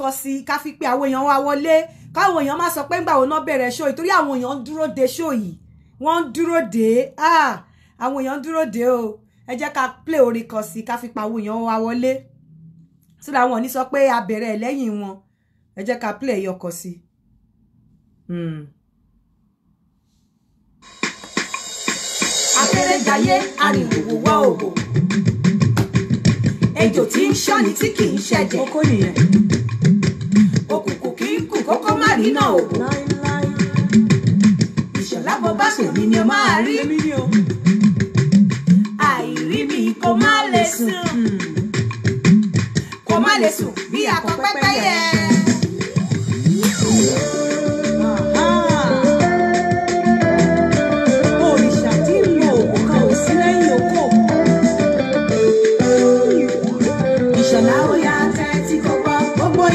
nǹkan sí i ká fi pé àwọn èèyàn wa wọlé káwọn èèyàn má sọ pé ńgbà wo náà bẹ̀rẹ̀ ṣó yìí torí àwọn èèyàn ń dúró de ṣó yìí wọ́n ń dúró de ah, àwọn èèyàn ń dúró de o ẹ jẹ́ ká play orin kan sí i ká fi pa àwọn èèyàn wa wọlé sí làwọn ò ní sọ pé a bẹ̀rẹ̀ lẹ́yìn wọn ẹ jẹ́ ká play ẹyọ kan sí i. afẹ́rẹ́jayé wá òwò ejò tí ń ṣọ́ni tí kì í ṣẹ̀jẹ̀. ó nìyẹn kókó má rí náà o. ìṣọ̀lá bọ́bá sùnmí ni o máa rí. àìrí mi kò má lè sùn. kò má lè sùn bí akọ pẹ́pẹ́yẹ.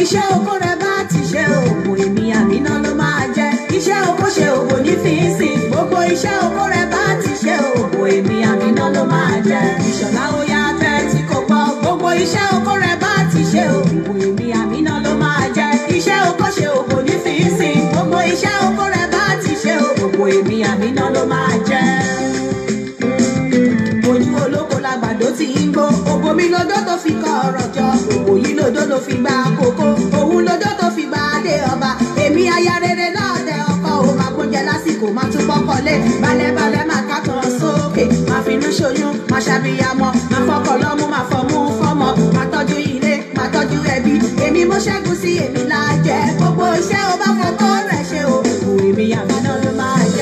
iṣẹ́ okó rẹ̀. nísìnyìí gbogbo iṣẹ́ owó rẹ bá ti ṣe òwò èmi àmínà ló máa jẹ ìṣọ̀lá oyà fẹ́ tí kò pọ̀ gbogbo iṣẹ́ owó rẹ bá ti ṣe òwò èmi àmínà ló máa jẹ iṣẹ́ oko ṣe òwò nísìnyìí gbogbo iṣẹ́ oko rẹ bá ti ṣe òwò èmi àmínà ló máa jẹ. ojú olóko làgbàdo ti ń gbó ògbó mi lọ́dọ́ tó fi kọ ọ̀rọ̀ jọ òwò yìí lọ́dọ́ ló fi gba kókó òun lọ́dọ́ tó fi gba adé ọba èmi aya náà lásìkò máa tún gbọ́kọ̀ lé balẹ̀balẹ̀ máa kàtàn sókè máa finú ṣoyún máa ṣàbíyamọ máa fọkọ̀ lọ́mú máa fọmú fọmọ máa tọ́jú ilé máa tọ́jú ẹbí èmi mo ṣẹ́gun sí èmi láàjẹ́ gbogbo iṣẹ́ o bá fọkọ́ rẹ̀ ṣe o èmi àbánà ló máa ṣe.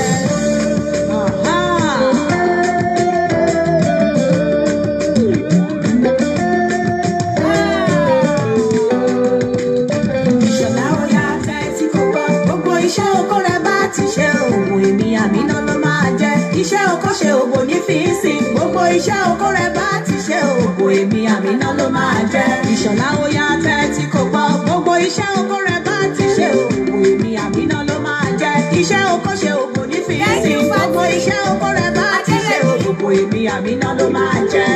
gbogbo iṣẹ́ oko rẹ̀ bá ti ṣe òògùn èmi àmínà ló máa jẹ́ ìṣọ̀lá oya tẹ́ tí kò gbọ́ gbogbo iṣẹ́ oko rẹ̀ bá ti ṣe òògùn èmi àmínà ló máa jẹ́ iṣẹ́ oko ṣe òògùn ní fìyèsí gbogbo iṣẹ́ oko rẹ̀ bá ti ṣe òògùn èmi àmínà ló máa jẹ́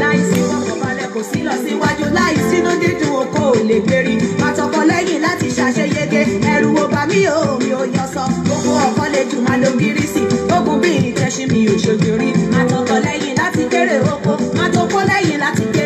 láìsí ìfọkànbalẹ̀ kò sí lọ síwájú láìsí inú dídùn oko ò lè gbérí àtọkọ lẹ́yìn láti ṣàṣeyege ẹrù ọba mi ò mi ò yọ sọ gbogbo ọkọ lè jù máa lo gírísì ológun bí ìjẹsìn mi ò ṣojú rí má tó kọ lẹ́yìn láti kéré oko má tó lẹ́yìn láti kéré.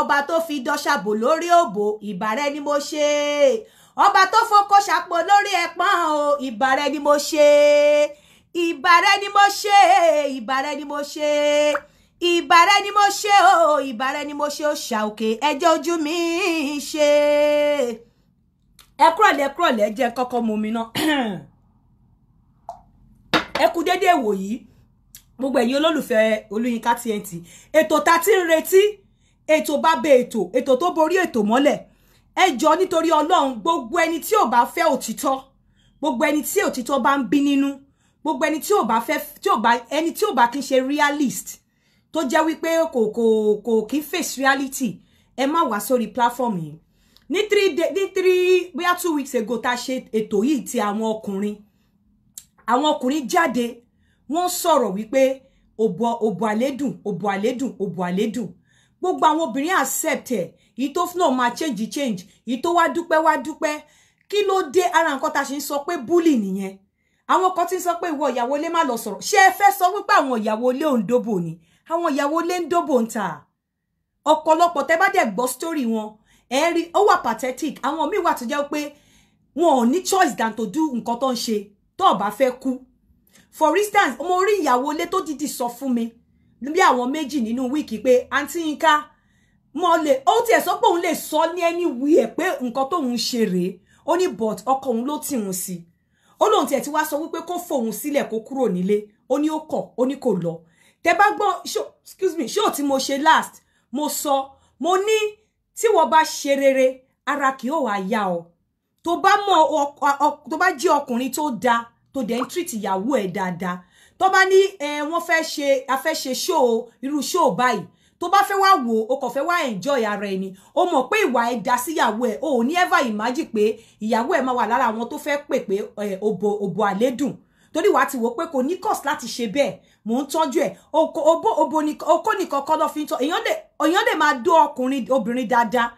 ọba tó fi dọ́ṣàbò lórí òbò ìbàrẹ ni mo ṣe ọba tó fọkọ ṣàpò lórí ẹpọn o ìbàrẹ ni mo ṣe ìbàrẹ ni mo ṣe ìbàrẹ ni mo ṣe ìbàrẹ ni mo ṣe o ìbàrẹ ni mo ṣe o ṣàòkè ẹjẹ ojú mi ṣe ẹ kúrọ̀lẹ́ kúrọ̀lẹ́ jẹ kọ́kọ́ mu mi náà ẹ kú déédéé wòyí gbogbo ẹ̀yin olólùfẹ́ Olúyinká TNT ètò tá ti ń retí ètò bá bẹ ètò ètò tó borí ètò mọ́lẹ̀ ẹ jọ nítorí ọlọ́run gbogbo ẹni tí ò bá fẹ́ òtítọ́ gbogbo ẹni tí òtítọ́ bá ń bí nínú gbogbo ẹni tí ò bá fẹ́ tí ò bá ẹni tí ò bá kí ń ṣe realist tó jẹ́ wípé kò kò kò kí ń face reality ẹ má wá sórí platform yìí ní three day ní three bóyá two weeks ago ta ṣe ètò yìí ti àwọn ọkùnrin àwọn ọkùnrin jáde wọ́n sọ̀rọ̀ wípé òbò òbò àlédùn òbò àlédùn òbò àlédùn gbogbo àwọn obìnrin accept ẹ̀ yìí tó náà máa change change yìí tó wá dúpẹ́ wá dúpẹ́ kí ló dé ara nǹkan tá a ṣe ń sọ pé bully nìyẹn àwọn kan ti ń sọ pé ìwọ ìyàwó ilé má lọ sọ̀rọ̀ ṣé ẹ fẹ́ sọ wípé àwọn ìyàwó ilé ò ń dóbò ni àwọn ìyàwó ilé ń dóbò ń ta ọ̀pọ̀lọpọ̀ tẹ́ bá dẹ̀ gbọ́ story wọn ẹ rí ó wà pathetic àwọn míì wà tó jẹ́ pé wọn ò ní choice than to do nǹkan tó ń ṣe tó ò bá fẹ́ for instance mo rí ìyàwó ilé tó dìdì sọ fún mi bí àwọn méjì nínú wíìkì pé àǹtí Yínká mo lè ó tiẹ̀ sọ pé òun lè sọ ní ẹni wí ẹ̀ pé nǹkan tóun ṣe rèé ó ní but ọkọ òun ló tì òun sí ó lóun tiẹ̀ ti wá sọ wípé kó fòun sílẹ̀ kó kúrò nílé ó ní ó kọ̀ ó ní kò lọ tẹ bá gbọ́ excuse me ṣó tí mo ṣe last mo sọ mo ní tí wọ́n bá ṣe rere ara kì í ò wá yá ọ tó bá mọ tó bá jẹ́ ọkùnrin tó dáa tó dẹ̀ ń treat ìyàwó ẹ̀ dáadáa tó bá ní eh, wọ́n fẹ́ ṣe afẹ́ ṣe show irú show báyìí tó bá fẹ́ wá wò ó kàn fẹ́ wá enjoy ara ẹni ó mọ̀ pé ìwà ẹ̀dá síyàwó ẹ̀ ó ní ever imagine pé ìyàwó ẹ̀ máa wà lára àwọn tó fẹ́ pè pé òbò eh, òbò àlédùn torí wàá ti wò pé kò ni cost láti ṣe bẹ́ẹ̀ mò ń tọ́jú ẹ̀ okó nìkan kọ́ lọ́ fi ń tọ́ èèyàn lè máa dó ọkùnrin obìnrin dáadáa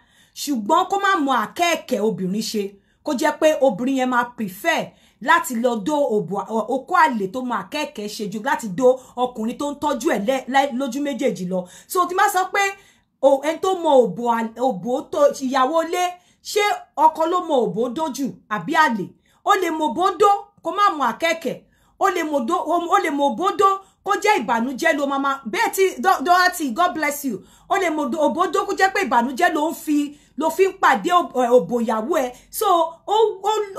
ṣùgbọ́n kó má mọ àkẹ́ẹ̀kẹ́ obìnrin ṣe kó jẹ́ pé obìnrin yẹn máa prefer láti lọ dó okó àlè tó máa kẹ́kẹ́ ṣe ju láti dó ọkùnrin tó ń tọ́jú ẹ̀ lójú méjèèjì lọ so ti má sọ pé ẹni tó mọ òbò ìyàwó lé ṣé ọkọ ló mọ òbò dójú àbí àlè ó lè mọ òbò dó kó má mọ àkẹ́kẹ́ ó lè mọ òbò dó kó jẹ́ ìbànújẹ́ ló máa bẹ́ẹ̀ tí Dorothy God bless you ó lè mọ òbò dó kó jẹ́ pé ìbànújẹ́ ló ń fi ló fi ń pàdé eh, òbò so ẹ so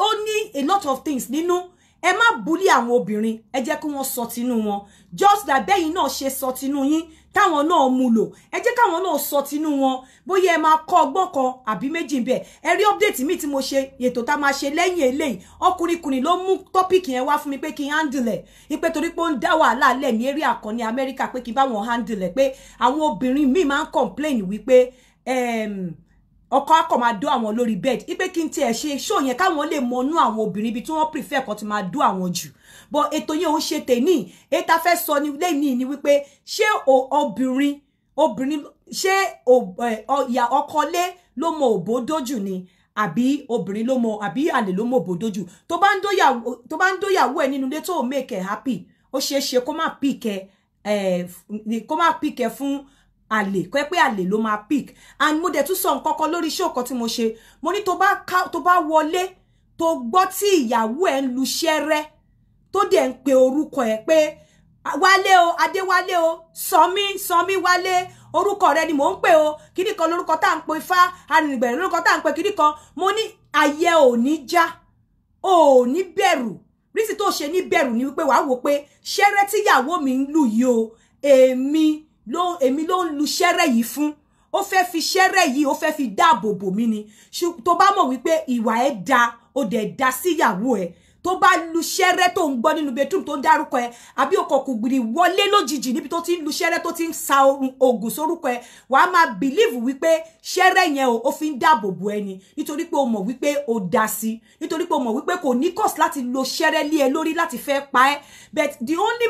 ó ní a lot of things nínú ẹ má bully àwọn obìnrin ẹ jẹ́ kí wọ́n sọ tinú wọn just that bẹ́yìn náà ṣe sọ tinú yín táwọn náà mú lò ẹ jẹ́ káwọn náà sọ tinú wọn bóyá ẹ máa kọ́ ọgbọ́n kan àbí méjì bẹ́ẹ̀ ẹ rí update mi tí mo ṣe ètò tá a máa ṣe lẹ́yìn eléyìí ọkùnrinkùnrin lo mu topic yẹn wa fún mi pé kí handle ẹ̀ pé torí pé ó ń dá le. lẹ̀ ní eré àkànní Amẹ́ríkà pé kí n handle ẹ̀ pé àwọn obìnrin míì máa ń complain wípé um, ọkọ akọ máa dó àwọn lórí bed ipe kí n tiẹ̀ ṣe ṣó yẹn káwọn lè mọnú àwọn obìnrin ibi tí wọ́n prefer kan ti máa dó àwọn jù bọ ètò yẹn ò ń ṣe tèní èyí tá sọ ní lẹ́yìn ni wípé ṣé obìnrin obìnrin ṣé ìyá ọkọ lé ló mọ òbó dójú ni àbí obìnrin ló mọ àbí àlè ló mọ òbòdójú tó bá ń dóyàwó ẹ nínú ilé tó make ẹ happy ó ṣeé ṣe kó má pìkẹ kó má pìkẹ fún àlè kọ́ ẹ pé àlè ló máa pick and mo dẹ̀ tún sọ nǹkan kan lórí iṣẹ́ ọ̀kan tí mo ṣe mo ní tó bá ká tó bá wọlé tó gbọ́ tí ìyàwó ẹ̀ ń lu ṣẹ́rẹ́ tó dẹ̀ ń pe orúkọ ẹ̀ pé wálé o adéwálé o sọmí sọmí wálé orúkọ rẹ ni mò ń pè o kíní kan lórúkọ tá à ń pe ifá arìnrìnbẹ̀rẹ̀ lórúkọ tá à ń pe kíní kan mo ní ayé ò ní já ò ní bẹ̀rù rísì tó ṣe ní bẹ̀rù ni wípé wàá wò pé ṣẹ́rẹ́ tíyàwó mi ń lù yìí o èmi ló èmi ló ń lu ṣẹ́rẹ́ yìí fún ó fẹ́ fi ṣẹ́rẹ́ yìí ó fẹ́ fi dáàbò bò mí ni tó bá mọ̀ wípé ìwà ẹ̀ da ó dẹ̀ da síyàwó ẹ̀ To ba lu ṣẹ́rẹ́ tó ń gbọ́ nínú bedroom tó ń dárúkọ ẹ àbí ọkọ̀ kùgbìrì wọlé lójijì níbi tó ti ń lu ṣẹ́rẹ́ tó ti ń sa oògùn sórúkọ ẹ wà á máa bìlíìfù wípé ṣẹ́rẹ́ yẹn o ó fi ń dáàbò bo ẹni nítorí pé o mọ̀ o dá sí nítorí pé o mọ̀ wípé kò ní cause láti lo ṣẹ́rẹ́ lé ẹ lórí láti fẹ́ pa ẹ́ but the only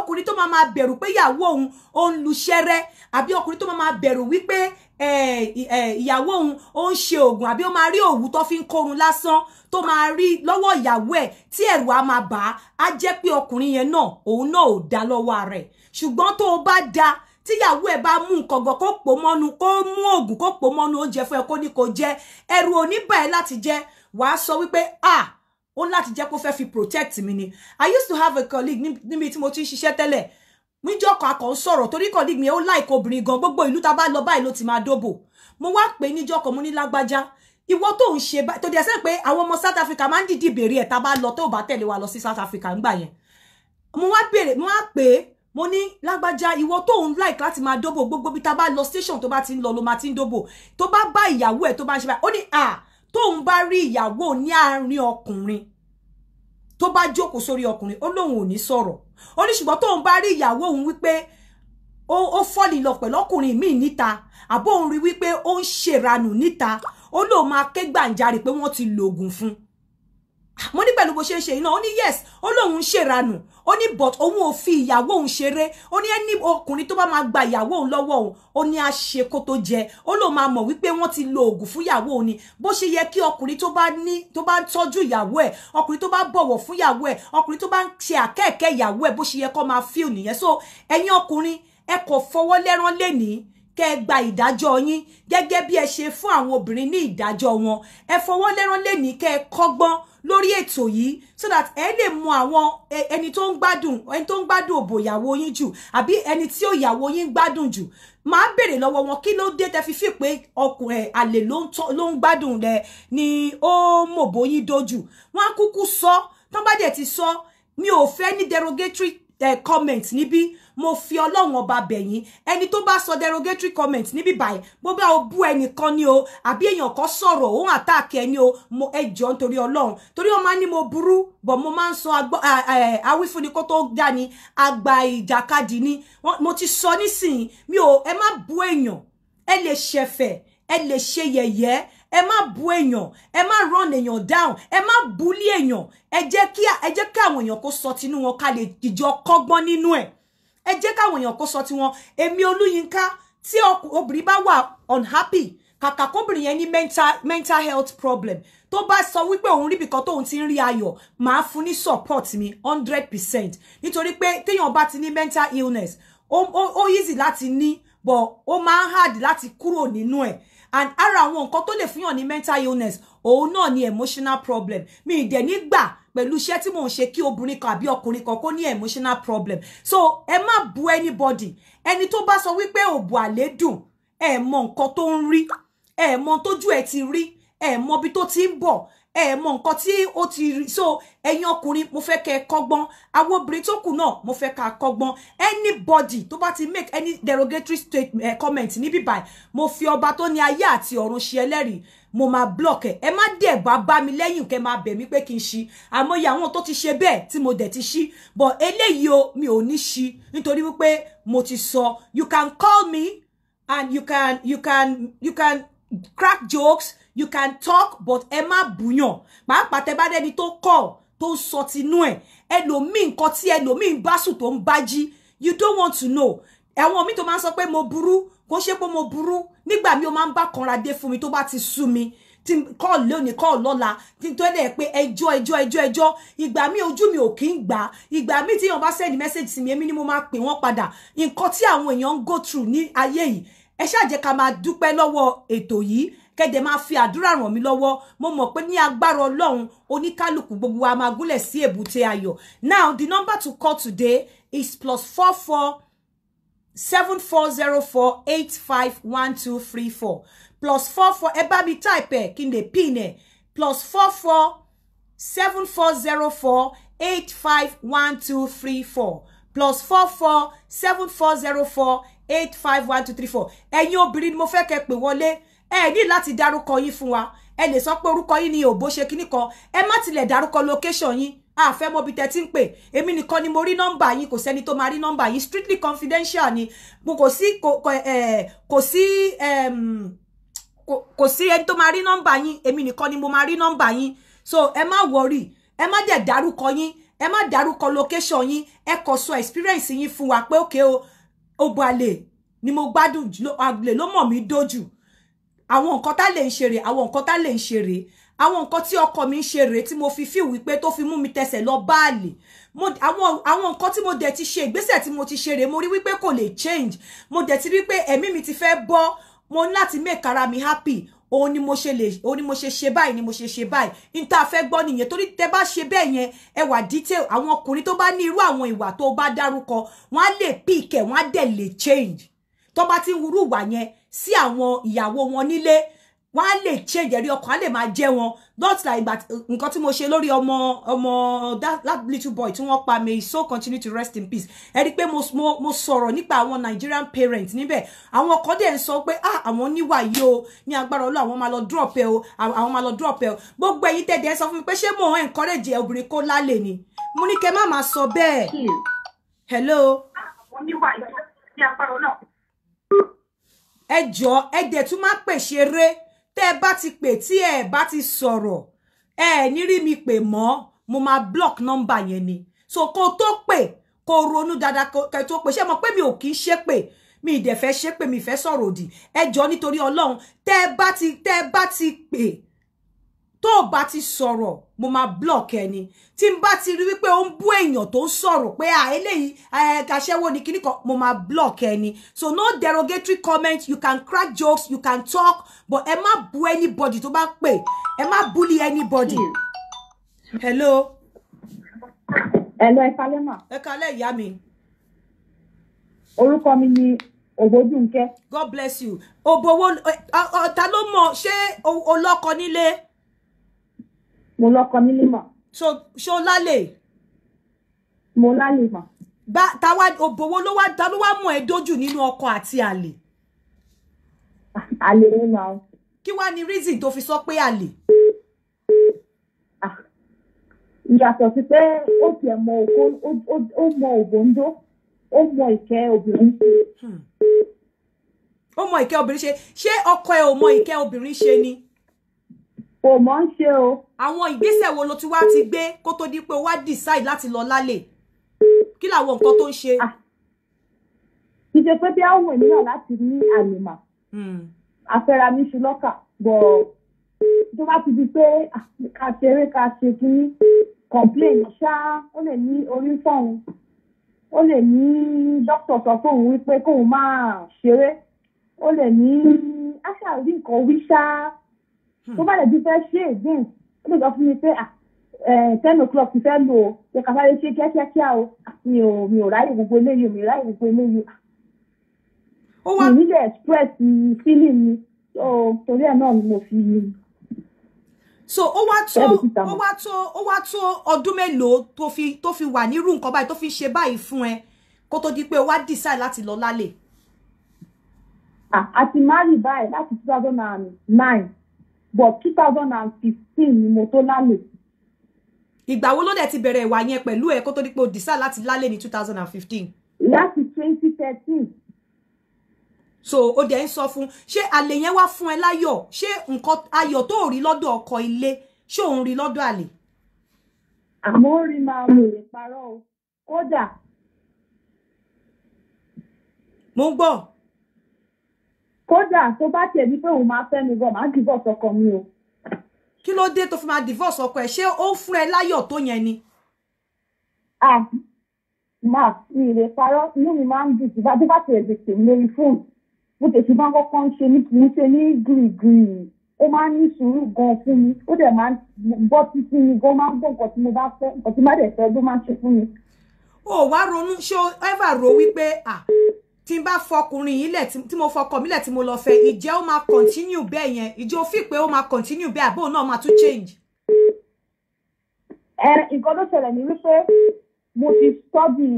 ọkùnrin tó máa máa beru pé ìyàwó òun ó ń lu ṣẹ́rẹ́ àbí to tó máa máa bẹ̀rù wípé Eh, eh, ìyàwó òun ó ń ṣe oògùn àbí ó máa rí òwú tó fi ń kórun lásán tó máa rí lọ́wọ́ ìyàwó ẹ̀ tí ẹ̀rù á máa bà á á jẹ́ pé ọkùnrin yẹn náà òun náà ò dá lọ́wọ́ rẹ̀ ṣùgbọ́n tó o bá da tíyàwó ẹ bá mú nǹkan gan kó pò mọ́nu kó mú oògùn kó pò mọ́nu oúnjẹ fún ẹ kó ní kó jẹ ẹrù oníbà ẹ láti jẹ wàá sọ wípé ah ó láti jẹ kó fẹ́ fi protect mi ni i used to have a colleague níbi tí mo ti ń ṣiṣẹ́ tẹ́lẹ̀ níjọ́ kan akọ̀ ń sọ̀rọ̀ torí colleague mi ó like obìnrin gan gbogbo ìlú ta bá lọ báyìí ló ti máa dóbò mo wá pè níjọ́ kan mo ní lágbájá ìwọ tó ń ṣe tó dẹ̀ sẹ́ pé àwọn ọmọ South Africa máa ń dìdí béèrè ẹ̀ ta bá lọ tó bá tẹ̀lé wa lọ sí South Africa ńgbà yẹn mo wá béèrè mo wá pè é mo ní lágbájá ìwọ tó ń like láti máa dóbò gbogbo bí ta bá lọ station tó bá ti ń lọ ló máa ti ń dóbò tó bá bá ìyàwó ẹ̀ tó bá ń ṣe báyìí ó ní à tóun bá rí ìyàwó ní àárín ọkùnrin tó bá jókòó sórí ọkùnrin ó lóun ò ní sọ̀rọ̀ ó ní ṣùgbọ́n tóun bá rí ìyàwó òun wípé ó fọ́ọ̀lì lọ pẹ̀lú ọkùnrin míì níta àbó òun rí wípé ó ń ṣèranù níta ó lóun máa ké gbàǹjarè pé wọ́n ti lòògùn fún un mo ní pẹ̀lú bó ṣe ń ṣe iná ó ní yes ó lóun ń ṣèranù ó ní but òun ò fi ìyàwó òun ṣeré ó ní ẹni ọkùnrin tó bá máa gba ìyàwó òun lọ́wọ́ òun ó ní àṣekó tó jẹ ó lóun máa mọ̀ wípé wọ́n ti lo oògùn fún ìyàwó òun ni bó ṣe yẹ kí ọkùnrin tó bá ní tó bá tọ́jú ìyàwó ẹ̀ ọkùnrin tó bá bọ̀wọ̀ fún ìyàwó ẹ̀ ọkùnrin tó bá ń ṣe àkẹ́ẹ̀kẹ́ ìyàwó ẹ̀ bó ṣe yẹ kó máa feel nìyẹn so ẹ̀yin ọkùnrin ẹ kò fọwọ́ lẹ́rán lénìí kẹ́ ẹ gba ìdájọ́ yín gẹ́gẹ́ bí ẹ ṣe fún àwọn obìnrin ní ìdájọ́ wọn ẹ fọwọ́ lẹ́rán lẹ́ni kẹ́ ẹ kọ́gbọ́n lórí ètò yìí so that ẹ lè mọ àwọn ẹni tó ń gbádùn ẹni tó ń gbádùn òbò ìyàwó yín jù àbí ẹni tí ìyàwó yín gbádùn jù máa béèrè lọ́wọ́ wọn kí ló dé tẹ́ fi fi pé ọkùnrin àlè ló ń gbádùn rẹ̀ ni ó mòbó yín dojú wọn á kúkú sọ tán bá dẹ̀ ti sọ mi ò fẹ́ ní derogatory eh, comment níbí mo fi ọlọ́run ọba bẹ̀ yín ẹni tó bá sọ derogatory comment níbí báyìí bó bá o bú ẹnìkan ni o àbí èèyàn kan sọ̀rọ̀ òun àtàkì ẹni o mo ẹjọ́ nítorí ọlọ́run torí wọn máa mo burú bọ̀ mo máa ń sọ awífúnni kó tó dání àgbà ìjàkadì ni mo ti sọ nísìnyí mi ò ẹ má bú èèyàn ẹ lè ṣẹ̀fẹ̀ ẹ lè ṣe yẹ̀yẹ́ ẹ má bu èèyàn ẹ má run èèyàn down ẹ má bully èèyàn ẹ jẹ́ kí ẹ jẹ́ kí àwọn èèyàn kó sọ tinú wọn ká lè ìjọ kọ́gbọ́n nínú ẹ̀ ẹ jẹ́ káwọn èèyàn kó sọ tiwọn èmi olúyinká tí obìnrin bá wà unhappy kàkà kóbìnrin yẹn ní mental mental health problem tó bá sọ wípé òun ríbi kan tóun ti ń rí ayọ̀ màá fún ní support mi hundred percent nítorí pé téèyàn bá ti ní mental illness ó easy láti ní but ó máa ń hard láti kúrò nínú ẹ̀ and ara àwọn nǹkan tó lè fihàn ní mental illness òun náà ni emotional problem mi ì dẹ̀ nígbà pẹ̀lú iṣẹ́ tí mò ń ṣe kí obìnrin kan àbí ọkùnrin kan kó ní emotional problem so ẹ má bu anybody ẹni tó bá sọ wípé òbò àlè dùn ẹ mọ nǹkan tó ń rí ẹ mọ tójú ẹ ti rí ẹ mọ ibi tó ti ń bọ̀ ẹ mọ nǹkan tí ó ti rí so ẹ̀yin ọkùnrin mo fẹ́ kẹ́ ẹ kọ́gbọ́n àwọn obìnrin tó kù náà mo fẹ́ ká kọ́gbọ́n anybody tó bá ti make any derogatory statement eh, comment níbí báyìí mo fi ọba tó ní ayé àti ọ̀run ṣe ẹlẹ́rìí mo máa block ẹ ẹ má dẹ̀ bá mi lẹ́yìn ke ma be mi pé kí n ṣí àmọ́yé àwọn tó ti ṣe bẹ́ẹ̀ tí mo dẹ̀ ti ṣí but eléyìí o mi ò ní ṣí nítorí wípé mo ti sọ you can call me and you can you can you can crack jokes you can talk but ẹ má bùyàn pàápàá tẹ́ bá dẹ́ni tó call to ń sọ tinú ẹ̀ ẹlòmíì nǹkan tí ẹlòmíì ń bá sùn tó ń bá you don't want to know E míì mi to ń sọ pé mo buru kò ṣe pé mo burú nígbà mi ó máa ń bá kanra dé fún mi tó bá ti sú mi tí kọ́ọ̀lù lónìí kọ́ọ̀lù lọ́la tí tó dẹ̀ pé ẹjọ́ ẹjọ́ ẹjọ́ ẹjọ́ ìgbà mi ojú mi ò kí ń gbà ìgbà mi tí èèyàn bá sẹ́ni mẹ́sẹ̀gì sí mi èmi ni mo máa pè wọ́n padà nǹkan tí àwọn èèyàn ń go through ní ayé yìí ẹ ṣáà jẹ́ ká máa dúpẹ́ lọ́wọ́ ètò yìí kẹ́dẹ̀ máa fi àdúrà ràn mí lọ́wọ́ mo mọ̀ pé ní agbára ọlọ́run oníkálukú gbogbo wa máa gúnlẹ̀ sí èbúté ayọ̀ now the number to call today is plus four four seven four zero four eight five one two three four plus four four ẹ bá mi type ẹ kí n pin ẹ plus four four seven four zero four eight five one two three four plus four four seven four zero four eight five one two three four ẹ̀yin obìnrin ni mo fẹ́ kẹ́ pè wọlé ẹ ní láti dárúkọ yín fún wa ẹ lè sọ pé orúkọ yín ni òbó ṣe kíní kan ẹ má tilẹ̀ dárúkọ location yín àfẹ́ mọ́bi tẹ́tí ń pe. èmi nìkan ni mo rí nọ́mbà yín kò sẹ́ni tó máa rí nọ́mbà yín strictly confidential ni kò sí kò sí kò sí ẹni tó máa rí nọ́mbà yín èmi nìkan ni mo máa rí nọ́mbà yín so ẹ ma worry ẹ ma dẹ̀ dárúkọ yín ẹ ma dárúkọ location yín ẹ kò sọ experience yín fún wa pé òkè o ògbò àlè ni mo gbádùn àgbè ló mọ̀ mí dójú àwọn nǹkan tá lè ń ṣeré àwọn nǹkan tá lè ń ṣeré àwọn nǹkan tí ọkọ mi ń ṣe rèé tí mo fi fíìl wípé tó fi mú mi tẹsẹ̀ lọ báàlì àwọn nǹkan tí mo dẹ̀ ti ṣe ìgbésẹ̀ tí mo ti ṣe rèé mo rí wípé kò lè change mo dẹ̀ ti rí pé ẹ̀mí mi ti fẹ́ bọ́ mo ní láti make ara mi happy òun ni mo ṣe lè òun ni mo ṣe ṣe báyìí ni mo ṣe ṣe báyìí n tá a fẹ́ gbọ́ nìyẹn torí tẹ bá ṣe bẹ́ẹ̀ yẹn ẹ wà detail àwọn ọkùnrin tó bá ní irú àwọn ìwà tó bá dárúkọ wọn á lè pick ẹ wọn á dẹ̀ lè change tó bá ti ń wúrú ìwà yẹn sí àwọn ìyàwó wọn nílé wọ́n á lè change ẹ̀rí ọkàn á lè máa jẹ́ wọn not like ìgbà nǹkan tí mo ṣe lórí ọmọ ọmọ that that little boy tí wọ́n pa may so continue to rest in peace ẹ i pé mo mo mo sọ̀rọ̀ nípa àwọn Nigerian parents níbẹ̀ àwọn kan dẹ̀ ń sọ pé ah àwọn níwà yìí o ní agbára Ọlọ́run àwọn máa lọ drop ẹ o àwọn máa lọ drop ẹ o gbogbo ẹ̀yin tẹ̀ dẹ̀ sọ fún mi pé ṣé mò ń encourage obìnrin kó lálẹ́ ni mo ní kẹ́ má máa sọ bẹ́ẹ̀ hello. àwọn níwà yìí ní agbára Ọlọ́run. ẹ jọ ẹ dẹ̀ tún má pèsè eré tẹ́ ẹ bá ti pè tí ẹ bá ti sọ̀rọ̀ ẹ ní rí mi pè mọ́ mo máa block number yẹn ni so kó tó pè kó ronú dáadáa kẹ tó pè ṣé mo pé mi ò kí ń pe mi ìdẹ̀fẹ́ ṣépè mi ìfẹ́ sọ̀rọ̀ òdì ẹ jọ nítorí ọlọ́run tẹ́ ẹ bá ti tẹ́ ẹ ti pè tó bá ti sọ̀rọ̀ mo máa block ẹni tí n bá ti rí wípé ó ń bú èèyàn tó ń sọ̀rọ̀ pé à eléyìí àṣẹwó ni kíní mo máa block ẹni so no derogatory comment you can crack jokes you can talk but ẹ má bú anybody tó bá pè ẹ má bully anybody. hello. hello ẹ kalẹ́ mà. ẹ kalẹ́ ìyá mi. orúkọ mi ni ògbódùnkẹ́. god bless you òbòwò ọ̀tá ló mọ̀ ṣé olọ́kọ nílé mo lọ́kọ mi nímọ̀. so ṣó lálẹ́. mo lálẹ́ mọ̀. bá táwa òbòwò ló wá ta ló wá mọ̀ ẹ́ dójú nínú ọkọ àti àlè. àlè ni mà ó. kí wàá ní reason tó fi sọ pé àlè. ìyàtọ̀ ah. sí pé ó tiẹ̀ mọ òkó ó mọ òbòǹdó ó mọ ìkẹ́ obìnrin ṣe. Hmm. ó mọ ìkẹ́ obìnrin ṣe ṣé ọkọ ẹ ò mọ ìkẹ́ obìnrin ṣe ni kò mọ̀ ń ṣe o. àwọn ìgbésẹ̀ wo ló ti wá ti gbé kó tó di pé ó wá decide láti lọ lálẹ́ kí làwọn nǹkan tó ń ṣe. Ah. kì í ṣe pé bí a wù mí náà láti ní àlùmà àfẹ́ra hmm. mi ṣu lọ́kà bọ̀ tó bá ti di pé ah, ká ṣeré ká ṣe kínní complain ṣáá ó lè ní orí fọ́hún ó lè ní dókítà sọ fóun wípé kóun máa ṣeré ó lè ní aṣáájú nǹkan wí ṣáá tó bá lè di fẹ́ ṣe again ó lè sọ fún mi pé ah, eh, ten o'clock ti fẹ́ lò ó yẹ ká sáré ṣe kíákíákíá o ah, mi ò mi ò ráyè gbogbo eléyìí mi ò ráyè gbogbo eléyìí ah. ó wá mi nílẹ̀ express feeling mi torí ẹ̀ náà ni mo fi so ó wá tó ó wá tó ó wá tó ọdún mélòó tó fi tó fi wà nírú nǹkan báyìí tó fi ṣe báyìí fún ẹ kó tó di pé ó wá decide láti lọ lálẹ́. àti mari báyìí láti two thousand and nine but two thousand and fifteen ni mo tó lálẹ́. ìgbà wo ló dẹ̀ ti bẹ̀rẹ̀ ìwà yẹn pẹ̀lú ẹ̀ kó tó di pé o decide láti lálẹ́ ní two thousand and fifteen. láti twenty thirteen so ó dẹ̀ ń sọ fún ṣé àlè yẹn wá fún ẹ láyọ̀ ṣé nǹkan ayọ̀ tó rí lọ́dọ̀ ọkọ ilé ṣé òun rí lọ́dọ̀ àlè. àmọ́ ó rí máa mú ìparọ́ o kódà. mo ń gbọ́ kódà tó bá tiẹ̀ ní pé òun máa fẹ́ mi bọ̀ máa divorce ọkọ mi o. kí ló dé tó fi máa divorce ọkọ ẹ ṣé ó ń fún ẹ láyọ̀ tó yẹn ni. ah máa fi ìrè parọ́ inú mi máa ń dùn tí bá tó bá tiẹ̀ lè pè mí lórí fóònù mo tètè máa ń kọ́kọ́ ń ṣe ní kì í ṣe ní gírígírí ó máa ń ní sùúrù gan fún mi ó dẹ̀ máa ń gbọ́ títí mi gan máa ń gbọ́ nǹkan tí mo bá fẹ́ nǹkan tí má dẹ̀ fẹ́ ló máa ń ṣe fún mi. ó wá ronú ṣé ó ever ro wípé ah tí n bá fọkùnrin yìí lẹ̀ tí mo fọkọ mi lẹ̀ tí mo lọ fẹ́ ìjẹ́ ó máa continue bẹ́ẹ̀ yẹn ìjẹ́ ó fi pé ó máa continue bẹ́ẹ̀ àbóun náà máa tún change. ẹ nǹkan tó ṣẹlẹ̀ ni wípé mo ti tọ́jú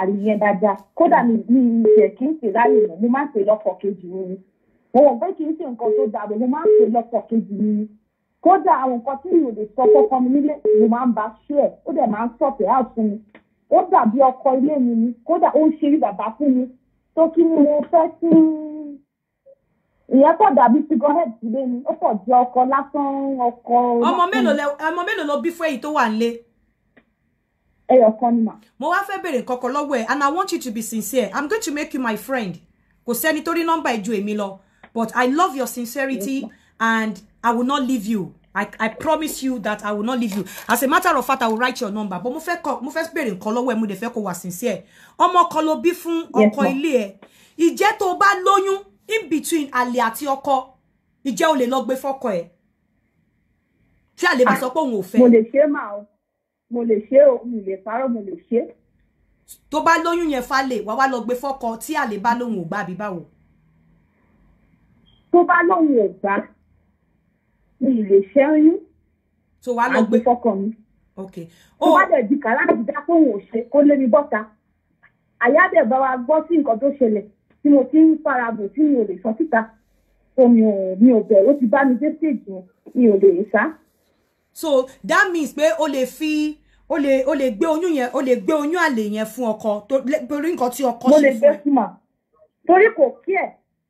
àríyẹn dáadáa kódà mi mi ìṣẹ̀ kì í ṣe ráyè mọ́ mo máa ń pè lọ́kọ̀ kejì mi ni mo mọ̀ pé kì í ṣe nǹkan tó dáa mo máa ń pè lọ́kọ̀ kejì mi ni kódà àwọn nǹkan tí mi ò lè sọ fọ́kọ mi nílé mo máa ń bá ṣe ẹ̀ ó dẹ̀ máa ń sọ̀tẹ̀ á fún mi ó dàbí ọkọ ilé mi ni kódà ó ń ṣe bàbá fún mi tó kí ni mo fẹ́ kí ìyẹn pọ̀ dàbí figure head sílé ni ó pọ̀ jẹ́ ọkọ lásán ọkọ. ọmọ mélòó lẹ ọmọ mélòó ló bí fún èyí tó wà nílé. ẹyọ kan ni mà. mo wá fẹ́ bèrè nǹkan kan lọ́wọ́ ẹ̀ and I want you to be sincere I'm going to make you my friend kò sẹ́ni tó rí nọ́mbà ẹ̀ ju èmi lọ but I love your sincerity yes, and I will not leave you I, I promise you that I will not leave you. As a matter of fact, I will write your number. But mo fẹ́ kọ, mo fẹ́ bèrè nǹkan lọ́wọ́ ẹ, mo dẹ̀ fẹ́ kó wà sincere. Omo kan bi fun fún ọkọ e. ẹ. Ìjẹ́ tó bá in between àlè àti ọkọ. Ìjẹ́ o lè lọ gbé fọ́kọ ẹ. Tí àlè bá ah, sọ pé òun ò fẹ́. Mo lè ṣe màá o. Mo lè ṣe o, mi lè parọ́, mo lè ṣe. ba bá lóyún yẹn falè, wàá wá lọ gbé fọ́kọ tí àlè bá lóhun ò gbà bí báwo. Tó bá lóhun ò gbà mi ì lè ṣẹ́yún tó wàá lọ gbé àgbẹ̀fọ́kọ mi tó oh. bá dẹ̀ di kàrá àti dá pé òun ò ṣe kó lé mi bọ́ta àyà dẹ̀ bá wa gbọ́ sí nǹkan tó ṣẹlẹ̀ tí mo ti ń farabò tí mi ò lè sọ síta so mi ò mi ò bẹ̀rù ó ti bá mi dé stage yẹn mi ò lè sá. so that means pé o lè fi o lè o lè gbé oyún yẹn o lè gbé oyún àlè yẹn fún ọkọ torí nǹkan tí ọkọ ṣe fún ẹ. mo lè gbé fún ma torí kò kí ẹ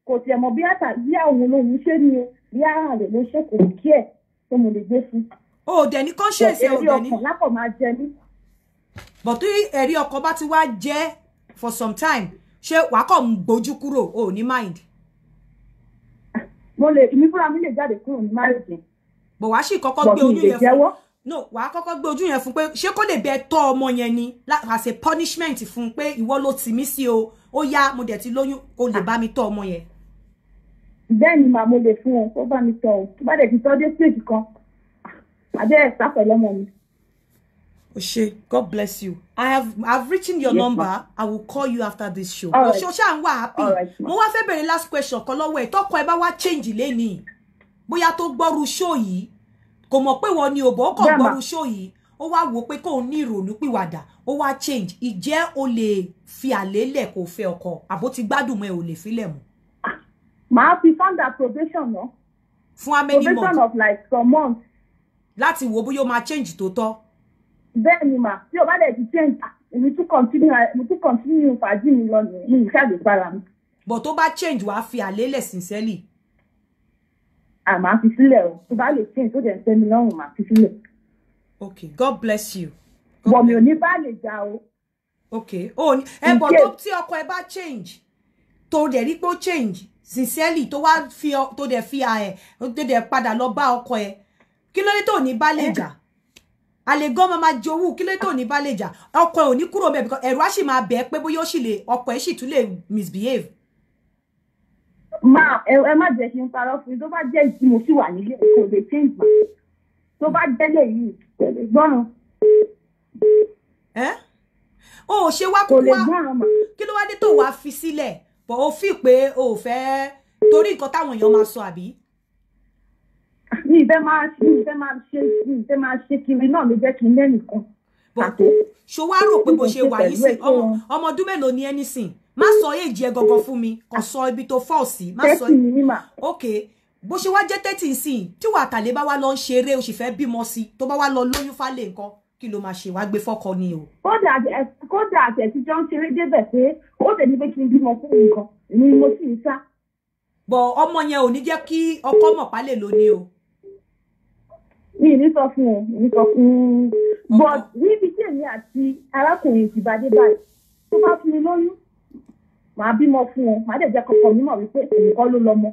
kò tiẹ̀ mọ̀ bí àtàlí àwọn olóhùn ṣé ni o bí àrùn àlè ló ṣe kò kí ẹ̀ tó mo lè gbé fún. o ò dẹ̀ ní conscience ẹ̀ ò dẹ̀ ní. ẹ̀rí ọkàn lápò máa jẹ mí. but tí ẹ̀rí ọkàn bá ti wá jẹ́ for some time ṣé wàá kàn ń gbójú kúrò o ní mind. mo lè èmi fúnra mi lè jáde kúrò ní márùn-ún. bọ̀ wá sì kọ́kọ́ gbé ojú yẹn fún no wàá kọ́kọ́ gbé ojú yẹn fún pé ṣé kó lè bẹ tọ́ ọmọ yẹn ni as a punishment fún pé ìwọ ló tì mí sí o ó yá mo dẹ̀ ti lóyún o lè bá mi tọ́ ọmọ yẹn bẹ́ẹ̀ ni màá mo lè fún ọ kó bá mi tọ̀ ọ́ tó bá dẹ̀ ti tọ́ dé stage kan àbẹ́ ẹ̀ sáfẹ̀lẹ́ mọ́ mi. Oshe, God bless you. I have I've reached your yes, number. I will call you after this show. Oshe, Oshe, I'm wa happy. Mo wá fẹ́ bẹ̀rẹ̀ last question kan lọ́wọ́ ẹ̀ tọ́kọ ẹ bá wá change lẹ́nìí. Bóyá tó gbọ́ru show yìí, kò mọ̀ pé wọ́n ni òbò, ó kàn gbọ́ru show yìí ó wá wò pé kóun ní ìrònú pìwàdà ó wá change ìjẹ́ o lè fi àlélẹ̀ kó fẹ́ ọkọ àbó ti gbádùn mọ́ ẹ ò lè filẹ̀ mọ́ màá fi founder probation náà. fún amẹ́ni probation of like some months. láti wo bóyá o máa change tó tọ́. bẹ́ẹ̀ ni mà tí o bá dẹ̀ ti change ah, èmi tún continue èmi ah, tún continue fàájì mi lọ nìyí ṣàgbégbára mi. bọ̀ tó bá change wàá fi àlélẹ̀ sincerely. àmà ah, fi sílẹ̀ o tó bá lè change tó dẹ̀ ń tẹ́mi lọ́rùn màá fi sílẹ̀. okay god bless you. bọ̀ mi ò ní bá lè jà o. okay o ẹ bọ̀ tó tí ọkọ ẹ bá change tó dẹ̀ rí pé ó change sincerely tó wá fi to de fi ẹ̀ tó dẹ̀ padà lọ bá ọkọ ẹ̀ kí ló dé tó ní bá lè jà àlè gan máa máa jowú kí ló dé tó ní bá lè jà ọkọ ẹ̀ ò because ẹ̀rù á sì máa bẹ́ẹ̀ pé bóyá ó sì lè ọkọ ẹ̀ sì tún misbehave. máa ẹ ẹ má jẹ́ kí n parọ́ fún mi tó bá jẹ́ ìdí mo sì wà nílé kò change my tó bá jẹ́ lè yìí kò lè o ò ṣe wá kó wá kí ló wá dé tó wàá fi but o fi pé o fẹ́ torí nǹkan táwọn èèyàn máa sọ àbí. mi ìfẹ́ máa ṣe mi ìfẹ́ máa ṣe mi ìfẹ́ máa ṣe kiri náà ló jẹ́ kí n lẹ́nìkan. pàtó ṣo wá rò pé bó ṣe wà yìí sí ọmọ ọdún mélòó ni ẹni sìn má sọ èjì ẹ gangan fún mi kàn sọ ibi tó fọ́ sí má sọ ok bó ṣe wá jẹ́ tẹ́tì sìn tí wàá tàlẹ́ bá wá lọ ń ṣeré o sì fẹ́ bímọ sí tó bá wá lọ lóyún fálẹ̀ nǹkan kí ló máa ṣe wá gbé fọ́kọ ni o. kódà kódà àtẹ̀síjọ́ ń ṣeré débẹ̀ pé ó tẹ̀lé pé kí n bímọ fún nǹkan ni mo sì ń sá. bọ̀ ọmọ yẹn ò ní jẹ́ kí ọkọ mọ̀ pálẹ̀ lónìí o. mi ì ní sọ fún ọ mi sọ fún un mm. but níbi tí èmi àti arákùnrin ti bá dé báyìí tó bá fún mi lóyún màá bímọ fún ọ màá dẹ̀ jẹ́ kọ́kọ́ mímọ̀ wípé èmi kọ́ ló lọ́mọ.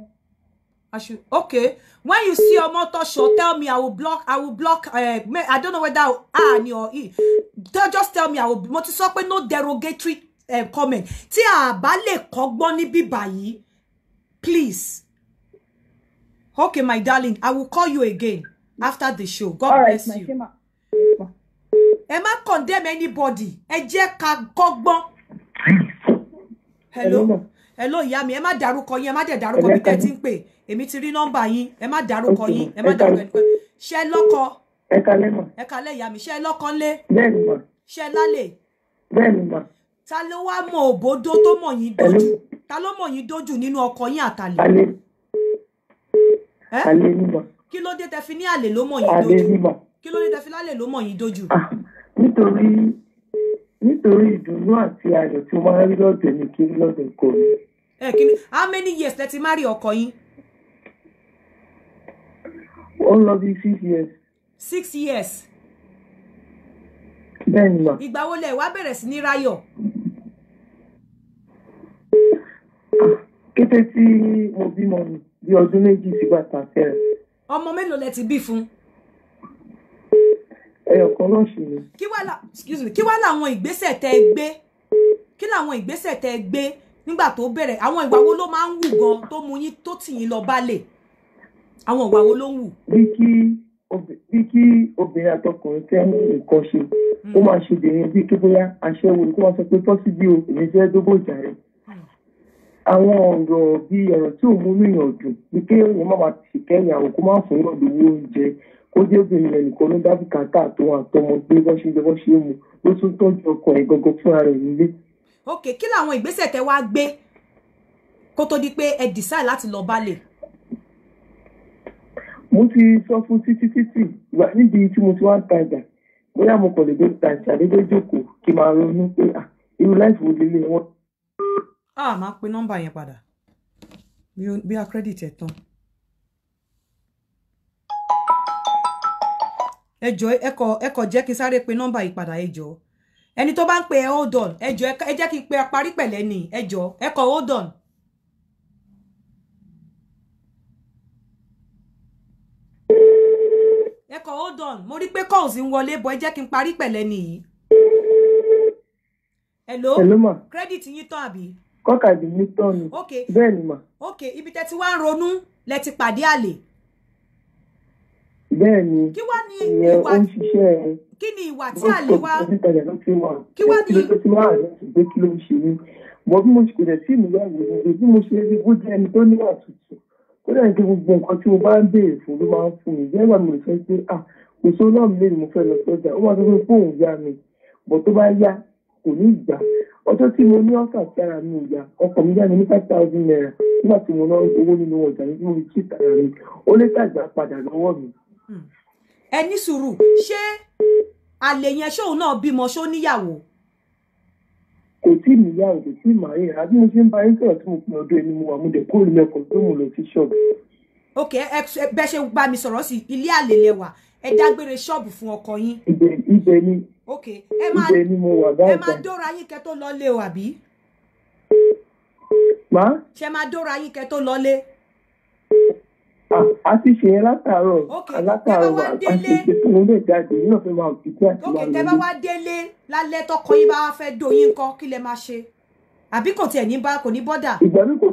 I should okay. When you see your Omoto show, tell me I will block. I will block. Uh, I don't know whether R ni or E. Don't just tell me I will. Mo ti no derogatory uh, comment. Tí a bá lè kọ́gbọ́n níbí please. Okay, my darling, I will call you again after the show. God All bless right, you. Am I condemn anybody. Ẹ jẹ́ ká Hello. Hello ẹ ló ìyá mi ẹ má dárúkọ yín ẹ má dẹ̀ dárúkọ bí tẹ́ ti ń pè èmi ti rí nọ́mbà yín ẹ má dárúkọ yín ẹ má dárúkọ ẹni pé ṣé ẹ lọ́kọ ẹ kalẹ́ mọ̀ ẹ kalẹ́ ìyá mi ṣé ẹ lọ́kọ ńlé bẹ́ẹ̀ ni mọ̀ ṣé ẹ lálẹ́ bẹ́ẹ̀ ni mọ̀ ta ló wá mọ òbódó tó mọ̀ yín dojú ta ló mọ̀ yín dojú nínú ọkọ yín àtàlẹ́ alẹ́ alẹ́ ni mọ̀ kí ló dé tẹ́ fi ní àlè ló mọ̀ yín dojú kí ló dé tẹ́ fi lálẹ́ ló mọ̀ yín dojú. Ah, nítorí nítorí ìdùnnú àti ayọ̀ tí wọ́n á rí lọ́dọ̀ mi kiri lọ́dọ̀ kò ní ẹ eh, kí ni how many years lẹ ti marry ọkọ yín. ó lọ bí six years. six years. bẹ́ẹ̀ni ma. ìgbà wo lẹ wá bẹ̀rẹ̀ sí ní ráyọ̀. kété tí mo bímọ mi bí ọdún méjì sígbà tá a fẹ́rẹ̀. ọmọ mélòó lẹ ti bí fún. ẹyọ kan náà ṣì ni. kí wàá làwọn ìgbésẹ̀ tẹ́ ẹ gbé kí làwọn ìgbésẹ̀ tẹ́ gbé nígbà tó bẹ̀rẹ̀ àwọn ìwà wo ló máa ń wù gan tó mú yín tó tì yín lọ bálẹ̀ àwọn ìwà wo ló ń wù. bí kí bí kí obìnrin àtọkùnrin fẹ́ nǹkan ṣe hmm. ó máa ṣe obìnrin bí kí bóyá aṣẹ́wó kó máa sọ pé tọ́sí bí o èmi fẹ́ dógò jàre. Hmm. àwọn ọ̀rọ̀ bíi ọ̀rọ̀ tí òun mú yàn dùn ni pé òun máa máa ṣìkẹ́ ìyàwó kó máa fún yàn lówó oúnjẹ ó jẹ́ obìnrin rẹ̀ nìkan ló dábìkátà tó àtọmọ gbé bọ́ ṣe bọ́ ṣe mu ló tún tọ́jú ọkọ ẹ̀ gọ́gọ́ fúnra rẹ̀ nílé ok kí làwọn ìgbésẹ̀ tẹ wá gbé kó tó di pé ẹ decide láti lọ balẹ̀. mo ti sọ fún títí títí ìgbà níbi tí mo ti wá ń tajà bóyá mo kàn lè dé tajà dédé jókòó kí n máa ronú pé irú láìfò líle wọn. a máa pe nọ́mbà yẹn padà bí a credit ẹ̀ tán. ẹ jọ̀ọ́ ẹ kọ ẹ kọ jẹ́ kí n sáré pe nọ́mbà yìí padà ẹ jọ̀ọ́ ẹni tó bá ń pè ẹ hold on ẹ jọ ẹ jẹ́ kí n pè ẹ parí pẹ̀lẹ́ ni ẹ ẹ kọ hold on ẹ kọ hold on mo rí pé calls ń wọlé bọ̀ ẹ jẹ́ kí n parí pẹ̀lẹ́ nìyí. hello hello ma credit yín tán àbí. kọ́kàdínlítọ́ọ̀nù bẹ́ẹ̀ ni ma. ok ibi tẹ́ ti wá ń ronú lẹ ti pàdé àlè bẹ́ẹ̀ ni ìyẹn ó ń ṣiṣẹ́ kí ni ìwà tí àlè wá kí wá ní. kí ló ti máa rẹ̀ ṣùgbọ́n kí ló ń ṣe mí mo bí mo kò dẹ̀ sí ìmúyàwó rẹ̀ bí mo ṣe rí bó jẹ́ ẹni tó níwà tútù kódà ní gbogbo nǹkan tí mo bá ń béèrè fún ló máa ń fún mi jẹ́ ìgbà mi ò sọ pé à kò sọ náà mi lè mo fẹ́ lọ sọ́jà ó máa sọ pé fóun yá mi bọ̀ tó bá yá kò ní ìgbà ọjọ́ tí mo ní ọ̀sà tí ara mi ò yá ọkọ̀ mi yá mi ní five thousand naira nígbà tí mo ná owó nínú ọjà ní bí mo fi kí mi ó lé tàgbà padà lọ́wọ́ mi Hmm. ẹ ní sùúrù ṣé àlè yẹn ṣóun náà bímọ ṣó níyàwó. kò tí ì níyàwó kò tí ì máa yẹ àbí mo ṣe ń bá yín sọ̀rọ̀ tí mo pin ọdún ẹni mo wà mo dẹ̀ kó ìlú ẹ̀kọ́ tó mò lọ sí ṣọ́ọ̀bù. ok ẹ bẹ ṣe bá mi sọ̀rọ̀ sí ilé àlè lẹwà ẹ dágbére ṣọ́ọ̀bù fún ọkọ yín. ibẹ̀ ibẹ̀ ni ok ẹ máa ibẹ̀ ni mo wà dáadáa ẹ máa dóra yín kẹ́ tó lọ lé o àbí. ṣe máa dóra yín kẹ́ tó lọ lé. Ah. a ti ṣe yẹn látàárọ̀ látàárọ̀ wa a ti ṣe fún un lè jáde yóò fẹ́ máa fi kí àti máa lè. òkè tẹ bá wá délé lálẹ́ tọkọ yín bá wá fẹ́ dòyìn nǹkan kí lẹ máa ṣe àbí kò tiẹ̀ ní bá kò ní bọ́dà. ìgbà mi kò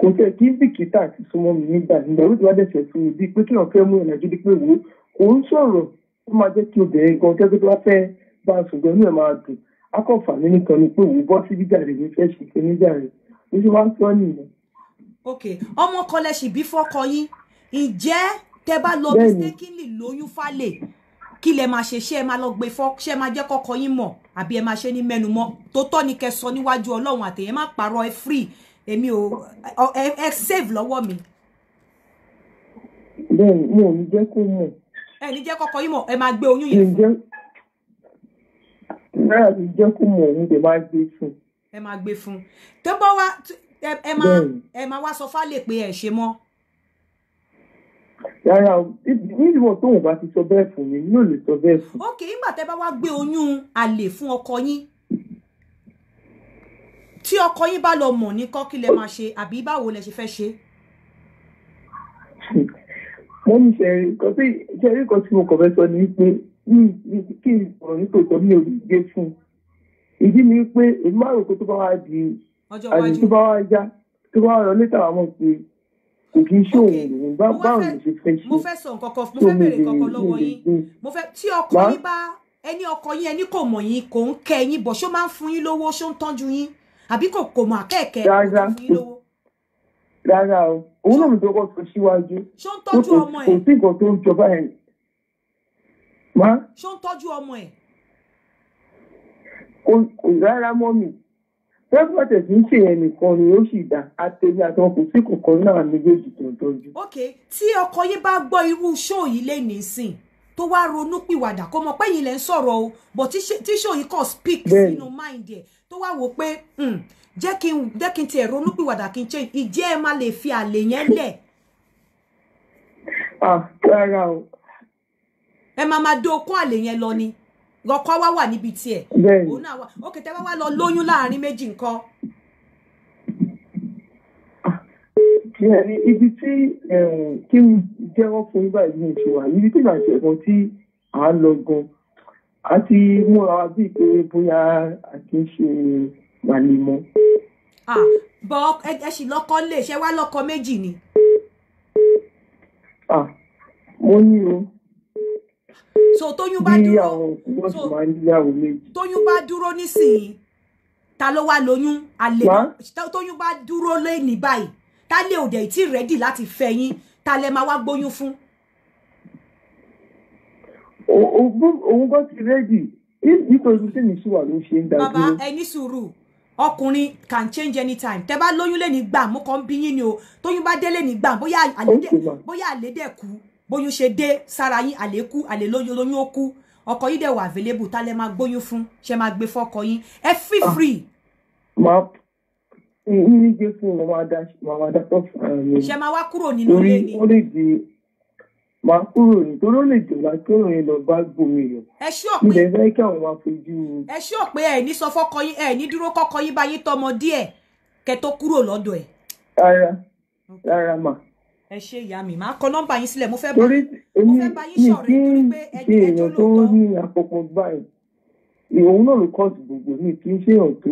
kò tẹ kí bìkítà ti súnmọ́ mi nígbà nígbà yóò ti wá dẹ̀sẹ̀ fún mi bíi pé kí wọ́n fẹ́ mú ìrìnàjò dípé wò ó kò ń sọ̀rọ̀ ó máa jẹ́ kí obìnrin gan kẹ́kẹ́ tó wá fẹ́ bá a sùn gan ní ẹ̀ máa dùn akọ̀fà nínú kan ni pé òun bọ́ síbí jàre mi fẹ́ ṣe kí ní jàre mo ṣe wá ń sọ nìyẹn. Okay. ọmọ kọlẹ sì bí fọkọ yín ǹjẹ́ tẹ bá lọ mistakenly lóyún falè kí lẹ máa ṣe ṣé ẹ máa lọ gbé fọ ṣé ẹ máa jẹ́ kọkọ yín mọ̀ àbí ẹ máa ṣe ní mẹ́nu mọ́ tó tọ́ ni kẹ́ sọ níwájú Ọlọ́run àtẹyẹ má parọ́ ẹ free èmi ò ẹ save lọ́wọ́ mi. bẹ́ẹ̀ni mi ò ní jẹ́ kó mọ̀. ẹ ní jẹ́ kọkọ yín mọ̀ ẹ máa gbé oyún yẹn fún. náà ní jẹ́ kó mọ̀ ní kò máa gbé fún. ẹ máa gbé fún tó bá wá ẹ máa ẹ máa wá sọ fálè pé ẹ ṣe mọ́. rárá o nídìbò tóun bá ti sọ bẹ́ẹ̀ fún mi yóò lè sọ bẹ́ẹ̀ fún. ok nígbà tẹ bá wá gbé oyún àlè fún ọkọ yín tí ọkọ yín bá lọ mọ̀ ní kọ́kí lẹ máa ṣe àbí báwo lẹ ṣe fẹ́ ṣe. mo ní sẹ́rí kan tí sẹ́rí kan tí mo kàn fẹ́ sọ ni pé kí n sọ̀rọ̀ nítòótọ́ mi ò gbé fún un ìdí ni pé èmi máa rò pé tó bá wá di ọjọ́ iwájú. àti tó bá wá já tó bá rọ létà wà mọ̀ pé kò kí n ṣe òun lòun bá báwọn ló ṣe fẹ́ ṣe. mo fẹ́ sọ nǹkan kan mo fẹ́ bèrè nǹkan kan lọ́wọ́ yín mo fẹ́ tí ọkọ yín bá ẹni ọkọ yín ẹni kò mọ̀ yín kò ń kẹ́ yín bọ̀ ṣó máa ń fún yín lówó ṣó ń tọ́jú yín àbí kò kò mọ̀ àkẹ́ẹ̀kẹ́ kò fún yín lówó. rárá o òun náà mi kọ́ sọ síwájú ṣó ń tọ́jú ọmọ ẹ̀. kò rárá rẹ́pọ̀tẹ̀ kì ń ṣe ẹnìkan ni ó sì dá àtẹ̀lé àtàwọn kò sí kò kan náà méjèèjì tó ń tọ́jú. ok tí ọkọ yín bá gbọ́ irú ṣóò yìí lé tó wá ronú pìwàdà kó mọ pé yìí lẹ̀ ń sọ̀rọ̀ o but tí sínú mind ẹ̀ tó wá wò pé hmm, jẹ́ kí n jẹ́ kí n tiẹ̀ ọkọ wa wà níbi tiẹ̀ òun náà wà ókè tẹ́ wá wá lọ lóyún láàrin méjì nǹkan. ibi tí eh, kí n jẹ́wọ́ fún yín báyìí ní ìṣòwò ibi tí màá ṣẹ̀gbọ́n tí à ń lọ gan àti múra wa bíi pé bóyá àti ṣe wàlímọ́. bọ́ ẹ sì lọ́kọ lè ṣe wá lọ́kọ méjì ni. mo ní o so tóyún bá dúró so tóyún bá dúró nísìnyí ta ló wá lóyún àlè tóyún bá dúró lẹ́ni báyìí ta lè òdè tí rẹ́dì láti fẹ́ yín ta lè máa wá gbóyún fún. òun kò ti rẹ́dì nítorí sẹ́ni ṣùwà ló ṣe ń dájú. bàbá ẹni sùúrù ọkùnrin can change anytime tẹ bá lóyún lẹ́ni gbà mú kan bí yín ni o tóyún bá dé lẹ́ni gbà bóyá àlédè bóyá àlédè kú bóyún ṣe dé sára yín àlékú àlélóyún lóyún ó kú ọkọ yín dẹ̀ wà available tá lẹ máa gbóyún fún ṣe máa gbé fọkọ yín ẹ fi ah. free. máa ní jésù mo máa dá mo máa dá tọ́ fún mi. Um, ṣe máa wá kúrò nínú ilé ni. ó lè di máa kúrò nítorí ó lè jọba kí òun yẹn lọ bá gbomi rẹ. ẹ ṣí ọ̀pẹ ilẹ̀ fẹ́ kí àwọn máa fojú. ẹ ṣí ọ̀pẹ ẹ ní sọ fọkọ yín ẹ ní dúró kọkọ yín bá yín tọmọ díẹ̀ kẹ́ tó kúrò lọ́dọ̀ ẹ. rárá rárá mà ẹ ṣe ìyá mi máa kọ nọ́mbà yín sílẹ̀ mo fẹ́ bá yín sọ̀rọ̀ nítorí pé ẹni ẹjọ́ ló tọ́. ní àpòpọ̀ báyìí òun náà ló kọ́ọ̀tù gbogbo mi kì í ṣe hàn tó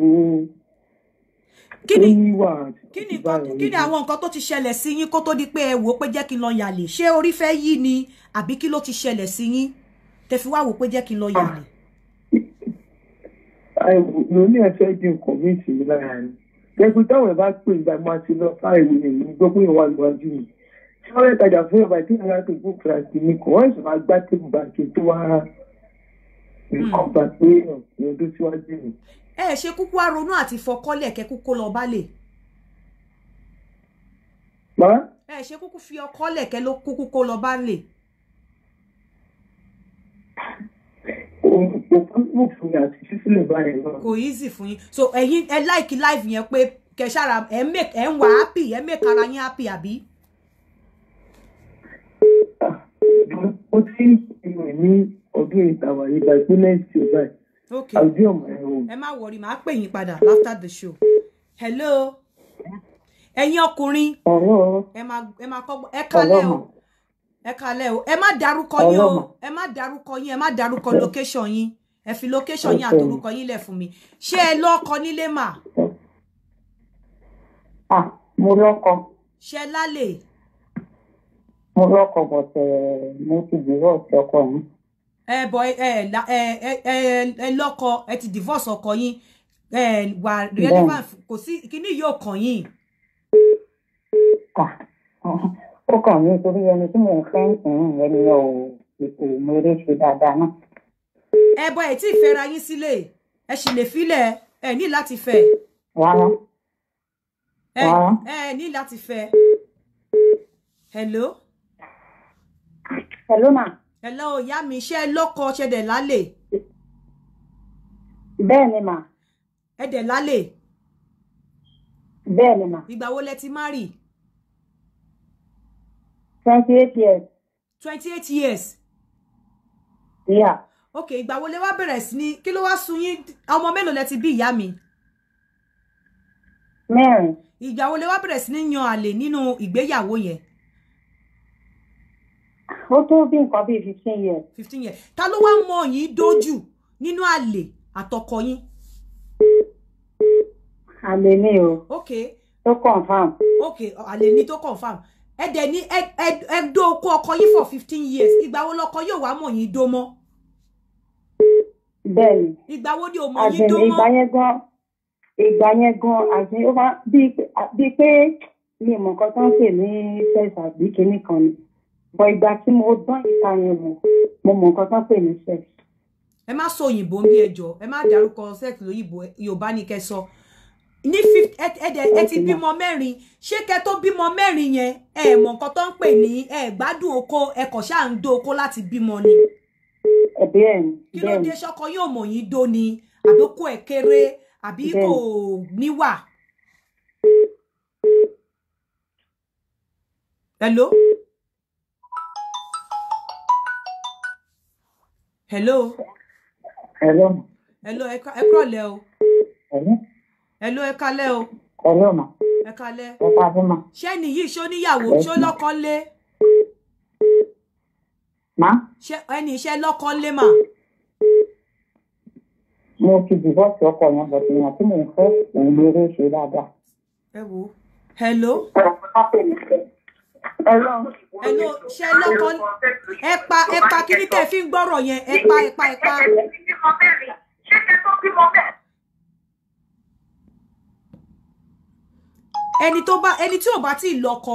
níwà àti báyìí. kí ni àwọn nǹkan tó ti ṣẹlẹ̀ sí yín kó tó di pé ẹ wò ó pé jẹ́ kí n lọ yàlè ṣé orí fẹ́ yí ni àbí kí ló ti ṣẹlẹ̀ sí yín tẹ fi wá wò ó pé jẹ́ kí n lọ yàlè. Ah, mo ní ẹsẹ̀ di nǹkan mi sí i lára ni jẹ́ táwọn ẹ̀ bá pè ìgbà máa ti lọ fáìwé mi gbọ́ pé ìwà ìwájú mi tí wọ́n lè tajà fún ọba tí wọ́n á tó fún kíláàsì mi kò wọ́n ìṣòro agbá tèmi bàjẹ́ tó wá nǹkan bá pé èèyàn tó síwájú mi. ẹ ṣe kúkú á ronú àti fọkọ́lẹ̀ kẹ́ kúkú lọ bá lè. má. ẹ ṣe kúkú fi ọkọ lẹ̀kẹ́ ló kúkú kó lọ bá lè. kò easy fún yín so ẹ̀yin ẹ like life yẹn pé kẹsàrà ẹ ń wà happy ẹ make ara yín happy àbí. ó ní ok ọmọ wọrí màá pè yín padà after the show. hello ẹ̀yin ọkùnrin ẹ má kọ́ ẹ kálẹ̀ o ẹ kálẹ̀ o ẹ má darúkọ yín o ẹ má darúkọ yín ẹ má darúkọ location yín ẹ fi location yín àtòrúkọ yín fún mi ṣé mo lọkọ bọ̀tẹ̀ mo ti divorce ọkọ mi. ẹ bọ ẹ ẹ ẹ ẹ lọkọ ẹ ti divorce ọkọ yín ẹ wà relevant kò sí kíní yóò kàn yín. Ah, ó kàn mí torí ẹni tí mò ń fẹ́ ń ẹni ò kò mèrè ṣe dáadáa náà. ẹ bọ ẹ tí ì fẹ́ra yín sílẹ̀ ẹ sì lè filẹ̀ ẹ ní láti fẹ́. wàá ẹ ní láti fẹ́. hello hello ma. hello ìyá mi ṣé ẹ lọ́kọ ṣe dẹ̀ lálẹ́. bẹ́ẹ̀ de mà. ẹ dẹ̀ lálẹ́. wo leti ti má twenty eight years. twenty eight years. yeah. Okay, ìgbà wo lẹ wá bẹ̀rẹ̀ sí ni kí ló wá sun yín ọmọ mélòó lẹ ti bí ìyá mi. mẹ́rin. ìgbà wo lẹ wá bẹ̀rẹ̀ nino ni ya àlè nínú ìgbéyàwó ó tó bí nǹkan bíi fifteen years. fifteen years ta ló wá mọ yìí dójú nínú àlè àtọkọ yín. àlè ni o. ok tó confam. ok àlè ni tó confam ẹ dẹ̀ ní ẹ dó okó ọkọ yín for fifteen years ìgbà wo lọkọ yóò wá mọ̀ yín dó mọ́. bẹ́ẹ̀ni ìgbà wo ni o mọ̀ yín dó mọ́. àgbẹ̀ni ìgbà yẹn gan ìgbà yẹn gan àgbẹ̀ni ó máa bíi pé mi ò mọ̀ nǹkan tó ń pè ní fẹ́ẹ̀sì àbí kinní kan ni bọ̀ ìgbà tí mo dán ìta yẹn wò mo mọ̀ nǹkan tó pè ní sex. ẹ má sọ òyìnbó ń bí ẹjọ ẹ má dárúkọ sex lóyìnbó yorùbá ni kẹ́ sọ ní fifth ẹ ti bímọ mẹ́rin ṣé kẹ́ tó bímọ mẹ́rin yẹn ẹ mọ̀ nǹkan tó ń pè ní ẹ gbádùn oko ẹ kàn ṣáà ń dó oko láti bímọ ni. kí ló dé sọkọ yóò mọ̀ yín dó ni àdókò ẹ̀ kéré àbí kò níwà. hello. hello. hello. hello ẹ kúrọ̀lẹ́ o. hello ẹ kalẹ́ o. hello ma. ẹ kalẹ́. ẹ kalẹ́ ma. ṣẹ́ni yìí ṣó níyàwó ṣó lọ́kọ lé. ma. ẹni iṣẹ́ lọ́kọ lé ma. mo ti dìbọ́ọ̀sì ọkọ yẹn bọ̀ sí yẹn tí mò ń fẹ́ òun lóore ṣe dáadáa. ẹ wo hello. hello ẹnu ṣe lọkọ ẹ pa ẹ pa kíní tẹ fi ń gbọ́rọ̀ yẹn ẹ pa ẹ pa ẹ pa. ẹni tó bá ẹni tí ò bá tí ì lọ́kọ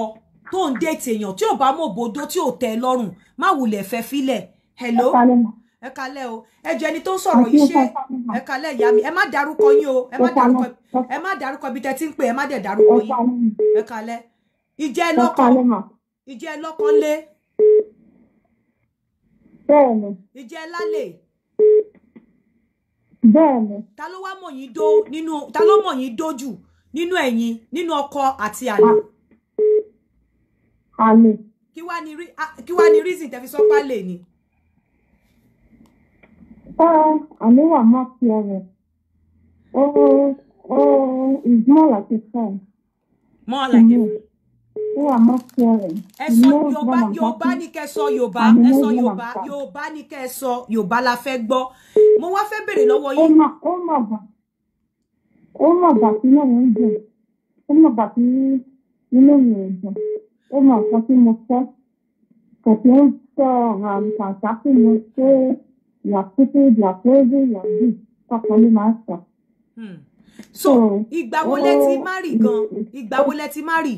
tó ń déètì èèyàn tí ò bá mọ òbòdó tí ò tẹ́ lọ́rùn má wulẹ̀ fẹ́ filẹ̀ hello ẹ kalẹ o ẹ jẹ ẹni tó ń sọ̀rọ̀ yìí ṣe ẹ kalẹ ìyá mi ẹ má dárúkọ yín o ẹ má dárúkọ ẹ má dárúkọ ibi tẹ́ ti ń pè ẹ má dẹ̀ dárúkọ yín ẹ kalẹ ìjẹ lọ́kọ ìjẹ́ lọ́kànlé. bẹ́ẹ̀ni. ìjẹ́ lálẹ́. bẹ́ẹ̀ni. ta ló wá mọ̀ yín dó nínú ta ló mọ̀ yín dójú nínú ẹ̀yin nínú ọkọ àti àlè. àlè. kí wá ni kí wá ni reason tẹ́ fi sọ pa lè ni. àlè wà má fi ọ̀rọ̀ ó ó it's more like a friend. more like a people are not caring. ẹ sọ yorùbá yorùbá ní kẹ́ sọ yorùbá ẹ sọ yorùbá yorùbá ní kẹ́ sọ yorùbá la fẹ́ gbọ́ mo wá fẹ́ béèrè lọ́wọ́ yín. ó mà ó mà bà ó mà bà sí inú mi ó mà bà sí inú mi ń ó mà sọ pé mo fẹ́ kò sí ń sọ àǹfààní pé mo ṣe ìyàkúté ìyàkúté ìyàkúté pàpọ̀ ló máa sọ. Hmm. so ìgbà wo lẹ ti oh, má rì gan ìgbà wo lẹ ti má rì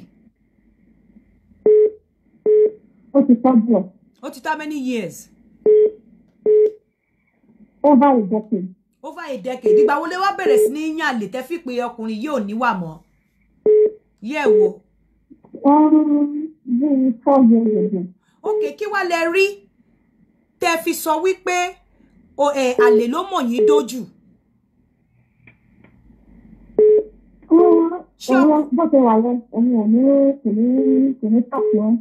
ó ti tọ́ díẹ̀. ó ti tó how many years. over a decade. over a decade ìgbà wo lẹ wá bẹ̀rẹ̀ sí ní yín àlè tẹ́ fi pé ọkùnrin yìí ò níwà mọ́ yẹ̀ wò. Um, bíi four years ago. ok kí wàá lẹ rí tẹ́ fi sọ wípé àlè ló mọ̀ yín dójú. Um, ṣé ọ̀rọ̀ bó ṣe wà lọ ẹ̀yin ò ní kò ní kò ní tàkùn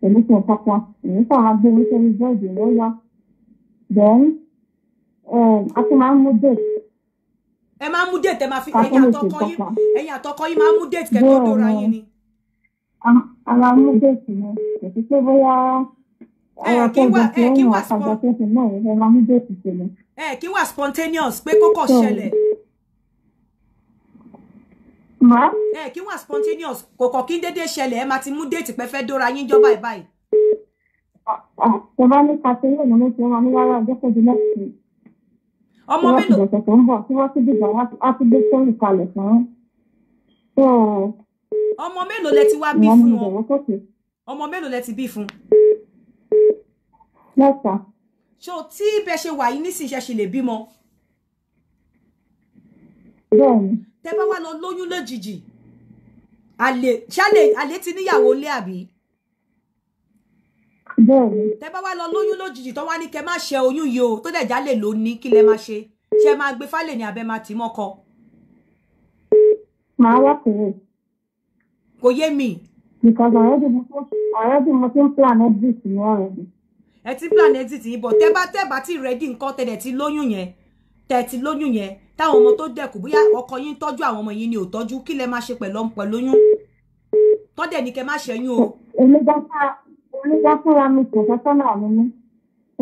pẹ̀lú fún ọ̀pá kan èyí kan á gbé oúnjẹ ní bọ́ọ̀dù lọ́yà then um, a ti máa ń mú date. ẹ máa ń mú date ẹ máa fi ẹ̀yin àtọkọ yín ẹ̀yin àtọkọ yín máa ń mú date kẹ́ tó dóra yín ni. a máa mú date ni kò sí pé bóyá ẹ kí wà ẹ kí wà spontaneous pé kókò ṣẹlẹ̀ ma. ẹ kí wọn spontaneous kò kọ kí n dédé ṣẹlẹ̀ ẹ máa ti mú déètì pé fẹ́ dóra yín jọba ẹ báyìí. ẹ ní pàṣẹ yóò nínú tí wọn ní rárá kejì náà sí. ọmọ mélòó. ìwọ́n ti dọ̀sẹ̀ tó ń bọ̀ tí wọ́n ti dìgbà wá ti gbé sẹ́yìn kalẹ̀ fún. ọmọ mélòó lẹ ti wá bí fún wọn ọmọ mélòó lẹ ti bí fún. mẹ́ta. so tí bẹ ṣe wà yìí nísinsìnyí ṣe lè bímọ tẹ bá wà lọ lóyún lójijì àlè ṣálè àlè ti níyàwó lé àbí tẹ bá wà lọ lóyún lójijì tó wá ní kẹ má ṣe oyún yìí o tó dẹ̀ jálè ló ní kí lẹ má ṣe ṣe máa gbé fálè ní abẹ́ máa tì mọ́kọ. màá wá kúrò. kò yé mi. because already mo ti already mo ti ń plan exit mi already. ẹ ti plan exit yìí bọ̀ tẹ́ bá tẹ́ bá ti ready nǹkan tẹ̀ dẹ̀ ti lóyún yẹn tẹ̀ ti lóyún yẹn táwọn ọmọ tó dẹ̀kù bóyá ọkọ yín tọ́jú àwọn ọmọ yín ni ò tọ́jú kí lẹ máa ṣe pẹ̀lú pẹ̀lú oyún tọ́dẹ̀ ni kẹ má ṣẹyún o. onígbà fúnra mi kò fẹ́ sọ́nà mi ní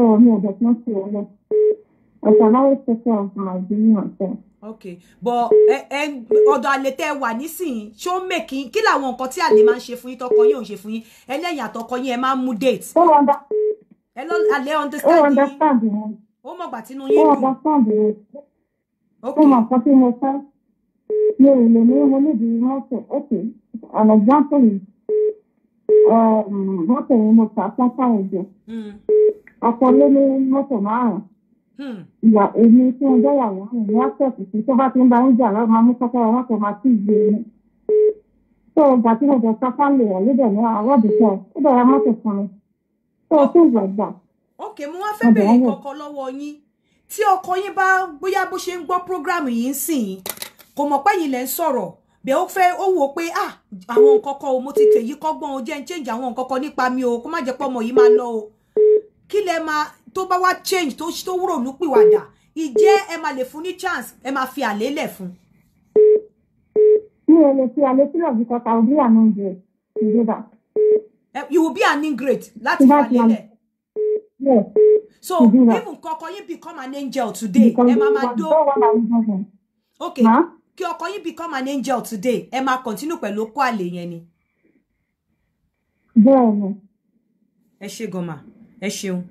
ọ̀rọ̀ mi ò dẹ̀ tún ṣe ọ̀lẹ́ ọ̀sán láyé ṣẹṣẹ ọ̀sán àìbíyí ọ̀sẹ̀. ok bọ ẹ ẹ ọ̀dọ̀ àlè tẹ wà nísìnyí ṣó mèkì kí làwọn nǹkan tí àlè máa ń ṣe fún yín tọkọ yín ò ń ṣe fún yín ẹlẹ́yìn àtọkọ yín ẹ máa ń mú date. ó wọ́n dá. ẹ lọ àlè understand yín. ó mọ̀gbà tínú yín dùn. ó understand yín ó mọ nǹkan tí mo fẹ́ mi ò lè ní mo níbi mọ́tò ok an example is um, mọ́tò yẹn mo fà pátá ẹ̀jẹ̀ hmm. ọkọ lé ní mọ́tò márùn-ún hmm. ìyá èmi tí mo jẹ́yàwó mi ní access sí tó bá ti ń bá ń jà lọ́wọ́ máa mú kọ́kọ́rọ́ mọ́tò máa tún gbé e tó ìgbà tí mo jẹ sáfàlì rẹ̀ lébẹ̀ ní àwọ̀dì kẹ́ ó bẹ̀rẹ̀ mọ́tò fún mi tó o tún gbàgbà. ok mo wá fẹ́ bẹ̀rẹ̀ kọ́kọ́ lọ́wọ́ yín tí ọkọ yín bá bóyá bó ṣe ń gbọ́ program yìí ń sìn yín kò mọ̀ pé yìí lẹ̀ ń sọ̀rọ̀ bẹ́ẹ̀ ó fẹ́ ó wò pé ah àwọn nǹkan kan o mo ti tèyí kọ́gbọ́n o jẹ́ ń change àwọn nǹkan kan nípa mi o kó má jẹ́ pọ́ ọmọ yìí máa lọ o kí lẹ máa tó bá wá change tó tó wúrò ní pìwàdà ìjẹ́ ẹ máa lè fún ní chance ẹ máa fi àlélẹ̀ fún. mi ò lè fi àlè sílẹ̀ because I will be an ingrate to do that. you will be an ingrate láti fi àlélẹ̀ so even kọkọ yín become an angel today Emma máa Okay. dó ok kí become an angel today Emma? continue pẹ̀lú okó àlè yẹn ni. bẹ́ẹ̀ni. ẹ ṣe gọ́mà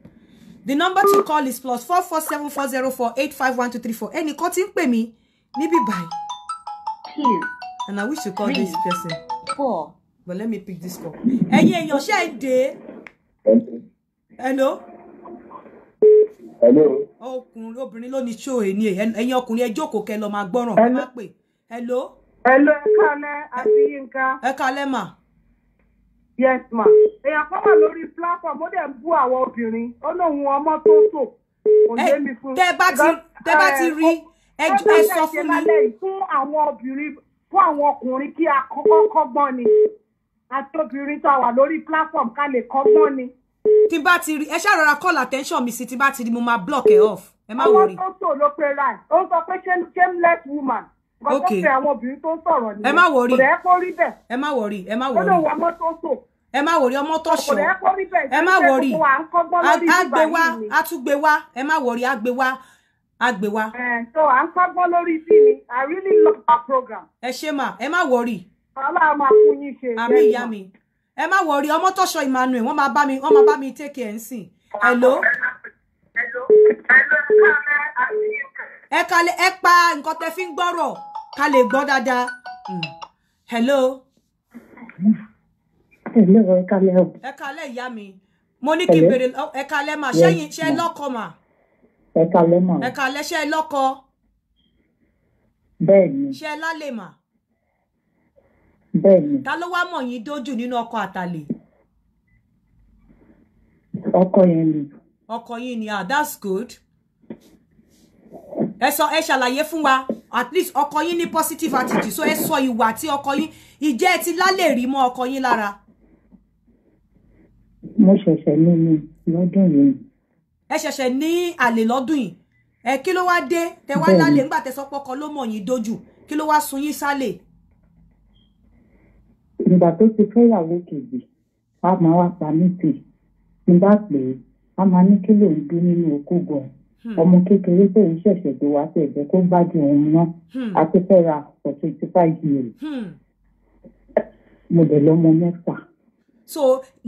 the number to call is plus four four seven four zero four eight five one two three four ẹnìkan tí ń pè mí níbí two and I wish to call three, this person. four but let me pick this call. ẹ̀yin èèyàn ṣe é dé. hello ọkùnrin obìnrin ló ní ṣó èyí ni ẹ̀yin ọkùnrin ẹ jókòó kẹ́ lọ máa gbọ́ràn ẹ má pè hello. hello ẹ kálẹ́ àti Yínká. ẹ kálẹ́ mà. yes ma èèyàn kan wà lórí platform ó dẹ̀ ń bú àwọn obìnrin ó lóun ọmọ tó tò kò yé mi fún. tẹ bá ti tẹ bá ti rí ẹ sọ fún mi. fún àwọn obìnrin fún àwọn ọkùnrin kí a kọ́kọ́ kọ́gbọ́n ni àti obìnrin tó wà lórí platform ká lè kọ́gbọ́n ni tí n bá ti rí ẹ ṣáà rọra call attention mi sí tí n bá ti rí mo máa block ẹ off ẹ má worry. àwọn fọ́tò ló pe line ó sọ pé shameless woman okay àwọn obìnrin tó ń sọ̀rọ̀ nìyẹn ẹ má worry kò dẹ́ kó rí bẹ́ẹ̀ ẹ má worry ẹ má worry ó lè wà mọ́tò sò ẹ má wọrí ọmọ tó ṣọ ẹ má wọrí àgbè wa àtúgbè wa ẹ má wọrí àgbè wa àgbè wa. so à ń kọ́gbọ́n lórí bí mi i really love our program. ẹ ṣe mà ẹ má wọrí. ọlọ́run máa fún yín ṣe. àmì ìyá mi ẹ má wọrí ọmọ tọ́ṣọ Emmanuel wọ́n máa bá mi wọ́n máa bá mi take care nsìn hello. Hello. ká lè ẹ pa nǹkan tẹ fi ń gbọ́rọ̀ ká lè hmm. Hello. dáadáa hello. ẹ kálẹ́ o. ẹ kálẹ́ ìyá mi mo ní kí n bèrè ẹ kálẹ́ mà ṣẹ́yìn ṣe lọ́kọ mà. ẹ kálẹ́ mà. ẹ kálẹ́ ṣe lọ́kọ. bẹ́ẹ̀ ni. ṣe lálẹ́ mà bẹ́ẹ̀ni. ta ló wá mọ̀ yín dójú nínú ọkọ àtàlè. ọkọ yẹn ni. ọkọ yín ni ah that's good. ẹ sọ ẹ ṣàlàyé fún wa at least ọkọ yín ní positive attitude so ẹ sọ ìwà tí ọkọ yín ìjẹ́ ẹ ti lálẹ́ rí mọ́ ọkọ yín lára. mo ṣẹ̀ṣẹ̀ ní mi lọ́dún yìí. ẹ ṣẹ̀ṣẹ̀ ní àlè lọ́dún yìí ẹ kí ló wá dé tẹ wá lálẹ́ ńgbà tẹ sọ pé ọkọ ló mọ̀ yín dójú kí ló wá sun yín sálẹ̀ ìgbà tó ti fẹ́ ìyàwó kejì a máa wá pa mí tì tí n bá pè é a máa ní kí lòun bí nínú okó gan hmm. ọmọ kékeré tó ń ṣẹ̀ṣẹ̀ tó wá sí ẹ̀jẹ̀ kó gbádùn òun náà hmm. a fẹ́ ra for twenty five years hmm. mo dẹ̀ lọ́mọ mẹ́fà. so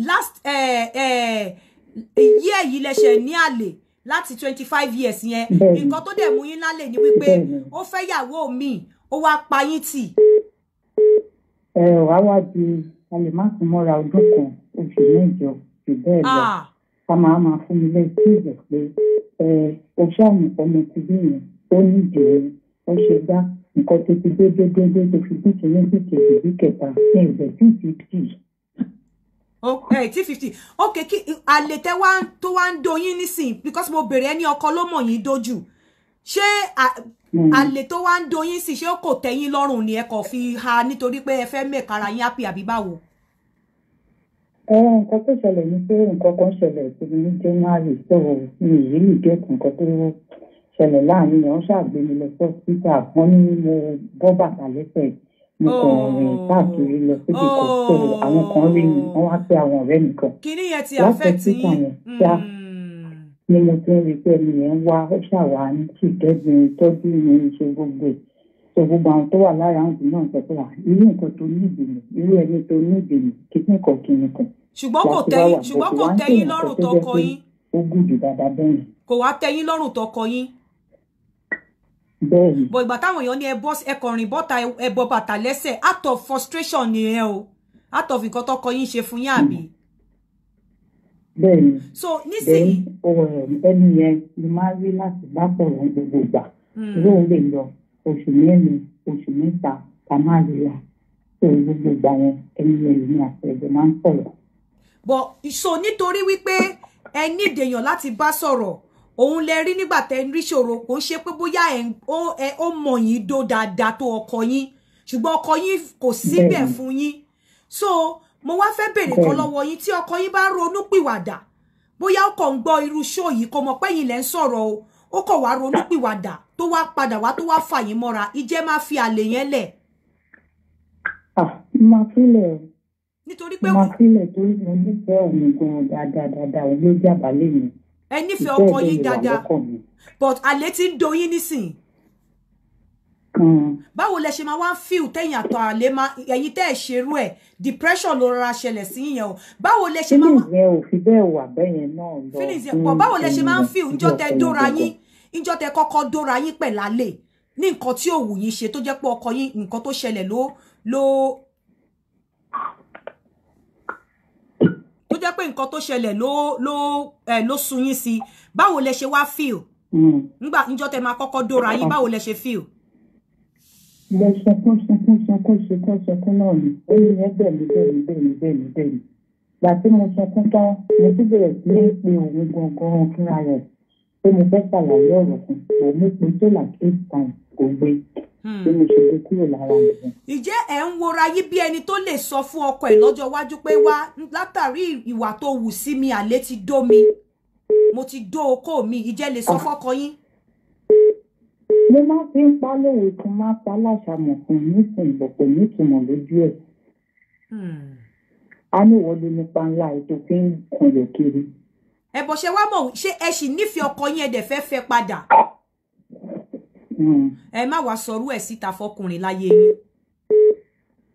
last iye eh, eh, yìí lẹsẹ̀ ní àlè láti twenty five years yẹn nǹkan tó dẹ̀ mú yín lálẹ́ ni wípé ó fẹ́ yàwó mi ó wá pa tì ẹ wàá wá di a má sún mọ́ra ọdún kan oṣù mẹ́jọ jù bẹ́ẹ̀ lọ ká ah. máa máa fún mi lẹ́sí ìwẹ̀ pé ẹ oṣù àmì ọmọ ti bí yẹn ó ní ìdìrẹ́ ó ṣe dá nǹkan tó ti dé dédédé tó fi bí kìíní bí kejì bí kẹta ní ìwẹ̀ tí ì ti dì. Okay, tí fifty okay kí àlè tẹ tó wá ń doyin nísìnyí because mo bèrè ẹni ọkọ ló mọ̀ yín dojú ṣé Mm. àlè tó wá ń doyin sí ṣé kò tẹ́yìn lọ́rùn ni ẹ kò fi ha nítorí pé ẹ fẹ́ mẹka yín happy àbí báwo. nǹkan tó ṣẹlẹ̀ ni pé nǹkan kan ṣẹlẹ̀ sí mi ní january sọ̀rọ̀ mi èyí lè jẹ́ nǹkan tó ṣẹlẹ̀ láàrin yẹn ṣàgbéni lọ sọ síta wọ́n ní mo bọ́ bàtà lẹ́sẹ̀ mo kàn oh. rìn káàkiri lọ síbi kan sọ̀rọ̀ àwọn kan rí mi wọ́n wá pé àwọn ọ̀rẹ́ mi láti síta yẹn ṣáà ni mo ti ń rí i pé ẹni yẹn ń wá ó ṣàwà ní tìkẹ́bi tọ́jú mi ṣe gbogbo ẹ̀ ṣe gbogbo àwọn tó wà lára àwọn náà sọ pé irú nǹkan tó ní ìdènà irú ẹni tó ní ìdènà kìíní kan kìíní kan. ṣùgbọ́n kò tẹ́yìn ṣùgbọ́n kò tẹ́yìn lọ́rùn tọkọ yín. ó gùn jù dáadáa bẹ́ẹ̀. kò wá tẹ́yìn lọ́rùn tọkọ yín. bẹ́ẹ̀ni. bọ̀ ìgbà táwọn èèyàn ní ẹ bọ́ ẹ kọrin bọ́ta ẹ bọ bàtà lẹ́sẹ̀ out of frustration ni ẹ o out of nǹkan tọkọ yín ṣe fún yín àbí. Mm bẹ́ẹ̀ni so nísìnyí ẹni yẹn ni máa rí láti bá sọ̀rọ̀ gbogbo ìgbà lóun hmm. lè lọ oṣù mẹ́rin oṣù mẹ́ta ká má rí ra so gbogbo ìgbà yẹn ẹni yẹn ni àtẹ̀jọ máa ń sọ̀rọ̀. bọ̀ so nítorí wípé ẹ ní ìdèyàn láti bá sọ̀rọ̀ òun lè rí nígbà tẹ́ ń rí ṣòro kò ń ṣe pé bóyá ẹ ó mọ yín dó dáadáa tó ọkọ yín ṣùgbọ́n ọkọ yín kò síbẹ̀ fún yín so. Yeah mo wá fẹ́ bèrè kan lọ́wọ́ yín tí ọkọ yín bá ronú pìwàdà bóyá ó kàn ń gbọ́ irú show yìí kò mọ̀ pé yín lẹ́ ń sọ̀rọ̀ o ó kàn wá ronú tó wá padà wá tó wá fà yín mọ́ra ìjẹ́ máa fi àlè yẹn lẹ̀. máa filẹ̀ nítorí pé máa filẹ̀ torí mo nífẹ̀ẹ́ òun gan dáadáa dáadáa òun ló jábàálẹ̀ mi. ẹ nífẹ̀ẹ́ ọkọ yín dáadáa but àlè ti ń doyin nísìnyí báwo lẹ ṣe máa wá ń fíl tẹ̀yìn àtọ̀ àlè máa ẹ̀yin tẹ́ ẹ̀ ṣerú ẹ̀ depression ló rọra ṣẹlẹ̀ sí yẹn o báwo lẹ ṣe máa wá. feelings yẹn ò fi bẹ́ẹ̀ wà bẹ́ẹ̀ yẹn náà lọ. feelings yẹn pọ̀ báwo lẹ ṣe máa ń mm, fíl mm, ńjọ́ mm, tẹ dóra yín ńjọ́ tẹ kọ́kọ́ dóra yín pẹ̀lálẹ̀ ní nǹkan tí ò yín ṣe tó jẹ́ pé ọkọ yín nǹkan tó ṣẹlẹ̀ ló ló tó jẹ́ pé nǹkan tó ṣẹlẹ̀ ló ló sun yín sí báwo lẹ ṣe wá fíl nígbà tẹ máa kọ́kọ́ dóra yín báwo lẹ ṣe fíl mo sunkún sunkún sunkún sunkún sunkún náà ni èyí yẹn bẹ̀mí bẹ̀mí bẹ̀mí bẹ̀mí bẹ̀mí gbà tí mo sunkún tán mo tún bẹ̀rẹ̀ sí ní pe òun gangan fúnra rẹ̀ pé mo fẹ́ ṣàlàyé ọ̀rọ̀ kan mo mú pé tó là eight times kò gbé pé hmm. mo ṣe gbé kúrò lára mi. ìjẹ́ ẹ̀ ń wora yí bí ẹni tó lè sọ fún ọkọ ẹ̀ lọ́jọ́ iwájú pé wá látàrí ìwà tó wù sí mi àlè ti dó mi mo ti dó okó mi ìjẹ́ lè sọ ah. fọ́kọ yín mo máa fi ń pa lówe kí n máa pa láṣàmọ̀ fún un nísìnyí kò ní ìtumọ̀ lójú ẹ̀. Hmm. a ní ìwọ nípa ńlá ètò fi ń kun kiri. ẹ bọ̀ ṣe wá mọ̀ ṣé ẹ sì nífẹ̀ẹ́ ọkọ yín ẹ dẹ̀ fẹ́ fẹ́ padà. Hmm. ẹ má wàá sọrú ẹ̀ síta fọkùnrin láyé yín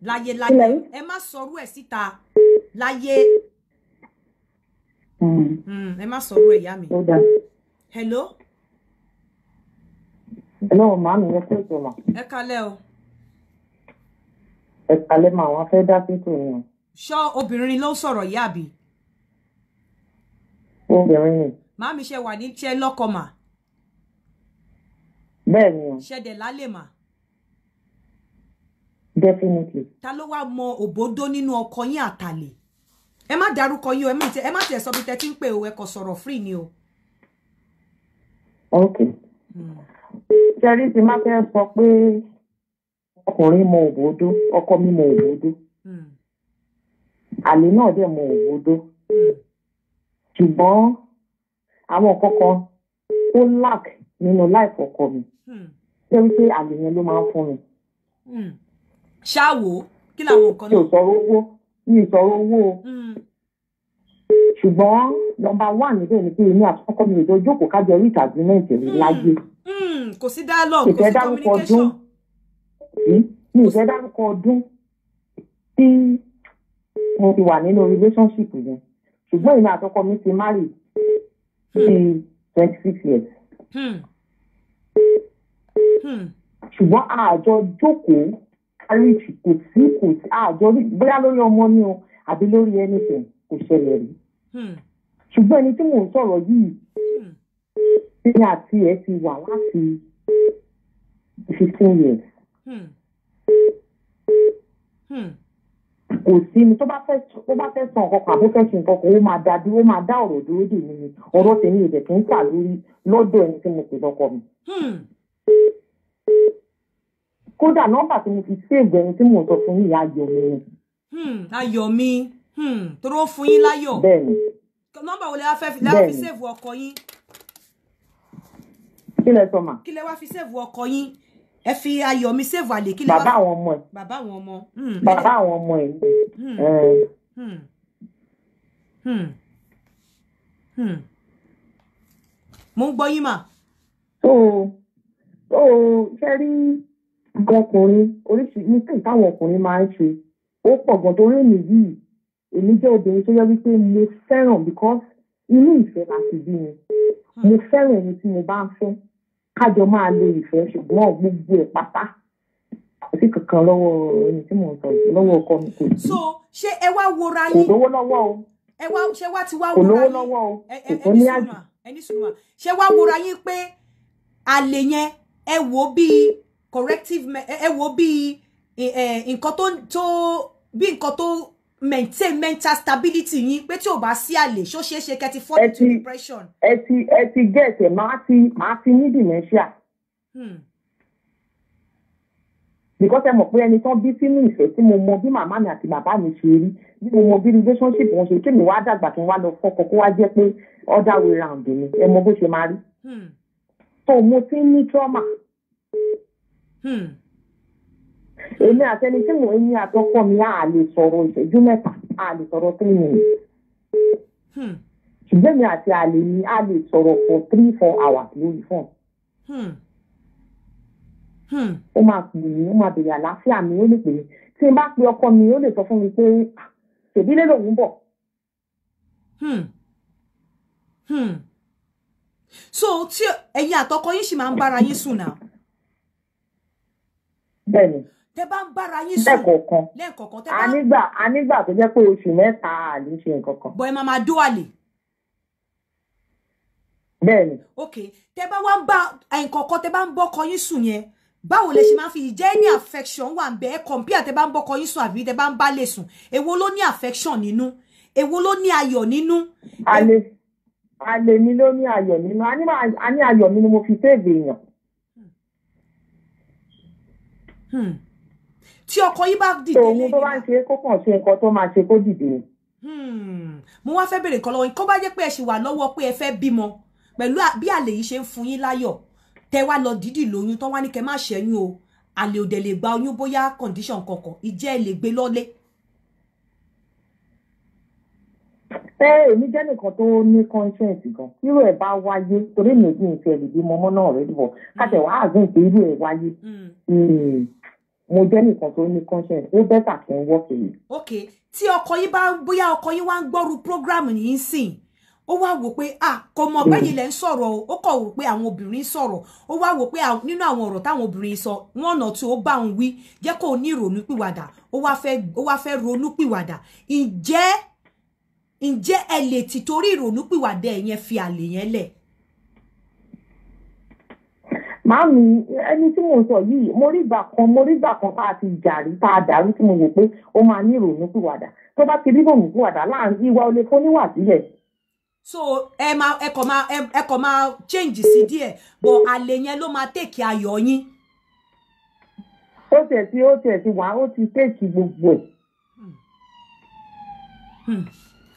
láyé láyé ẹ má sọrú ẹ̀ síta láyé hmm. ẹ má sọrú ẹ̀ yá mi. hello ẹ̀lọ́ màámi ẹ kú ètò mà. ẹ kalẹ́ o. ẹ kalẹ́ mà wọn fẹ́ dá sí tòun o. ṣọ́ obìnrin ló sọ̀rọ̀ yìí àbí. obìnrin ni. màámi ṣe wà ní tiẹ̀ lọ́kọ mà. bẹ́ẹ̀ o. ṣẹ̀dẹ̀ lálẹ́ mà. definitely. ta ló wá mọ òbódó nínú ọkọ yín àtàlè ẹ má dárúkọ yín o ẹ má tẹ sọ bí tẹ ti ń pè o ẹ kò sọ̀rọ̀ free ni o. ok. Mm. jẹ́rí ma sọ pé ọkùnrin mọ òbòdó ọkọ mi mọ òbòdó hmm. àlè náà dẹ̀ mọ òbòdó hmm. ṣùgbọ́n àwọn kankan ó lack nínú life ọkọ mi hmm. ṣé wípé ló máa fún mi. ṣáàwó kí owó mi ò owó o ṣùgbọ́n nọmba one níbẹ̀ ni pé èmi mi ò jọ jókòó ìtàgé Hmm, kò sí dialogue kò sí communication. mi ò fẹ́ dárúkọ ọdún tí mo ti wà nínú relationship yẹn ṣùgbọ́n èmi àtọkọ mi ti marry sí hmm. twenty six years. Hmm. ṣùgbọ́n àjọ jókòó káríjì kò sí kò sí àjọ bóyá lórí ọmọ ni o àbí lórí anything kò ṣẹlẹ̀ rí. ṣùgbọ́n ẹni tí mò ń sọ̀rọ̀ yìí tí àti ẹ̀ ti wà láti fifteen years. Hmm. Hmm. kò sí ni tó bá fẹ́ tó bá fẹ́ san ọkọ̀ àbó fẹ́ ṣe nǹkan kan ó máa dá dúró máa dá ọ̀rọ̀ dúró dè mí ni ọ̀rọ̀ tèmi ò dẹ̀ kí n kà lórí lọ́dọ̀ ẹni tí mo pè lọ́kọ mi. Hmm. kódà nọ́mbà tí mo fi ṣéègbè ẹni tí mo sọ fún yìí ayọ̀ mi ni. ayọ̀ mi tó fún yín láyọ̀ nọ́mbà wo lè wá fẹ́ fi ṣéèfù ọkọ yín kí lẹ sọ ma. kí lẹ wá fi sèvù ọkọ yín ẹ fi ayọ̀ mi sèvù àlè kí lẹ wá. bàbá àwọn ọmọ ẹ. bàbá àwọn ọmọ. Hmm. bàbá àwọn ọmọ ẹ. Hmm. Hmm. mo ń gbọ́ yín mà. tó o ṣe rí nǹkan ọkùnrin oríṣiríṣi nǹkan táwọn ọkùnrin máa ń ṣe ó pọ̀ gan torí èmi yìí èmi jẹ́ obìnrin tó yẹ wípé mo fẹ́ràn because inú ìfẹ́ la ti bí mi mo fẹ́ràn ẹni tí mo bá ń fẹ́ kájọ máa lo ìfẹ́ ṣùgbọ́n gbogbo ẹ̀ pátá sí kankan lọ́wọ́ ẹni tí mò ń sọ lọ́wọ́ ọkọ mi kò sí. so ṣé ẹ wá wora yín kò lówó lọ́wọ́ o ẹ wá ṣé wá ti wá wora yín kò tó ní àjò ẹni sùnmọ̀ ṣé wá wora yín pé àlè yẹn ẹ wò ó corrective ẹ wò ó bíi nǹkan tó bí nǹkan tó maintain mental stability yín pé tí ò bá sí àlè ṣó ṣeé ṣe kẹ́ ti fall into depression. ẹ ti ẹ ti gẹ̀ẹ́sẹ̀ máa ti máa ti ní dementia. Hmm. because ẹ mọ̀ pé ẹni tán bí sínú ìfẹ́ tí mo mọ bí màmá mi àti bàbá mi ṣe rí bí mo mọ bí relationship wọn ṣe kí mi wá dàgbà kí n wá lọ fọkọ kó wá other way round ni ẹ mọ bó ṣe máa rí. Hmm. so mo ti ń trauma. Hmm èmi àtẹni tí mò ń yín àtọkọ mi á lè sọ̀rọ̀ ìṣẹ́jú mẹ́ta á lè sọ̀rọ̀ three minutes hmm. ṣùgbọ́n èmi àti àlè mi á lè sọ̀rọ̀ for three four hours lórí fún hmm. hmm. ó máa pè mí ó máa bèrè àlàáfíà mi ó lè pè mí tí n bá pe ọkọ mi ó lè sọ fún mi pé ah, ṣèbí lè lòun bọ̀. so tí ẹ̀yin àtọkọ yín sì máa ń bára yín sùn náà. bẹ́ẹ̀ni tẹ bá ń bára yín sùn lẹ́ẹ̀kọ̀ọ̀kan lẹ́ẹ̀kọ̀ọ̀kan tẹ bá. anígbà anígbà tó jẹ́ pé oṣù mẹ́ta àlè ṣe nǹkan kan. bọ̀ ẹ máa máa dó àlè. bẹ́ẹ̀ni. ok tẹ bá wá ń bá nǹkankan tẹ bá ń bọ́kọ yín sùn yẹn báwo lẹ ṣe máa fi jẹ́ ní affection wà ń bẹ ẹ compare tẹ bá ń bọ́kọ yín sùn àbí tẹ bá ń bá lè sùn èwo ló ní affection nínú èwo ló ní ayọ̀ nínú. àlè àlè mi ló ní ayọ̀ nínú a ní ayọ̀ mi mo fi tẹ́ẹ̀bù èèyàn. Hmm. hmm tí ọkọ yìí bá dìde lé ní. òun tó bá ń ṣe kó kàn ṣe nǹkan tó máa ṣe kó dìde. Hmm. mo wá fẹ́ bèrè kan lọ́wọ́ yín kó bá jẹ́ pé ẹ ṣì wà lọ́wọ́ pé ẹ fẹ́ bímọ pẹ̀lú bí àlè yìí ṣe ń fún yín láyọ̀ tẹ wá lọ dídì lóyún tán wá ní kẹ má ṣẹ́yún o àlè òdẹ lè gba oyún bóyá condition kankan ìjẹ́ ẹ lè gbé lọ́lé. ẹ èmi jẹ́ nìkan tó ní conscience gan irú ẹ̀ bá wáyé torí mi kì í ṣe ẹ̀lì bímọ ọmọ náà rẹ̀ dìbò káṣẹ̀ wàá àgùn pé irú ẹ̀ wáyé hmm. Hmm mo jẹ́ nìkan tó ní conscience ó bẹ́tà kí n work èyí. ok tí ọkọ yín bá bóyá ọkọ yín wá ń gbọ́rú program yìí sìn ó wá wò pé ah kò mọ̀ pé mm. yìí lẹ̀ ń sọ̀rọ̀ o ó kọ̀ wò pé àwọn obìnrin sọ̀rọ̀ ó wá wò pé nínú àwọn ọ̀rọ̀ táwọn obìnrin sọ wọ́n nà tí ó bá òun wí jẹ́ kó o ní ìrònú pìwàdà ó wá fẹ́ ronú pìwàdà ǹjẹ́ ǹjẹ́ ẹ lè tìtorí ìrònú pìwàdà ẹ̀ yẹn fi àlè yẹn lẹ̀. màámi ẹni tí mo sọ yìí mo rí ìgbà kan mo rí ìgbà kan tá a ti jàrí tá a dàrú tí mo wò pé ó máa ní ìrònú pìwàdà tó bá ti rí pìwàdà láàrin so ẹ máa ẹ máa ẹ máa change sí àlè yẹn ló máa tèkì ayọ̀ yín. ó tẹ̀ sí ó ti tèkì gbogbo hmm. Hmm.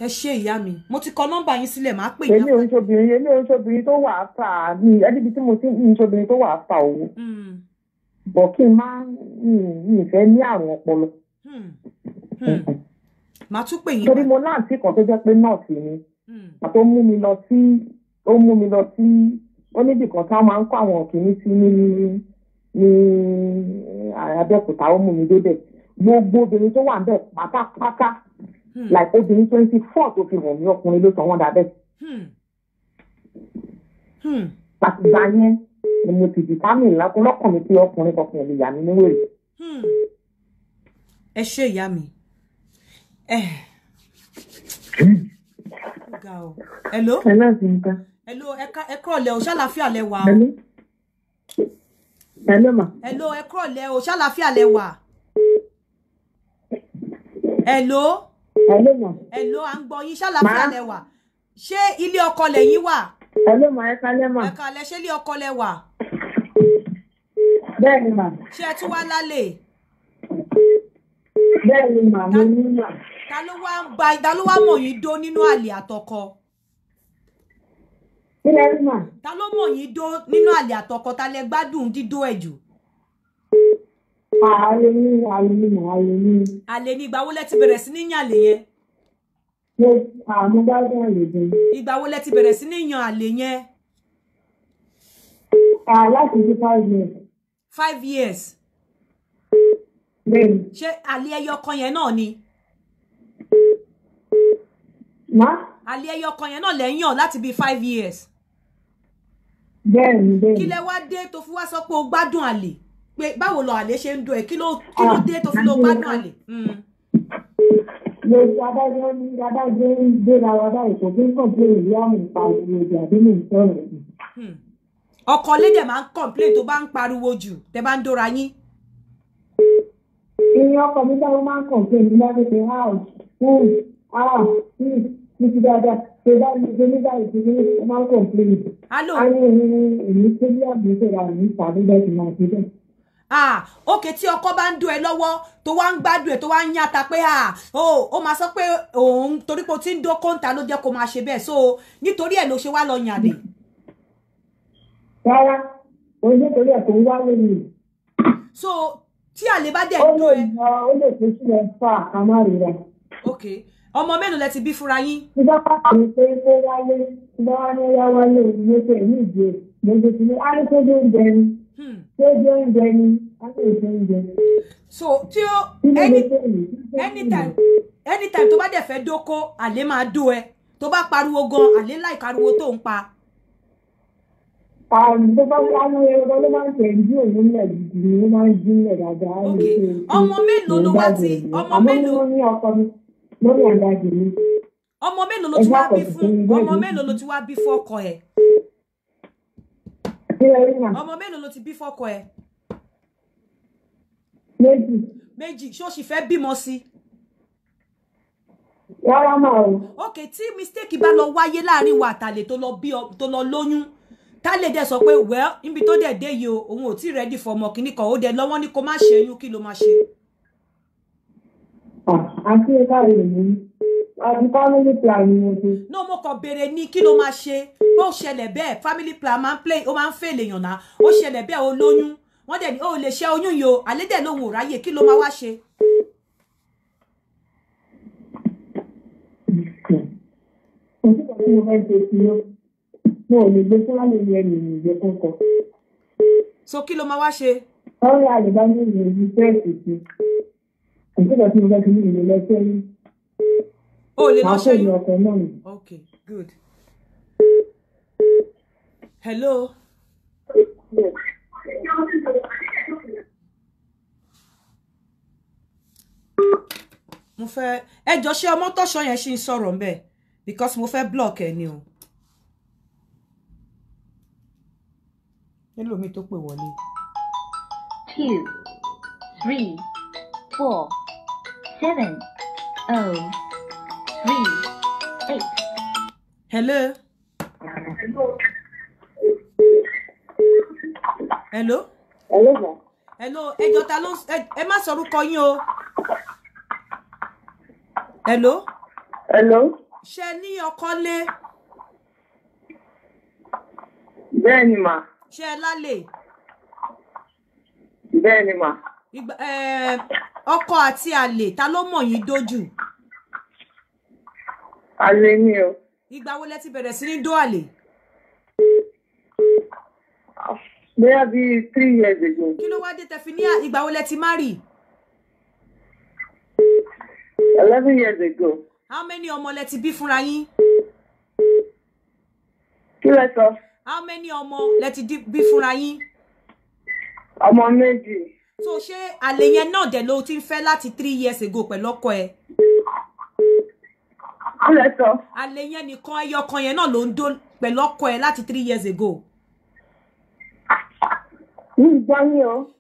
ẹ ṣe ìyá mi mo ti kọ nọ́mbà yín sílẹ̀ máa pè yín. èmi ò ń ṣobìnrin èmi ò ń ṣobìnrin tó wà á fà á mi ẹdíbi tí mo ti ń ṣobìnrin tó wà á fà owó. Hmm. bọ̀ kí n má mi fẹ́ ní àrùn ọpọlọ. Hmm. Hmm. màá tún pè yín. torí mo láǹtí kan tó jẹ́ pé nọ́ọ̀sì ni àti ó mú mi lọ sí ó mú mi lọ sí ó níbì kan táwọn máa ń kó àwọn kìíní sí ní ní Abẹ́òkúta ó mú mi débẹ̀ gbogbo obìnrin tó wà ń bẹ̀ pátápátá Hmm. like obìnrin twenty four tó fi hàn mí ọkùnrin ló sọ wọn dà bẹ́ẹ̀. pàtìgbà hmm. hmm. yẹn ni mo ti dìtámì lákùn lọ́kàn mi pé ọkùnrin kankan lè yà mí níwèrè. ẹ ṣe ìyá mi eh. ga o. Hello. ẹ̀ka ẹ̀kọ́ ọ̀lẹ́ o, ṣàlàáfíà lẹ wà o. Hello, ma. Hello, ẹ̀kọ́ ọ̀lẹ́ o, ṣàlàáfíà lẹ wà. Hello hello ma. hello à ń gbọ́ yín ṣàlàfíà lẹ wà ṣé ilé ọkọ lẹ́yìn wà. hello ma ẹ kalẹ́ ma. ẹ kalẹ́ ṣé ilé ọkọ lẹ wà. bẹ́ẹ̀ni ma. ṣé ẹ tún wá lálẹ́. bẹ́ẹ̀ni ma mo ní ma. ta ló wá ń ba ta ló wá mọ̀ yín dó nínú àlè àtọkọ. ta ló mọ̀ yín dó nínú àlè àtọkọ ta lẹ gbádùn dídó ẹ̀ jù àlè ní àlè ní àlè ní. àlè ní ìgbà wo lẹ ti bẹ̀rẹ̀ sí ní yan àlè yẹn. mo àmú bá dé àlè gan. ìgbà wo lẹ ti bẹ̀rẹ̀ sí ní yan àlè yẹn. láti bí five years. five years. bẹ́ẹ̀ni. ṣé àlè ẹyọ kan yẹn náà ni. má. àlè ẹyọ kan yẹn náà lẹ ń yàn láti bí five years. bẹ́ẹ̀ni bẹ́ẹ̀ni. kí lẹ wá dé tó fi wá sọ pé o gbádùn àlè pé báwo lọ àlè ṣe ń do ẹ kí ló kí ló ah, dé tó fi lọ gbádùn àlè. Hmm. mo ṣe adájọ́ ní adájọ́ ń gbéra wa báyìí kò fi ń kàn pé ìyá mi pariwo jù àbí mi ń sọ̀rọ̀ jù. Hmm. ọkọ lédè máa ń kọ̀ǹpléè tó bá ń pariwo jù tẹ́ bá ń dóra yín. ìyẹn ọkọ mi sábà máa ń kọ̀ǹpléè ní lágbègbè house hood house hood ní ti dáadáa ṣe bá mi ṣe nígbà ìṣẹ́jú ó máa ń kọ̀ǹpléè. a ní òun ní èmi tó bí àgbẹ̀ṣẹ̀ rà ní sàdúgbẹ̀sì náà síbẹ̀ ah òkè tí ọkọ bá ń dún ẹ lọ́wọ́ tó wá ń gbádùn ẹ tó wá ń yàtà pé ah oh ó máa sọ pé òun torí pé o ti ń dó kóńtà ló jẹ́ kó máa ṣe bẹ́ẹ̀ so nítorí ẹ̀ ló ṣe wá lọ yàn rárá o nítorí ẹ̀ kò ń wá lórí. so tí àlè bá dẹ̀ dún ẹ. ó lè fi sílẹ̀ fa àkámọ́ rẹ̀ rẹ̀. ok ọmọ mélòó lẹ ti bí fúnra yín. ìjọ pàtàkì pé kó wálé ìjọ wá ní ó òun ló ṣe ìlú ìdí ṣéjọ́ hmm. oúnjẹ ni akéèké oúnjẹ. so tí ó anytime anytime tó bá dẹ̀ fẹ́ dóko àlè máa dó ẹ tó bá pariwo gan àlè láì kariwo tó ń pa. àrùn tó bá wáyé ẹ̀rọ ló máa ń tẹ̀ ní òun nílẹ̀ gidi ló máa ń jí nílẹ̀ dáadáa. ok ọmọ mélòó ló wá ti ọmọ mélòó. àmọ́ ní ọkọ mi lórí ọ̀dà jù ọmọ mélòó ló ti wá bí fún ọmọ mélòó ló ti wá bí fún ọkọ ẹ̀. ọmọ mélòó ló ti bí fọ́kọ ẹ. méjì. méjì ṣó sì fẹ́ bímọ sí. rárá máa o. ok tí mistake bá lọ wáyé láàrin wa àtàlè tó lọ lóyún tálẹ̀ lè dẹ sọ pé well níbi tó dẹ̀ dé yìí o òun ò tí ready for ọmọ kìíní kan ó dẹ lọ́wọ́ ní kó má ṣe oyún kí ló máa ṣe. àti ẹ̀ka rẹ̀ nìyí. àti family plan ni mo ṣe. no mo kàn béèrè ní kí ló máa ṣe pé ó ṣẹlẹ̀ bẹ́ẹ̀ family plan máa ń play ó máa ń fèlè yànnà ó ṣẹlẹ̀ bẹ́ẹ̀ ó lóyún wọ́n dẹ̀ ní ó lè ṣe oyún yìí o àlédè lòun ò ráyè kí ló máa wá ṣe. òṣìṣẹ́ tí mo fẹ́ ṣe sí ló mo ò lè gbé fúlàní ní ẹnì ìjẹ kọ̀ọ̀kan. so kí ló máa wá ṣe. ọ̀rẹ́ àlùbá ní ìròyìn fẹ́ẹ̀sì sí òṣìṣẹ́ tí mo fẹ́ ṣe ní ìròyìn lọ́sẹ̀ yìí o lè lọ ṣe yín ok good hello. mo fẹ́ ẹ jọ ṣé ọmọ tọṣọ yẹn ṣì ń sọ̀rọ̀ ń because mo fẹ́ block ẹ ni o. nílò mi tó pè wọlé. two three four seven oh three, eight. Hello? Hello? Hello? Hello? Hello, ẹjọ́ ta ló ẹ má sọrúkọ yín o. Hello? Hello? Ṣé ní ọkọ lé? Bẹ́ẹ̀ ni mà. Ṣé ẹ lálẹ́? Bẹ́ẹ̀ ni mà. Ọkọ àti àlè ta ló mọ̀ yín dójú? àlè ni o. ìgbà wo lẹ ti bẹ̀rẹ̀ sí ní dó àlè. bóyá three years ago. kí ló wá dé tẹ fi ní ìgbà wo lẹ ti má rì. eleven years ago. how many ọmọ lẹ ti bí fúnra yín. kí lẹ sọ. how many ọmọ lẹ ti bí fúnra yín. ọmọ méjì. so ṣé àlè yẹn náà dẹ̀ ló ti ń fẹ́ láti three years ago pẹ̀lú ọkọ ẹ àlè oh, yẹn nìkan ẹyọ kan yẹn náà ló ń dó pẹ̀lú ọkọ ẹ̀ láti three years ago.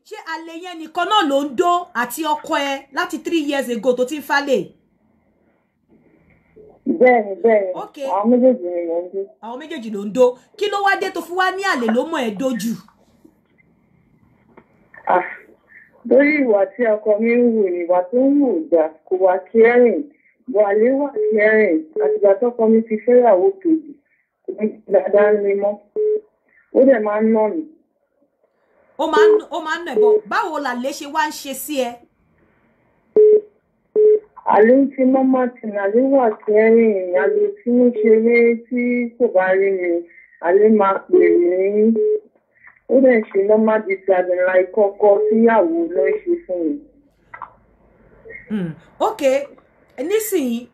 ṣé àlè yẹn nìkan náà ló ń dó àti ọkọ ẹ̀ láti three years ago tó ti ń falẹ̀. bẹ́ẹ̀ni bẹ́ẹ̀ni àwọn méjèèjì ló ń dó. àwọn méjèèjì ló ń dó kí ló wá dé tó fi wá ní àlè ló mọ̀ ẹ́ dojú. Ah, lórí ìwà tí ọkọ mi ń wù ní ìwà tó ń wù dà kò wá kí ẹrìn buhari wà ti fẹ́yàwó kejì dáadáa ń rin mọ́ ó dẹ̀ máa ma nà mí. O ma ń báwo làlẹ́ ṣe wá ń ṣe sí ẹ. àlè ń ti mọ́mọ́ tì wà kẹrin àlè tí mo tí kò bá rí mi àlè pè síyàwó fún nísìnyí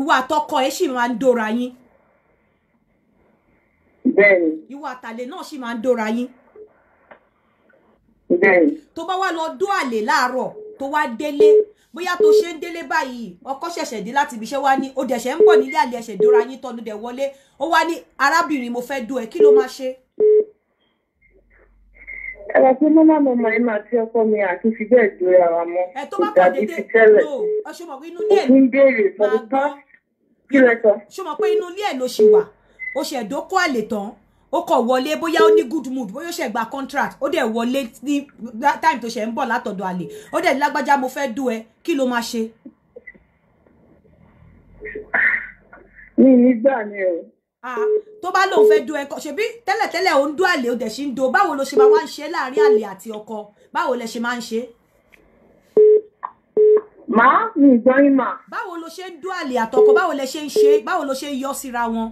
ìwà àtọkọ ẹ sì máa ń dóra yín bẹ́ẹ̀ni ìwà àtàlè náà sì máa ń dóra yín bẹ́ẹ̀ni tó bá wá lọ dó àlè láàárọ̀ tó wá délé bóyá tó ṣe ń délé báyìí ọkọ ṣẹ̀ṣẹ̀ dé láti ibiṣẹ́ wá ní o dẹ̀ṣẹ̀ ń bọ̀ nílé àlè ẹ̀ṣẹ̀ dóra yín tọ́nu dẹ̀ wọlé ó wá ní arábìnrin mo fẹ́ dó ẹ kí ló máa ṣe ẹ̀rọ tó mọ́ máa mọ̀ mọ́ ẹ máa fi ọkọ mi àti fi bẹ́ẹ̀ dúra wa mọ́ ìdàbí ti tẹ́lẹ̀ òkú ń béèrè fọdún bá kí lẹ sọ. ṣé o mọ̀ pé inú ilé ẹ̀ ló ṣì wà ó ṣe ẹ̀dókò àlè tán ó kọ̀ wọlé bóyá ó ní good mood bóyá ó ṣe gba contract ó dẹ̀ wọlé ní time tó ṣe ń bọ̀ látọ̀dọ̀ àlè ó dẹ̀ lágbájá mo fẹ́ dú ẹ kí ló máa ṣe. mi nígbà ni o. Ah, tó bá lóun fẹ́ do ẹkọ ṣebí tẹ́lẹ̀tẹ́lẹ̀ ò ń do àlè ó dẹ̀ ṣì ń do báwo ló ṣe máa wá ń ṣe láàrin àlè àti ọkọ báwo lẹ ṣe máa ń ṣe. màá mi gbọ́ yín mà. báwo ló ṣe ń do àlè àtọkọ báwo lẹ ṣe ń ṣe báwo ló ṣe ń yọ síra wọn.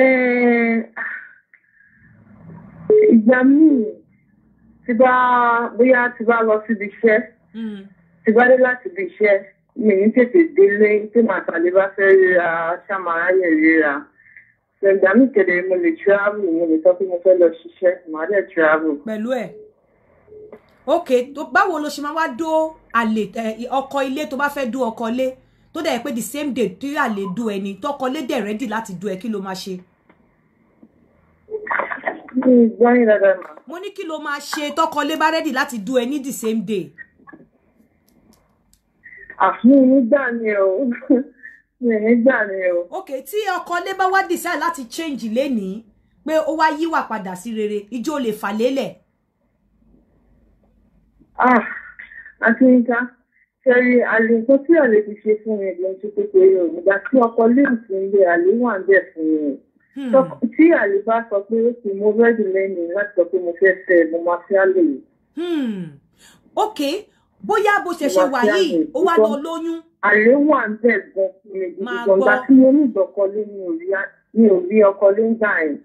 Eh, ìgbà míì tí bá bóyá tí bá lọ síbi iṣẹ́ hmm. tí bá dé láti ibi iṣẹ́ mi ń tètè délé tí màtàlẹ́ bá fẹ́ ríra ṣàmáráyè ríra ṣẹ̀dá mi kẹ̀lé mo lè travel mo lè sọ pé mo fẹ́ lọ ṣiṣẹ́ màá lè travel. pẹ̀lú ẹ̀ ok báwo ló ṣe máa wá dó àlè ọkọ ilé tó bá fẹ́ dó ọkọ ilé tó dẹ̀ pé the same day tí àlè dó ẹni tọkọ ilé dẹ̀ rẹ́dì láti dó ẹ kí ló máa ṣe. mo ní kí ló máa ṣe tọkọ ilé bá rẹ́dì láti dó ẹ ní the same day àmì ah, nígbà ni o nígbà ni o. ok tí ọkọ ilé bá wá decide láti change lénìí pé ó wá yíwà padà sí rere ìjọ lè fà lélẹ̀. ah àti nǹkan sẹ́rí àlejò tí ọ̀lẹ́ ti ṣe fún mi lọ sí kékeré o nígbà tí ọkọ léèkì ń gbé àlè wà ń bẹ̀ fún mi hmm. tí àlè bá sọ pé ó sì mo rẹ́dì lẹ́nu láti sọ pé mo fẹ́ fẹ́ mo máa fẹ́ àlè. Hmm. ok bóyá bó ṣe ṣe wà yìí ó wá lọ lóyún. àlè wà ń bẹ̀ gan fún mi gidi tí mo ní ìdọ̀kọ lé mi mi ò rí ọkọ ló ń gbà yẹn.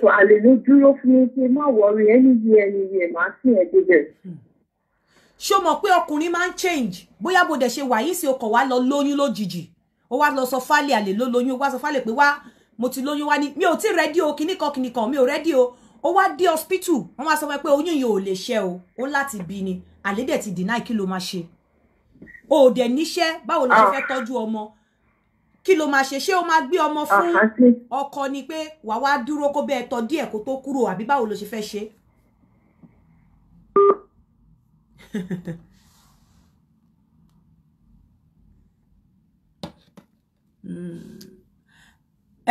so àlè ló dúró fún mi pé má wọrí ẹni yí ẹni yẹ màá sì ẹ débẹ̀. Hmm. ṣó mọ̀ pé ọkùnrin máa ń change bóyá bó dẹ̀ ṣe wà yìí sí ọkọ̀ wa lọ lóyún lójijì ó wá lọ sọ fálẹ̀ àlè ló lóyún ó wá sọ fálẹ̀ pé wá mo ti lóyún wá ní mi ò tí rẹ́dí o kíníkan kíníkan mi ò rẹ́dí o ó wá dé hospital wọ́n wá sọ pé oyún yìí ò lè ṣẹ o ó láti bí ni àlédè ti deny kí ló máa ṣe o ò dẹ̀ níṣẹ́ báwo ló ṣe ah. fẹ́ tọ́jú ọmọ kí ló máa ṣe ṣé o máa gbé ọmọ fún ah, ọkọ ni pé wàá wá dúró kó bẹ́ẹ̀ tọ́ díẹ̀ kó tó kúrò àbí báwo ló ṣe fẹ́ ṣe.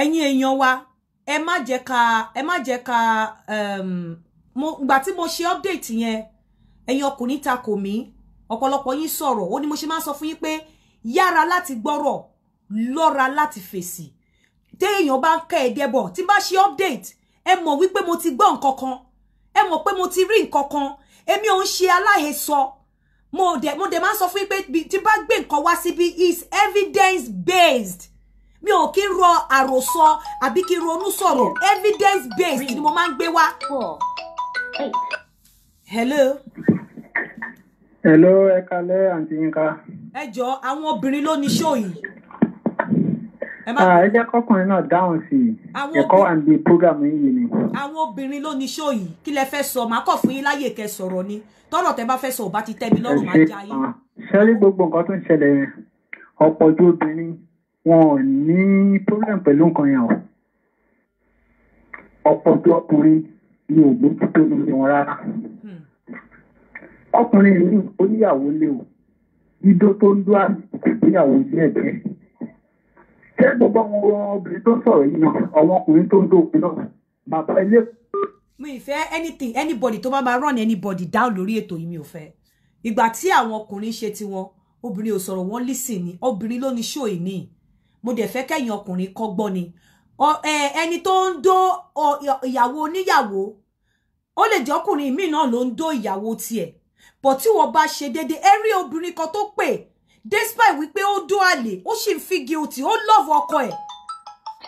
ẹ̀yin èèyàn wa ẹ má jẹ́ ká ẹ má jẹ́ ká um, ìgbà tí mo ṣe update yẹn ẹ̀yin ọkùnrin takò mí ọ̀pọ̀lọpọ̀ yín sọ̀rọ̀ ó ní mo ṣe máa ń sọ fún yín pé yára láti gbọ́rọ̀ lọ́ra láti fèsì téèyàn bá ń kẹ́ ẹ dẹ́bọ̀ tí bá ṣe update ẹ mọ̀ wípé mo ti gbọ́ nǹkan kan ẹ mọ̀ pé mo ti rí nǹkan kan èmi ò ń ṣe aláhesọ mo dẹ̀ mo dẹ̀ máa ń sọ fún yín pé tí bá gbé nǹkan wá síbi is evidence based mi ò kí rọ àròsọ àbí kí ronú sọ̀rọ̀ evidence based ni mo máa ń gbé wá. hello hello ẹ kalẹ àǹtí Yínká. ẹ jọ àwọn obìnrin ló ní ṣó yìí. ẹ jẹ́ kọkùnrin náà dáhùn sí i ẹ̀kọ́ àǹdí program yìí ni. àwọn obìnrin ló ní ṣó yìí kí lẹ fẹ́ sọ màá kọ̀ fún yín láyè kẹ́ sọ̀rọ̀ ni tọ́rọ̀ tẹ́ bá fẹ́ sọ ò bá ti tẹ́ mi lọ́rùn máa já yín. sẹ́rí gbogbo nǹkan tó ń ṣẹlẹ̀ ọ̀pọ̀ ojú obìnrin wọn problem pẹ̀lú nǹkan yẹn o ọ̀pọ̀ ojú ọkùnrin ni ò gbójútó nínú wọn rárá ọkùnrin mi oníyàwó lé o idó tó ń dúà ìgbéyàwó ilé ẹ̀jẹ̀ ṣé gbogbo àwọn obìnrin tó sọ̀rọ̀ yìí àwọn ọkùnrin tó ń dópin náà bàbá ilé. mi ì fẹ́ anything anybody tó bá máa run anybody down lórí ètò yìí mi ò fẹ́ ìgbà tí àwọn ọkùnrin ṣe tiwọn obìnrin ò sọ̀rọ̀ wọ́n lísìn ni obìnrin ló ní ṣó ìní mo dẹ̀ fẹ́ kẹ́yìn ọkùnrin kọ́gbọ́n ni ẹni tó ń dó ìyàwó oníyàwó ó lè jẹ́ ọkùnrin míì náà ló ń dó ìyàwó tiẹ̀ but tí wọ́n bá ṣe déédéé ẹ rí kan tó pè despite wípé ó dó àlè ó sì ń fi guilty ó love ọkọ ẹ̀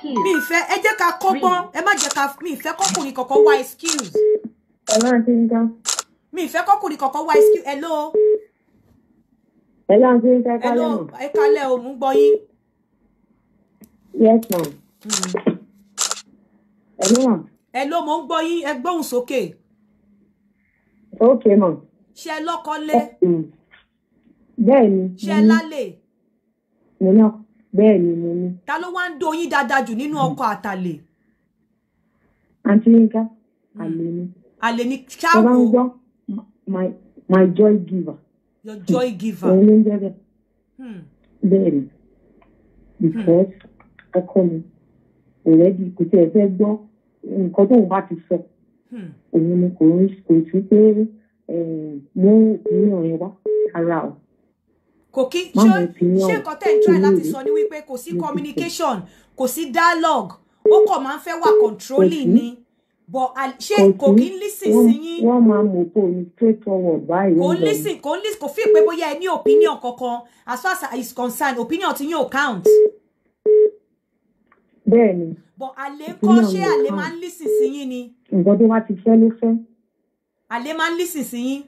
hmm. mi ìfẹ́ ẹ jẹ́ ká kọ́gbọ́n ẹ má jẹ́ ká mi ìfẹ́ kọ́kùnrin kọ̀ọ̀kan wá excuse. Hello, àti nǹkan. mi ìfẹ́ kọ́kùnrin kọ̀ọ̀kan wá excuse hello. hello àti hello ẹ̀ka lẹ́ o mú gbọ́ yín. yes ma. Hmm. hello hello mo ń gbọ́ yín ẹ gbóhùn sókè. ma ṣe lọ́kọ lé. bẹ́ẹ̀ni ṣe lálẹ́. bẹ́ẹ̀ni mo ní. ta ló wá ń do yín dáadáa jù nínú ọkọ àtàlè. àǹtí yínká hmm. àlè ni. àlè ni ṣáàbù. ọba ń gbọ́ my joy giver. your joy giver. òun ló ń jẹ́ bẹ́ẹ̀. Hmm. bẹ́ẹ̀ni hmm. because ọkọ mi already kò tiẹ̀ fẹ́ gbọ́ nǹkan tóun bá ti sọ. òun ni kò ń sí pé mú opinion yẹn wá ara o. kò kí ṣé ṣé nǹkan tẹ̀ ń try láti sọ ni wípé kò sí communication kò sí dialogue ó kàn máa ń fẹ́ wà controlling ni but ṣé kò kí ń lísìn sí yín. wọ́n máa mú kó ní straight forward báyìí. kò ń lísìn kò ń lísìn kò fi pé bóyá ẹ ní opinion kankan as far as is concerned opinion ti yín ò count. bẹ́ẹ̀ni. but àlè ń kọ́ ṣé àlè máa ń lísìn sí yín ni. nǹkan tó wá ti fẹ́ ló fẹ́ àlè máa ń lísìn sí yín.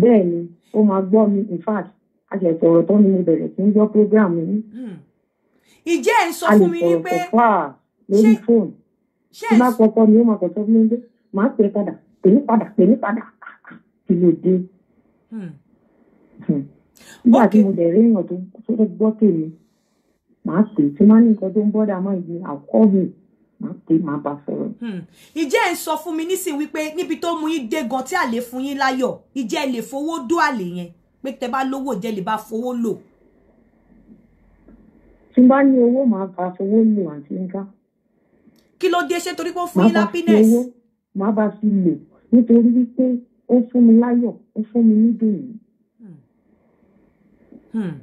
bẹ́ẹ̀ ni ó máa gbọ́ mi in fact àṣẹ̀tọ̀ ọ̀rọ̀ tó ni mo bẹ̀rẹ̀ sí ń gbọ́ program yìí. ìjẹ́ hmm. ẹ̀ ń sọ fún mi wípé lórí fóònù tí bá kọ́kọ́ ni ó máa kọ́kọ́ fún mi pé màá pè padà pè ní padà pè ní padà kí ló dé. Hmm. Hmm. nígbà tí mo bẹ̀rẹ̀ èèyàn tó gbọ́ tèmi màá pè tí máa ní nǹkan tó ń bọ́dà máa yí àkọ́ mi má pé má bá sọ̀rọ̀. ìjẹ́ hmm. ẹ̀ ń sọ fún mi nísìn wípé níbi tó mú yín dé gan tí àlè fún yín láyọ̀ ìjẹ́ ẹ̀ lè fowó dó àlè yẹn pé tẹ bá lówó ìjẹ́ lè bá fowó lò. tí n bá ní owó màá bá fowó lò àti nǹkan. kí ló dé ṣé torí pé ó fún yín lápínẹ́sì. màá bá fi lò nítorí wípé ó fún mi láyọ̀ ó fún mi nídùnnú. Hmm. Hmm.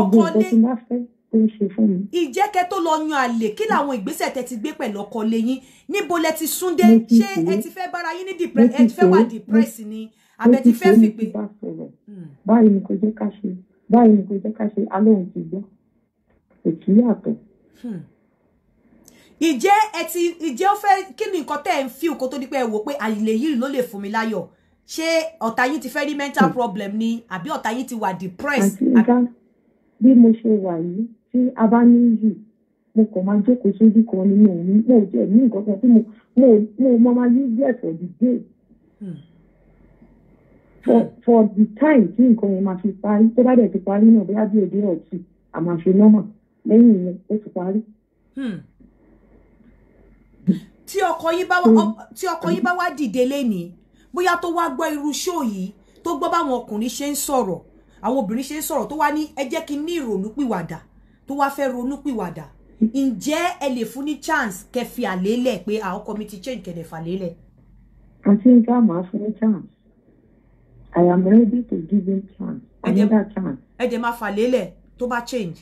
ọkọ ní tó ń ṣe fún mi. ìjẹ́kẹ́ tó lọ yan àlè kí làwọn ìgbésẹ̀ tẹ ti gbé pẹ̀lú ọkọ lẹ́yìn níbo lẹ ti súndé ṣé ẹ ti fẹ́ bára yín ní ẹ ti fẹ́ wà depress ni àbẹ ti fẹ́ fìgbé. Hmm. báyìí ni kò jẹ́ ká ṣe báyìí ni kò jẹ́ ká ṣe alóhùn ti gbọ́ kò kí yàtọ̀. Hmm. ìjẹ́ ẹ ti ìjẹ́ ó fẹ́ kí ni nǹkan tẹ́ ẹ ń fi òkò tó di pé ẹ wò pé àlè yìí ló lè fún mi láyọ̀ ṣé ọ̀tá yín ti fẹ́ ní mental hmm. problem ni àbí ọ̀tá yín ti wà depressed. àti ìdá bí mo ṣe wà yìí tí a bá ní yù mo kàn máa jókòó sójú kan ni mo mo jẹ ní nǹkan kan tí mo mo mo máa yí díẹ̀ for the hmm. Hmm. for the time tí nǹkan yẹn máa fi parí tó bá dẹ̀ ti parí náà bóyá bí òde ọ̀tún àmọ́ àfi nọ́mà lẹ́yìn ìyẹn ó ti parí. Hmm. tí ọkọ yín bá tí ọkọ yín bá wá dìde lénìí bóyá tó wá gbọ́ irú ṣó yìí tó gbọ́ báwọn ọkùnrin ṣe ń sọ̀rọ̀ àwọn obìnrin ṣe ń sọ̀rọ̀ tó wá ní ẹ jẹ́ kí n ní ìrònú pìwàdà tó wá fẹ́ ronúpìwàdà ǹjẹ́ ẹ lè fún ní chance kẹ́ fi àlélẹ̀ pé àwọn committee change kẹ̀dẹ̀ fàlélẹ̀. àti ń dá màá fún ní chance i am ready to give him chance another chance. ẹ jẹ́ máa fàlélẹ̀ tó bá change.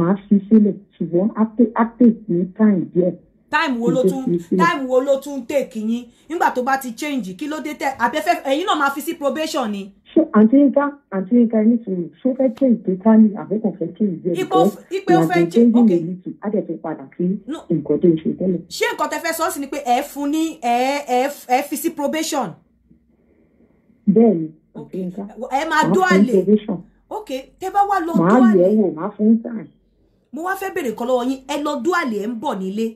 màá fi sílẹ̀ ṣùgbọ́n á pè ní time díẹ̀. Yeah time wo lo tun, time wo lo tun take yín nígbà to bá ti change kí ló dé tẹ àbẹ́fẹ́ ẹ̀yin náà máa fi sí probation ni. ṣé àǹtí nǹkan àǹtí nǹkan ẹni tún ṣó fẹ́ change tó ká ní àbẹ́kàn fẹ́ change bẹ́ẹ̀ because ìpè ó change Okay. adẹ̀tẹ̀ padà sí nǹkan tó ń ṣe tẹ́lẹ̀. ṣé nǹkan tẹ fẹ́ sọ sí ni pé ẹ fún ní ẹ ẹ ẹ fi sí probation. Then. Okay. nǹkan ma máa dó àlè ok tẹ bá wà lọ dó àlè. màá yẹ̀ wò màá time. mo wa fe bèrè kan lọ́wọ́ yín ẹ lọ dó àlè ẹ ń bọ̀ nílé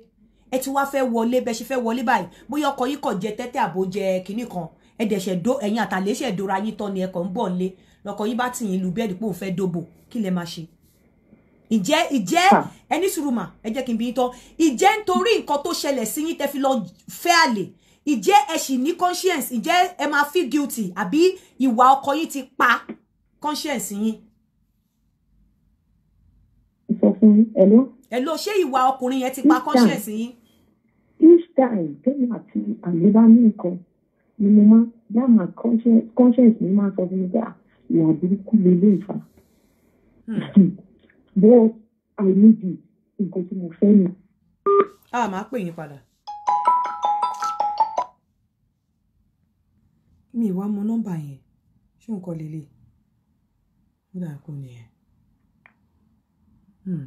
ẹ ti wá fẹ́ wọlé bẹ́ẹ̀ ṣe fẹ́ wọlé báyìí bóyá ọkọ yìí kò jẹ tẹ́tẹ́ àbò jẹ kan ẹ dẹ̀ṣẹ̀ dó ẹ̀yin àtàlẹ́ ṣẹ̀ dóra yín tọ́ ni ẹ̀kọ́ ń bọ̀ lé lọkọ yìí bá tì yín lu bẹ́ẹ̀ dípò fẹ́ dóbò kí lẹ máa ṣe. ìjẹ́ ìjẹ́ ẹni sùúrù ẹ jẹ́ kí n bí yín tọ́ ìjẹ́ nítorí nǹkan tó ṣẹlẹ̀ sí yín tẹ́ fi lọ fẹ́ àlè ìjẹ́ ẹ sì ní conscience ìjẹ́ ẹ máa feel guilty àbí ìwà ọkọ yìí ti pa conscience yín. ìsọfún ẹ ló. ṣé ìwà ọkùnrin yẹn ti pa conscience yín time tẹ́lẹ̀ àti àgbẹ̀ bá ní nǹkan ni mo máa yá máa conscience mi máa sọ fún mi pé ah, ìwà burúkú mi lè fà. Hmm. but i need you nǹkan tí mo fẹ́ ni. a máa pè yín padà. mi ìwà mọ nọ́mbà yẹn ṣé nǹkan lè lè ó dà kó nìyẹn. Hmm.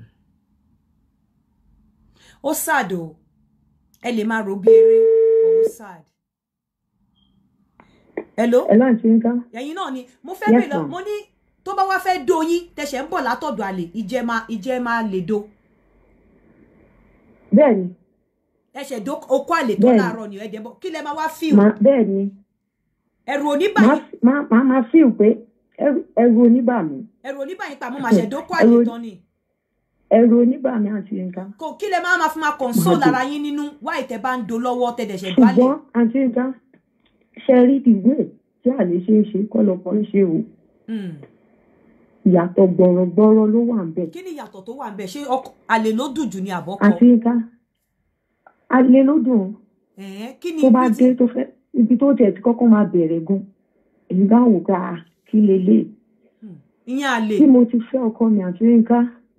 ó ṣàdó ẹ lè máa rò eré òun sad. hello. hello àǹtí nǹkan. ẹ̀yin náà ni mo fẹ́ bèèrè lọ mo ní tó bá wá fẹ́ do yín tẹ̀sẹ̀ ń bọ̀ látọ̀dọ̀ àlè ìjẹ́ máa ìjẹ́ máa lè do. bẹ́ẹ̀ni. ẹsẹ̀ do okó àlè tó láàárọ̀ ni ẹ̀jẹ̀ bọ̀ kí lẹ máa wá fíìmù. bẹ́ẹ̀ni. ẹ̀rù oníbàyí. máa máa fíìmù pé ẹ̀rù oníbàmí. ẹ̀rù oníbàyí pàmò màṣẹ̀ dókó àlè tán ni ẹ̀rù onígbà mi àǹtí Yinka. kò kí lè máa ma fún ma console lára yín nínú wá ìtẹ́ bá ń do lọ́wọ́ tẹ̀dẹ̀ṣẹ̀ balẹ̀. ṣùgbọ́n àǹtí Yinka ṣe rí ìwé tí àlè ṣe é ṣe kọ́ lọ́kọ́ ń ṣe o. Hmm. ìyàtọ̀ gbọ̀rọ̀gbọ̀rọ̀ ló wà ń bẹ̀. kí ni ìyàtọ̀ tó wà ń bẹ̀ ṣé àlè ló dùn jù ní àbọ̀kọ. àǹtí Yinka àlè ló dùn. tó bá dé tó fẹ́ ibi tó tẹ̀ ti kọ́kọ́ máa bẹ̀rẹ̀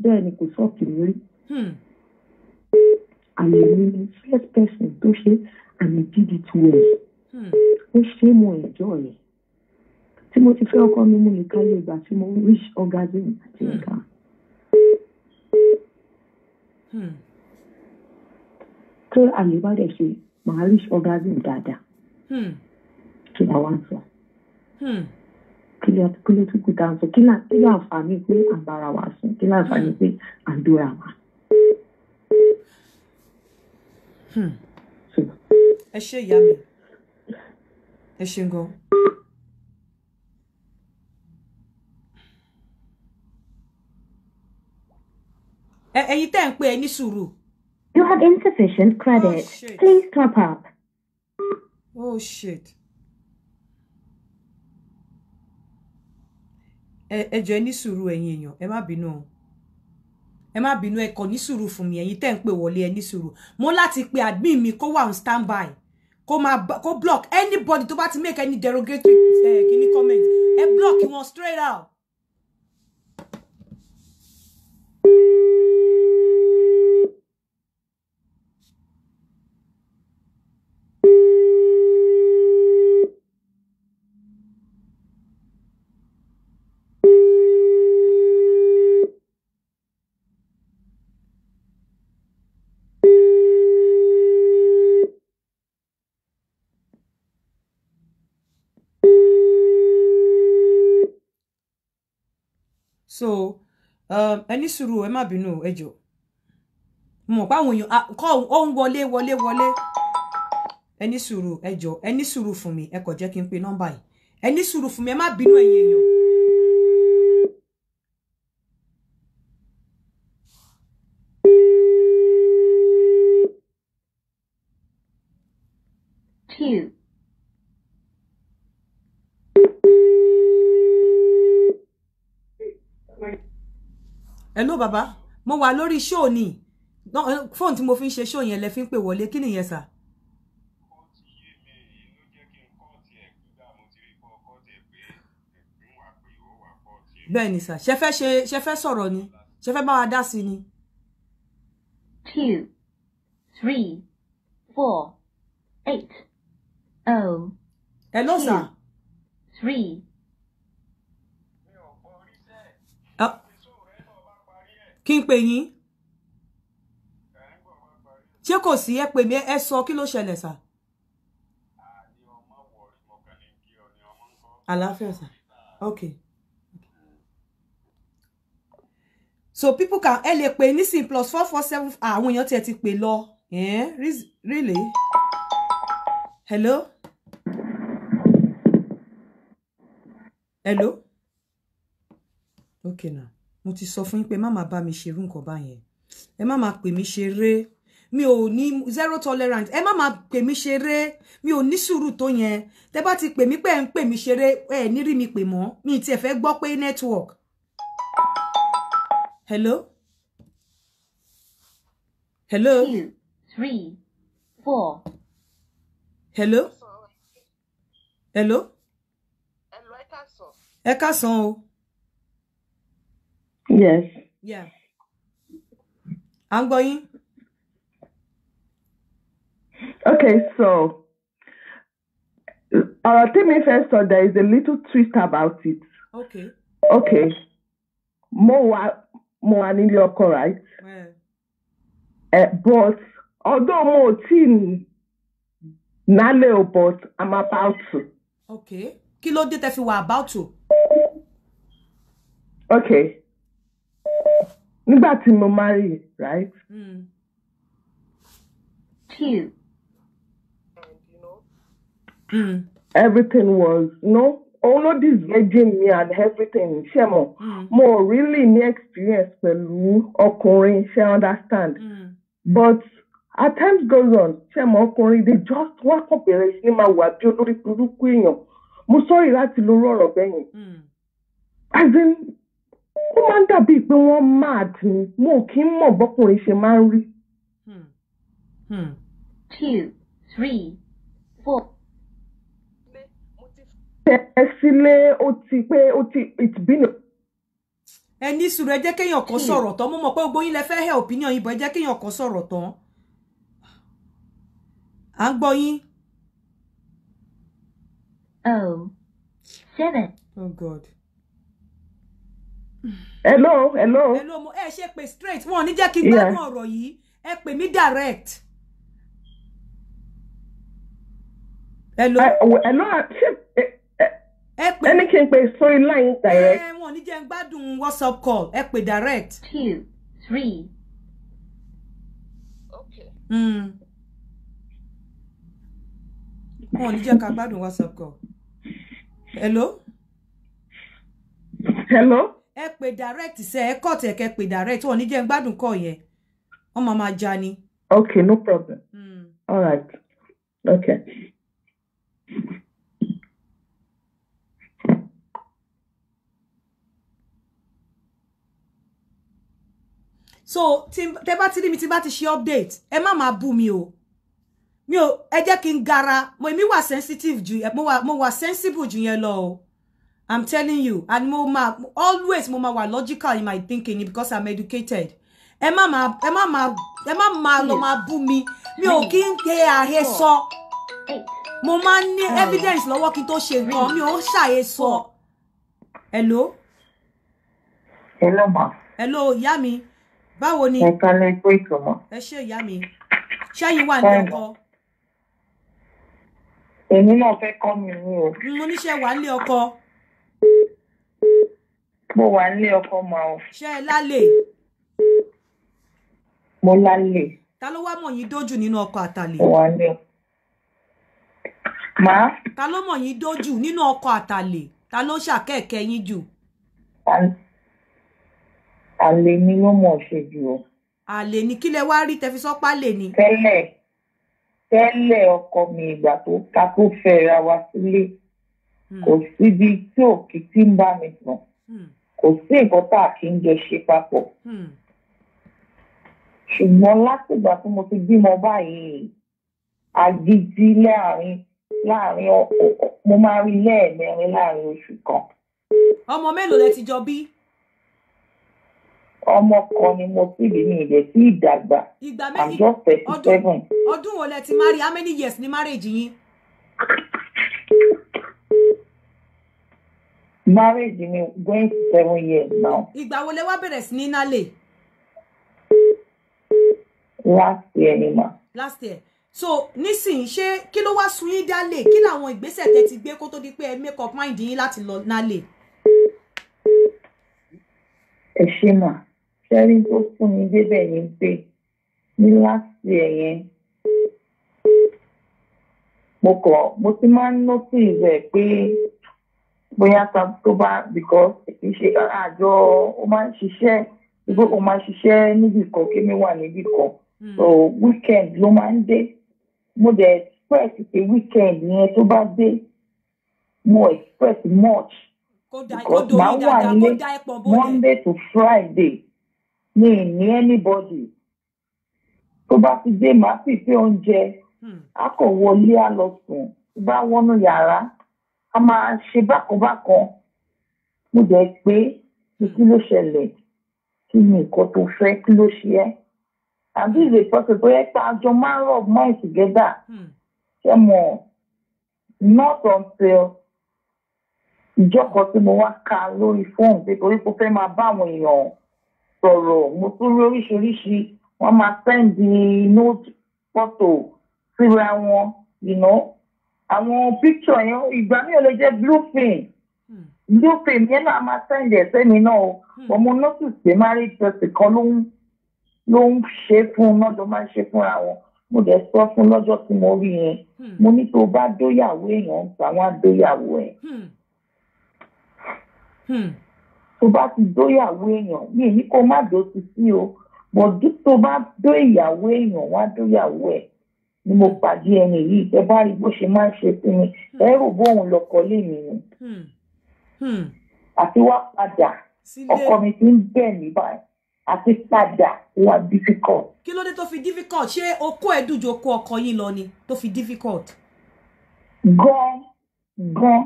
bẹ́ẹ̀ ni kò sọ́ọ̀kì mi rí. Hmm. àmì mi ni first person tó ṣe àmì dídì two years ó ṣe mo ẹ̀jọ́ rẹ̀ tí mo ti fẹ́ ọkọ mi mú mi káyé ìgbà tí mo reach orgasm àti hmm. nǹkan. Hmm. tó àmì bá dẹ̀ ṣe màá reach orgasm dáadáa Hmm kí lè kí lè tún kú tá à ń sọ kí lè àǹfààní pé à ń bára wa sùn kí lè àǹfààní pé à ń dóra wa. Hmm. ẹ ṣe ìyá mi ẹ ṣe gan. ẹ̀yin tẹ́ ń pè é ní sùúrù. You have insufficient credit. Oh, Please top up. Oh shit. ẹ jọ̀ọ́ ẹ ní sùúrù ẹ̀yin èèyàn ẹ má bínú o ẹ má bínú ẹ kò ní sùúrù fún mi ẹ̀yin tẹ́ ń pè wọlé ẹ ní sùúrù mo láti pe admin mi kó wà on standby kó máa kó block anybody tó bá ti make any derogatory eh, kini comment ẹ block wọn straight out. so um, ẹni sùúrù ẹ má bínú ẹ mo pa àwọn èèyàn kọ́ ó ń wọlé wọlé wọlé ẹni sùúrù ẹ jọ̀ọ́ ẹni sùúrù fún mi ẹ kò jẹ́ kí n pe nọ́mbà yìí ẹni sùúrù fún mi ẹ má bínú ẹ̀yin èèyàn. Two. hello Baba. mo wà lórí show ni fóònù eh, tí mo fi ń ṣe show yẹn lẹ fi ń pè wọlé kí nìyẹn sà. bẹ́ẹ̀ ni sà ṣe fẹ́ sọ̀rọ̀ ni ṣe fẹ́ bá wa dá sí ni. two three four eight oh. hello sà. three kí n pè yín ṣé kò sí ẹ pè mí ẹ sọ kí ló ṣẹlẹ̀ sà. àlàáfíà sà okay. so people can ẹ lè pè nísìn plus four four seven ah, àwọn èèyàn tiẹ̀ ti pè lọ really hello hello okay now mo ti sọ fún yín pé má máa bá mi ṣerú nǹkan báyẹn ẹ má máa pè mí ṣeré mi ò ní zero tolerance ẹ má máa pè mí ṣeré mi ò ní sùúrù tó yẹn tẹ bá ti pè mí pé ẹ ń pè mí ṣeré ẹ ní rí mi pè mọ́ mi ì tiẹ̀ fẹ́ gbọ́ pé network. hello. hello. two three four. hello. hello. hello ẹ ká san o. Yes. Yeah. I'm going. Okay, so ọ̀rọ̀ tí mi fẹ́ sọ there is a little twist about it. Okay. Okay. More, more mo wà nílé right. Yeah. Eh, uh, but although more ò tí ì o but I'm about to. Okay. Kilo ló dé tẹ́ fi about to? Okay nígbà tí mo marry right. Mm. Two. mm. Everything was no All of ló disvirgin me and everything ṣe hmm. mo mo really ní experience pẹ̀lú ọkùnrin ṣe understand mm. but at times goes on ṣe mo ọkùnrin they just wọn kàn bẹ̀rẹ̀ sí ní máa wà bí olórí burúkú èèyàn mo sọ̀rọ̀ láti lo orú ọ̀rọ̀ hmm. as in ó máa ń dàbí pé wọ́n mad ni mo kì í mọ̀ bọ́kùnrin ṣe máa ń rí. Hmm. Hmm. two three four. sílé ó ti pé ó ti it's been a ẹ ní ẹ jẹ́ kéèyàn kan sọ̀rọ̀ tán mo mọ̀ pé gbogbo lẹ fẹ́ hẹ́ opinion yìí bọ̀ ẹ jẹ́ kéèyàn kan sọ̀rọ̀ tán à ń gbọ́ yín. oh seven. oh god hello hello. hello mo ẹ ṣe pé straight wọn ò ní jẹ́ kí n gbádùn ọ̀rọ̀ yìí ẹ pè mí direct. hello. hello ṣe ẹ pè ẹni kí n pè sórí line direct. ẹ wọn ò ní jẹ́ n gbádùn whatsapp call ẹ pè direct. two three. okay. Hmm. wọn ò ní jẹ́ ká gbádùn whatsapp call. hello. hello ẹ pè direct sẹ ẹ kọ́ tẹ̀ kẹ́ pè direct wọn ní jẹ́ gbádùn kọ́ yẹn wọ́n máa máa já ni. ok no problem mm. all right ok. so tẹ bá ti rí mi tí bá ti ṣe update ẹ má máa bú mi o mi ò ẹ jẹ́ kí n gara mo èmi wà sensitive ju mo wà sensible ju yẹn lọ o i'm telling you and mo ma always mo ma wa logical in my thinking because i'm educated Emma ma Emma ma Emma ma lọ ma bú mi mi ò kí ń pe àhesọ mo máa ń evidence lọ́wọ́ kí n tó ṣe nǹkan mi ò ń ṣàhesọ. hello. hello ma. hello Yami. mi báwo ni. ẹ̀ka lè gbé ìtumọ̀. ẹ ṣé ìyá mi ṣẹ́yìn wà ní ọkọ. èmi náà fẹ́ kọ́ mi ní o. mo níṣẹ́ wà nílé ọkọ mo wà nílé ọkọ mà o. ṣé ẹ lálẹ́. mo lálẹ́. ta ló wá mọ̀ yín dójú nínú ọkọ àtàlẹ́. mo wà nílé. má. ta ló mọ̀ yín dójú nínú ọkọ àtàlẹ́ ta ló ṣàkẹ́ẹ̀kẹ́ yín jù. àlè ni ló mọ̀ ṣe jù o. àlè ni kí lẹ wá rí tẹfi sọ́pá lè ní. tẹ́lẹ̀ tẹ́lẹ̀ ọkọ mi ìgbà tó ta tó fẹ́ ra wa sílé hmm. kò síbi tí òkìtì ń bá mi sùn. Hmm kò sí nǹkan tá a kì í jọ ṣe papọ̀. Hmm. ṣùgbọ́n látìgbà tí mo ti bímọ báyìí agídí láàrin láàrin mo máa rí lẹ́ẹ̀mẹrin láàrin oṣù kan. ọmọ mélòó lẹ ti jọ bí? ọmọ kan ni mo ti bí ní ilẹ̀ sí ìdàgbà àjọ thirty seven. ọdún wo lẹ ti marry how many years ni marriage yín? marriage mi going to seven years now. ìgbà wo lẹ wá bẹ̀rẹ̀ sí ní nálè. last year ni ma. last year so nísìnyí ṣé kí ló wá sun yín dálé kí làwọn ìgbésẹ̀ tẹ ti gbé kó tó di pé ẹ make up mind yín láti lọ nálè. ẹ ṣe mà ṣẹ́rí tó fún mi débẹ̀ ni pé ní last year yẹn mo kọ mo ti máa ń notice ẹ pé bóyá sam tó because kì í ṣe àjọ ó máa ń ṣiṣẹ́ igbó ó máa ń ṣiṣẹ́ níbì kan kémi wà níbì kan hmm. so weekend ló máa ń dé mo dẹ̀ express pé weekend yẹn tó bá dé mo express much because màá wà nílé Monday to Friday ní ìní anybody tó bá ti dé màá sì fi oúnjẹ hmm. a kò wọlé a lọ tó bá wọnú yàrá a máa ṣe bákanbákan mo jẹ́ pé kí ló ṣẹlẹ̀ kí ni nǹkan tó fẹ́ kí ló ṣe ẹ́ àbí ìwé pọ̀sẹ̀ tó yẹ pé àjọ máa ń rọ̀ mọ́ ìtìgẹ́dà ṣe mọ̀ not until ìjọkọ̀ tí mo wá ka lórí fóònù pé torí kò fẹ́ máa bá àwọn èèyàn sọ̀rọ̀ mo tún rí oríṣiríṣi wọ́n máa sẹ́ndì nóòtù fọ́tò síra wọn you know àwọn picture yẹn ìgbà mi ò lè jẹ́ blue film hmm. blue yẹn náà máa send ẹ̀ sẹ́mi náà o ọmọ hmm. notice pé marriage person kan ló ń ló ń ṣe fún un náà ló máa ń ṣe fúnra wọn mo dẹ̀ sọ fún lọ́jọ́ tí mo rí yẹn hmm. mo ní tó bá dóyàwó èèyàn àwọn adóyàwó ẹ̀ tó bá ti dóyàwó èèyàn mi ní kó má dó títí o bọ̀ tó bá dó ìyàwó èèyàn wá dóyàwó ẹ̀ ni mo pa DNA yìí ẹ bá rí bó ṣe máa ń ṣe sí mi hmm. ẹ rò bóun lọkọ lè mí ni hmm. Hmm. àti wá padà ọkọ mi ti ń bẹ̀ mí báyìí àti padà wá difficult. kí ló dé tó fi difficult ṣé okó ẹ dùjọ okó ọkọ yín lọ ni tó fi difficult. gan gan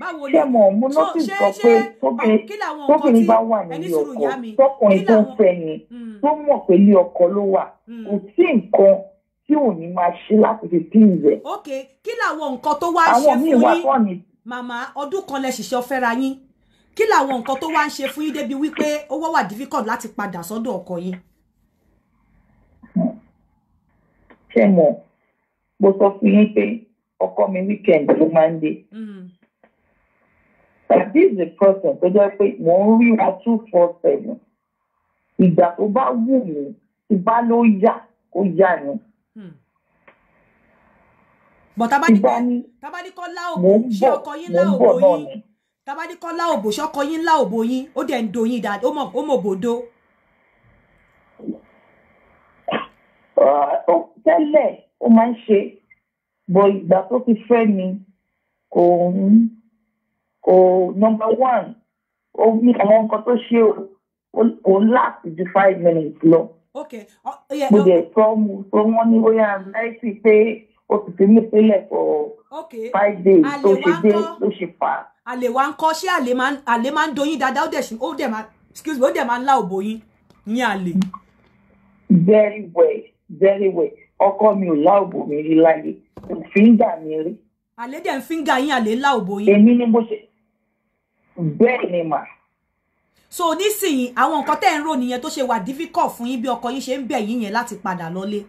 báwo ni ṣé mo mú notice kan pé tóbìnrin bá wà nílé ọkọ tọkùnrin tó ń fẹ́ yẹn tó mọ̀ pé ilé ọkọ ló wà kò sí nǹkan tí ò ní máa ṣe láti fi sí ìrẹ̀. ok kí làwọn nǹkan tó wá ń ṣe fún yín màmá ọdún kan lẹ ṣiṣẹ́ ọ̀fẹ́ra yín kí làwọn nǹkan tó wá ń ṣe fún yín débi wípé owó wà difficult láti padà sọ́dọ̀ ọkọ yín. ṣé mo mo sọ fún yín pé ọkọ mi weekend ló máa ń dé. Hmm. tàbí the person tó jẹ́ pé mò ń rí wa two four seven ìgbà tó bá wù mí ìbá ló yà kó yà ni. Hmm. bọ̀ tabadikọ́ láòbò ṣé ọkọ yín láòbò yín tabadikọ́ láòbò ṣé ọkọ yín láòbò yín ó dẹ̀ ń doyin dáadáa ó mọ̀ bòdo. tẹ́lẹ̀ ó máa ń ṣe bọ̀ ìgbà tó fi fẹ́ mi kò ń kò number one ó ní àwọn nǹkan tó ṣe òun láti ju five minutes lọ okay. mo jẹ sọ sọ wọn ní bóyá náírà pé o sì fi mí sílẹ̀ for five days tó ṣe dé tó ṣe fà. àlè wa ń kọ́ ṣé àlè máa ń doyin dáadáa ó dẹ̀ máa excuse me ó dẹ̀ máa ń lá òbò yín ní àlè. very well very well ọkọ mi ò lá òbò mi rí láyé kò fíńgà mi rí. àlè dẹ̀ ń fíńgà yín àlè ńlá òbò yín. èmi ni mo ṣe bẹ́ẹ̀ ni màá so nísìnyìí àwọn nǹkan tẹ́ ń rò nìyẹn tó ṣe wà difficult fún yín bí ọkọ yín ṣe ń bẹ̀ yín yẹn láti padà lọ́lé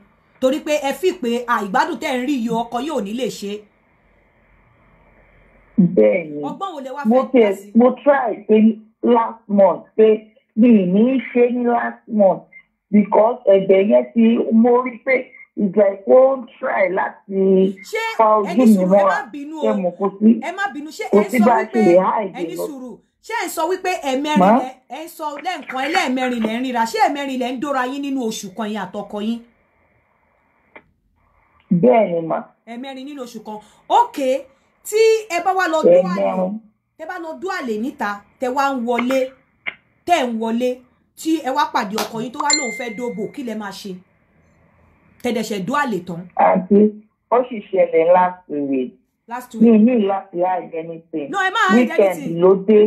torí pé ẹ fi pé àìgbádùn tẹ́ ń rí yìí ọkọ yóò ní lè ṣe. bẹ́ẹ̀ni ọgbọ́n wo lè wá fẹẹ tẹ sí. mo try pé last month pé mi ì ṣe ní last month because ẹ̀jẹ̀ yẹn ti mo rí pé ìgbà ìkó ń try láti fa ojú mi mọ́ra ṣé mo kò sí kò sí bá ṣe lè há ìdè lọ ṣé ẹ sọ wípé ẹ̀mẹ́rin ẹ sọ lẹ́ǹkan ẹlẹ́ẹ̀mẹ́rin lẹ́ ń ríra ṣé ẹ̀mẹ́rin lẹ́ ń dóra yín nínú oṣù kan yín àtọkọ yín. bẹ́ẹ̀ ni mà. ẹ̀mẹ́rin nínú oṣù kan ókè tí ẹ bá wá lọ dún àlè tẹ bá lọ dún àlè níta tẹ wá ń wọlé tẹ ń wọlé tí ẹ wá pàdé ọkọ yín tó wá lóun fẹ́ dóbò kí lẹ máa ṣe tẹ̀dẹ̀ṣẹ̀ dún àlè tán. àti ó sì ṣẹlẹ̀ last week. last week mi ní láti hide anything. no ẹ máa hide weekend ló dé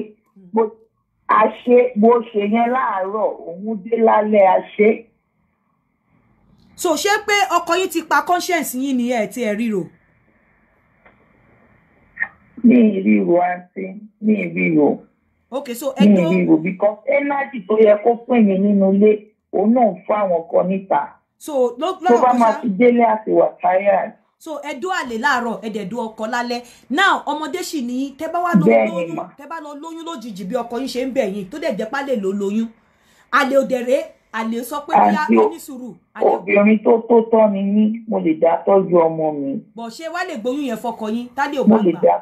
àṣe bó ṣe yẹn láàárọ̀ òun dé lálẹ́ àṣe. so ṣé pé ọkọ yín ti pa conscience yín ni ẹ ti ẹ ríro. ní ìríro àǹtí ní ìríro. ok so ẹ tó ní ìríro because energy tó yẹ kó pín mi nínú ilé òun náà fún àwọn kan níta. so lọ́wọ́ kan tó bá máa fi délé àti wà tired so ẹdó àlè láàárọ̀ ẹdẹdó ọkọ lálẹ́ now ọmọdé sì ní tẹ bá wà lọ lóyún tẹ bá lọ lóyún lójijì bí ọkọ yín ṣe ń bẹ̀ yín tó dẹ̀ jẹ́ pálẹ̀ ló lóyún àlè òdèrè àlè sọ pé bóyá ẹni sùúrù. obìnrin tó tó tọ́ mi ní mo lè dá tọ́jú ọmọ mi. bọ̀ ṣé wàá lè gbóyún yẹn fọkọ yín tálẹ̀ ò bá gbà.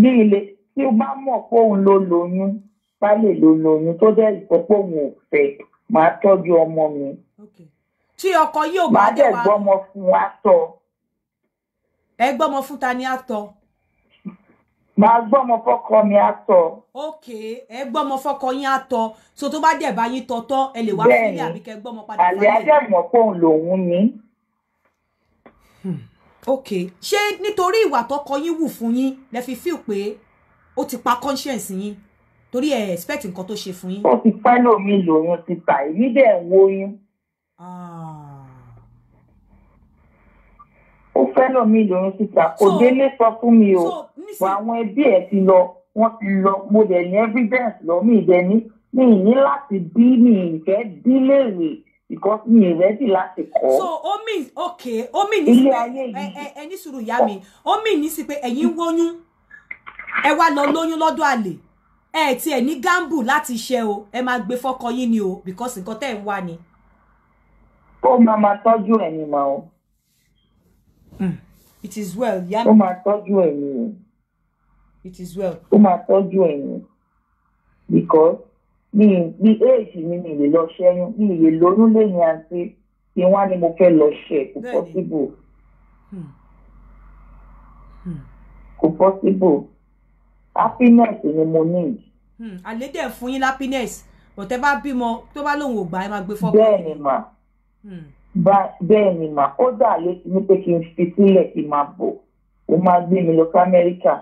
bí ilé tí o bá mọ̀ pé òun ló lóyún pálẹ̀ ló lóyún tó dẹ̀ ìfọ́pọ̀ òun ò fẹ́ máa tọ́jú ọmọ mi tí ọkọ yìí ò bá dé wa. màá dẹ̀ gbọ́mọ fún wa tọ. ẹ gbọ́mọ fún ta ni àtọ. màá gbọ́mọ ok ẹ gbọ́mọ fọ́kọ yín àtọ so tó bá dẹ̀ bá yín tọ̀tọ̀ ẹ lè wá sílé àbí kẹ gbọ́mọ ni. ok ṣé nítorí ìwà tọkọ yín wù fún yín lẹ fi fíl pé ó ti pa conscience yín torí ẹ expect nǹkan tó ṣe fún yín. ó ti pẹ́ lómi lòun ti tà èyí dẹ̀ ń wóyún ó fẹ́ràn mi lòun síta kò délé sọ fún mi o wọ àwọn ẹbí ẹ̀ ti lọ wọ́n ti lọ mo dẹ̀ ní evidence lọ mi dẹ̀ ní mi ní láti bí mi ìfẹ́ bí léèrè because mi ìrẹ́dì láti kọ́. so omi ok omi ní sí pé ẹni sùúrù ìyá mi omi ní sí pé ẹ̀yin wóyún ẹ wá lọ lóyún lọ́dọ̀ àlè ẹ tiẹ̀ ní gamble láti ṣe o ẹ máa gbé fọ́kọ yín ni o because nǹkan tẹ́ ẹ̀ ń wá ni ó máa máa tọ́jú ẹ̀ ni mà hmm. it is well yá mi. ó máa tọ́jú ẹ̀ ni. it is well. ó máa tọ́jú ẹ̀ because mi mi éèjì mi mi lè lọ ṣẹ́yún mi lè lóyún lẹ́yìn àti kí wọ́n á ní mo fẹ́ lọ ṣe kò possible. Hmm. Hmm. kò possible happiness ni mo need. àlédè fún yín happiness bọ̀tẹ́ bá bímọ tó bá lóun ò gbà ẹ máa gbé fọ́ọ̀kì. bẹ́ẹ̀ ni mà. Hmm. bẹ́ẹ̀ ni mà kódà ló ti ní pé kí n fi sílẹ̀ kí n máa bọ̀ ó máa gbé mi lọ sí amẹ́ríkà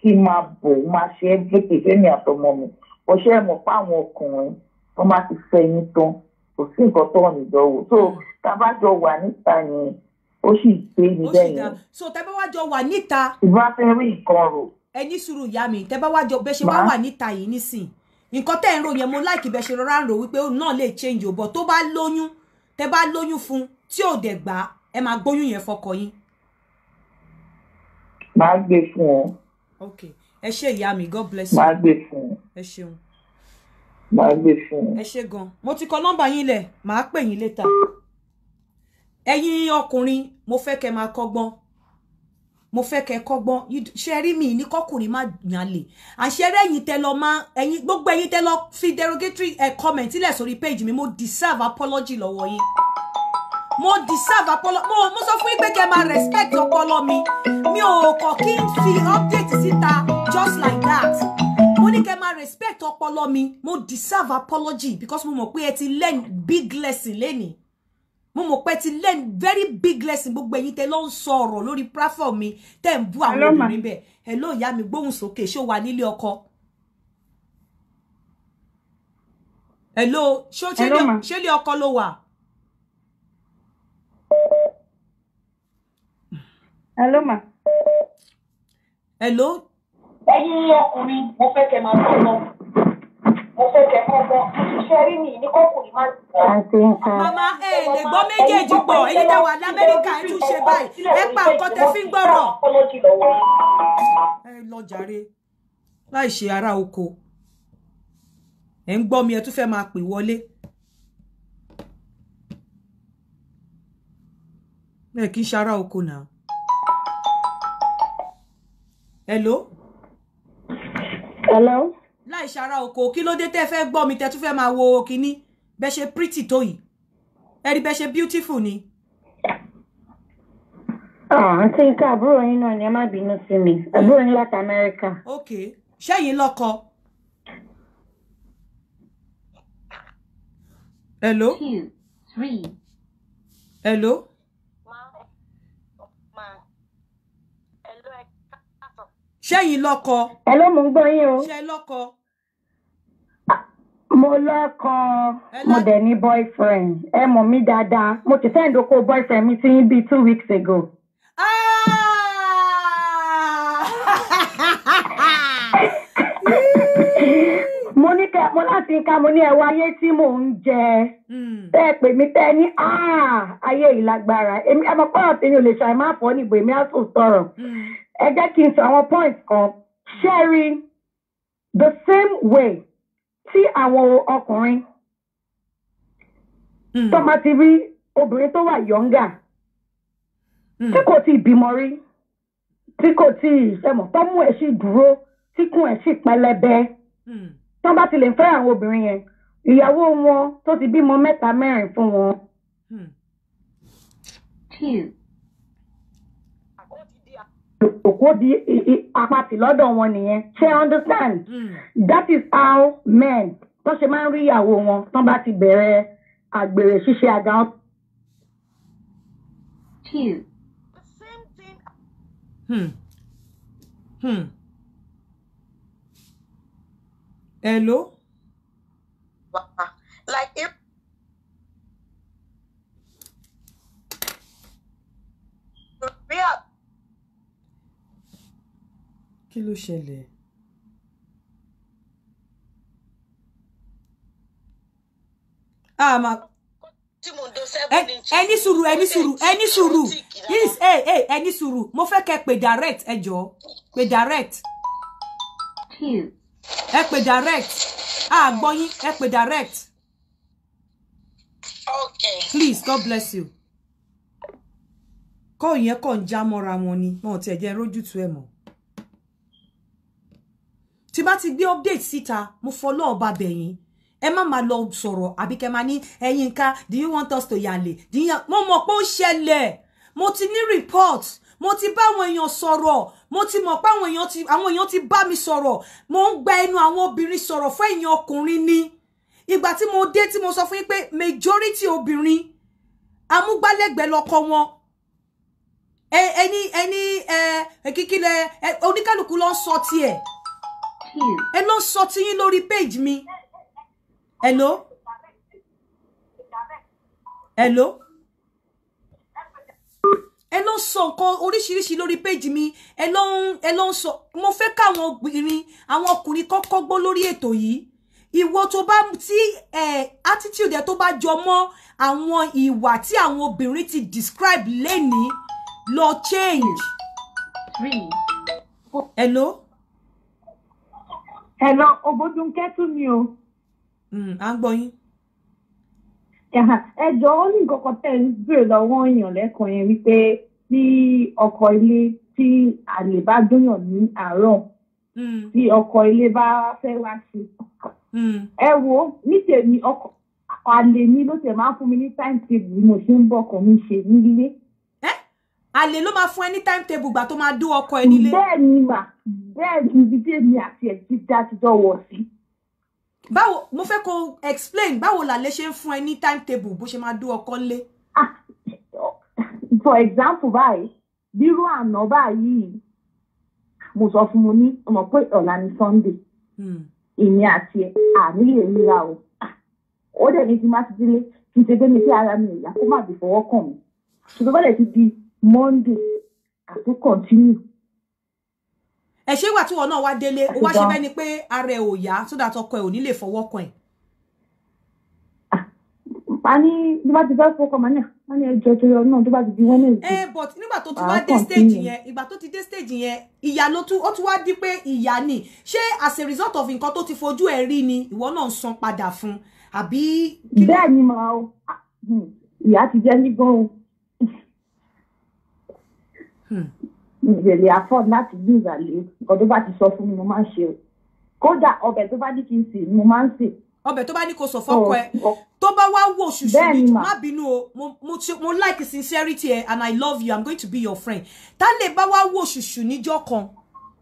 kí n máa bọ̀ ó máa ṣe everything fẹ́mi àtọmọ mi ọṣẹ́ mọ̀ fáwọn ọkùnrin wọ́n máa ti fẹ́ yín tán kò sí nǹkan tó wà nídọ́wọ́ so hmm. tá a bá jọ wà níta yẹn ó sì pé mi bẹ́ẹ̀ yẹn. so tẹ́ bá wá jọ wà níta. ìbá fẹ́ rí nǹkan rò. ẹ ní sùúrù ìyá mi tẹ́ bá wá jọ bẹ ṣe wá wà níta yìí nísìn nǹkan tẹ́ ń ro yẹn mo láìkì bẹ ṣe rọra ń rò wípé náà lè change o bọ̀ tó bá lóyún tẹ́ bá lóyún fún tí ò dẹ̀ gbà ẹ máa gbóyún yẹn fọkọ yín. máa gbé fún Okay. ok ẹ ṣe mi god bless you. máa gbé fún ọ. ẹ ṣeun. máa gbé fún ọ. ẹ ṣe gan mo ti kọ nọ́mbà yín lẹ̀ màá pè yín létà ẹ̀yin ọkùnrin mo fẹ́ kẹ́ máa kọ́gbọ́n mo fẹ́ kẹ́ kọ́gbọ́n ṣe rí mi ní kọ́kùnrin má yàn lè àṣẹrẹ́ ẹ̀yin tẹ lọ máa ẹ̀yin gbogbo ẹ̀yin tẹ lọ fi derogatory eh, comment sílẹ̀ sórí page mi mo deserve apology lọ́wọ́ yín mo deserve apolo mo mo sọ fún yín pé kẹ́ máa respect ọpọlọ mi mi ò kọ̀ kí n fi update síta just like that mo ní kẹ́ máa respect ọpọlọ mi mo deserve apology because mo mọ̀ pé ẹ ti learn big lesson lénìí mo mọ̀ pé ti learn very big lesson gbogbo ẹ̀yin tẹ́ lọ ń sọ ọ̀rọ̀ lórí platform mi tẹ́ ń bú àwọn obìnrin bẹ́ẹ̀ hello ìyá mi gbóhùn sókè ṣó wà nílé ọkọ hello ṣó ṣé lé ọkọ ló wà. hello ma. hello. ẹ̀yin ọkùnrin mo fẹ́ kẹ́ máa tọ́ ọ Màmá ẹ lè gbọ́ méjèèjì pọ̀ èyí tẹ́ wà l'Amẹ́ríkà ẹ tún ṣe báyìí ẹ pa nǹkan tẹ́ fi ń gbọ́rọ̀. Ẹ lọ jàre láì ṣe ará oko ẹ ń gbọ́ mi ẹ tún fẹ́ máa pè wọlé. ẹ kì í ṣara oko náà. hello. hello láì ṣara oko kí ló dé tẹ́ fẹ́ gbọ́ mi tẹ́ tún fẹ́ máa wo kinní bẹ́ ṣe pretty tó yìí ẹ rí bẹ́ ṣe beautiful ni. Ah, àǹtí ká àbúrò yín náà ni ẹ má bínú sí mi àbúrò yín láti amẹ́ríkà. ok ṣẹ́yìn lọ́kọ. hello. two three. hello. ṣẹ́yìn lọ́kọ. ẹ ló mú gbọ́ yín o. ṣe lọ́kọ. mo lọ́kọ mo dẹ̀ ní boyfriend ẹ mọ̀ mí dáadáa mo ti sẹ́ǹdì oko boyfriend mi sí yín bíi two weeks ago. Ah! mo ní kẹ mo láti ká mo ní ẹwà ayé tí mò ń jẹ hmm. tẹ ẹ pè mí tẹ ẹ ní ah, ayé ìlágbára èmi ẹ mọ pọ́nrọ̀ tèmi ò lè ṣàìmáfọ́ nìbò èmi á sùn sọ̀rọ̀ hmm ẹ jẹ́ kí n sọ àwọn point kan ṣẹ́ẹ̀rí the same way tí àwọn ọkùnrin hmm. tó máa ti rí obìnrin tó wà yọ̀ǹgà hmm. tí kò tí ì bímọ rí tí kò tí ì ṣẹ̀mọ̀ tó mú ẹ̀ sì dúró tí kún ẹ̀ sì pẹlẹbẹ hmm. tó bá ti lè fẹ́ àwọn obìnrin yẹn ìyàwó wọn tó ti bímọ mẹ́ta mẹ́rin fún wọn. two jòkó di apatì lọ́dọ̀ wọn nìyẹn ṣé understand hmm. that is how men tó ṣe máa ń rí ìyàwó wọn tó bá ti bẹ̀rẹ̀ àgbèrè ṣíṣe àga Hmm. Hmm. Hello. Wow. kí ló ṣẹlẹ̀ a ah, ma eh, ẹni sùúrù ẹni sùúrù ẹni sùúrù yes hey hey ẹni sùúrù mo fẹ́ kẹ́ pè direct ẹ jọ̀ọ́ pè direct ẹ pè direct a gbọ́ yín ẹ pè direct okay please god bless you kọ́ ìyẹn kàn ń já mọ́ra wọn ni wọn ò tiẹ̀ jẹ́ rójútu ẹ̀ mọ́ tí bá ti gbé update sita mo follow oba bẹ̀yìn ẹ ma máa lọ sọ̀rọ̀ àbí kẹ́ máa ní ẹ̀yin ká do you want us to yàlè mo mo pé ó ṣẹlẹ̀ mo ti ní report mo ti bá àwọn èèyàn sọ̀rọ̀ mo ti mọ̀ pé àwọn èèyàn ti àwọn èèyàn ti ba mi soro. mo ń gba ẹnu àwọn obìnrin sọ̀rọ̀ fún èèyàn ọkùnrin ni ìgbà tí mo dé tí mo sọ fún yín pé majority obìnrin amúgbálẹ́gbẹ̀ẹ́ lọ́kọ wọn ẹni ẹni ẹ kíkílẹ̀ oníkálukú ló ń sọ tiẹ̀ ẹ lọ sọ ti yín lórí page mi hello hello ẹ lọ sọ nǹkan oríṣiríṣi lórí page mi ẹ lọ ń ẹ lọ ń sọ mo fẹ́ káwọn obìnrin àwọn ọkùnrin kọ́kọ́ gbọ́ lórí ètò yìí ìwọ tó bá tí ẹ attitude ẹ tó bá jọ mọ́ àwọn ìwà tí àwọn obìnrin ti describe lẹ́ni lọ change. three. hello. Hello, Òbódúnkẹ́ tún ni o. Mm, à ń gbọ́ yín. Ẹ jọ ó ní nǹkan kan tẹ́ ń béèrè lọ́wọ́ èèyàn lẹ́kọ̀ọ́ yẹn wípé tí ọkọ ilé tí àlè bá dúnyàn ní àárọ̀ mm. tí ọkọ ilé bá fẹ́ wá sí. Mm. Ẹ wo ní tèmi ọkọ àlè mi ló tẹ̀ máa ń fún mi ní táìmù tèbù bí mo ṣe ń bọ̀ ọkọ mi ṣe nílé àlè ló máa fún ẹ ní timetable gbà tó máa dó ọkọ ẹ nílé. bẹ́ẹ̀ ni mà bẹ́ẹ̀ ni ibi èmi àti ẹ̀jí dájúdọ̀ wọ̀ sí. báwo mo fẹ́ kó explain báwo làlẹ́ ṣe ń fún ẹ ní timetable bó ṣe máa dó ọkọ lé. Ah, for example báyìí bírú àná báyìí mo sọ fún mo ní ọmọ pé ọ̀la ni sunday hmm. èmi àti ẹ àmì lè ríra o ah, ó dẹ̀ ní kí n má ti délé kí n ṣe gbé mi sí ara mi ìyá kó má bì fọwọ́ kàn mí ṣùgbọ́n bọ́lẹ̀ ti di monday àti continue. ẹ ṣé wà tí wọn náà wá délé ó wá ṣe bẹ́ẹ̀ ni pé ara ẹ̀ ò yá tó dàtọ̀ ọkọ ẹ̀ ò ní lè fọwọ́ kan ẹ̀. Ah, a ní bí wọ́n ti fẹ́ fọkàn mọ́ náà wọ́n ní ẹjọ́ torí ọ náà tó bá ti di wọ́n náà. ẹ but nígbà tó tún wá dé stage yẹn ìgbà tó ti dé stage yẹn ìyá ló tún ó tún wá di pé ìyá ni ṣé as a result of nǹkan tó ti fojú ẹ̀ rí ni ìwọ náà ń san padà fún àbí. bẹ́ẹ̀ ni màá o ah, hmm, ìyá ti jẹ́ mí gan Hmm. mi lè afford láti gbé ìgbàlè nǹkan tó bá ti sọ fún mi mo máa ń ṣe o kódà ọbẹ̀ tó bá ní kí n sè ni mo máa ń sè. ọbẹ̀ tó bá ní kó sọ fọ́kọ ẹ oh, oh. tó bá wá wò ṣùṣù mi má bínú o mo like sincerity ẹ and i love you i'm going to be your friend tá lè bá wá wò ṣùṣù níjọ́ kan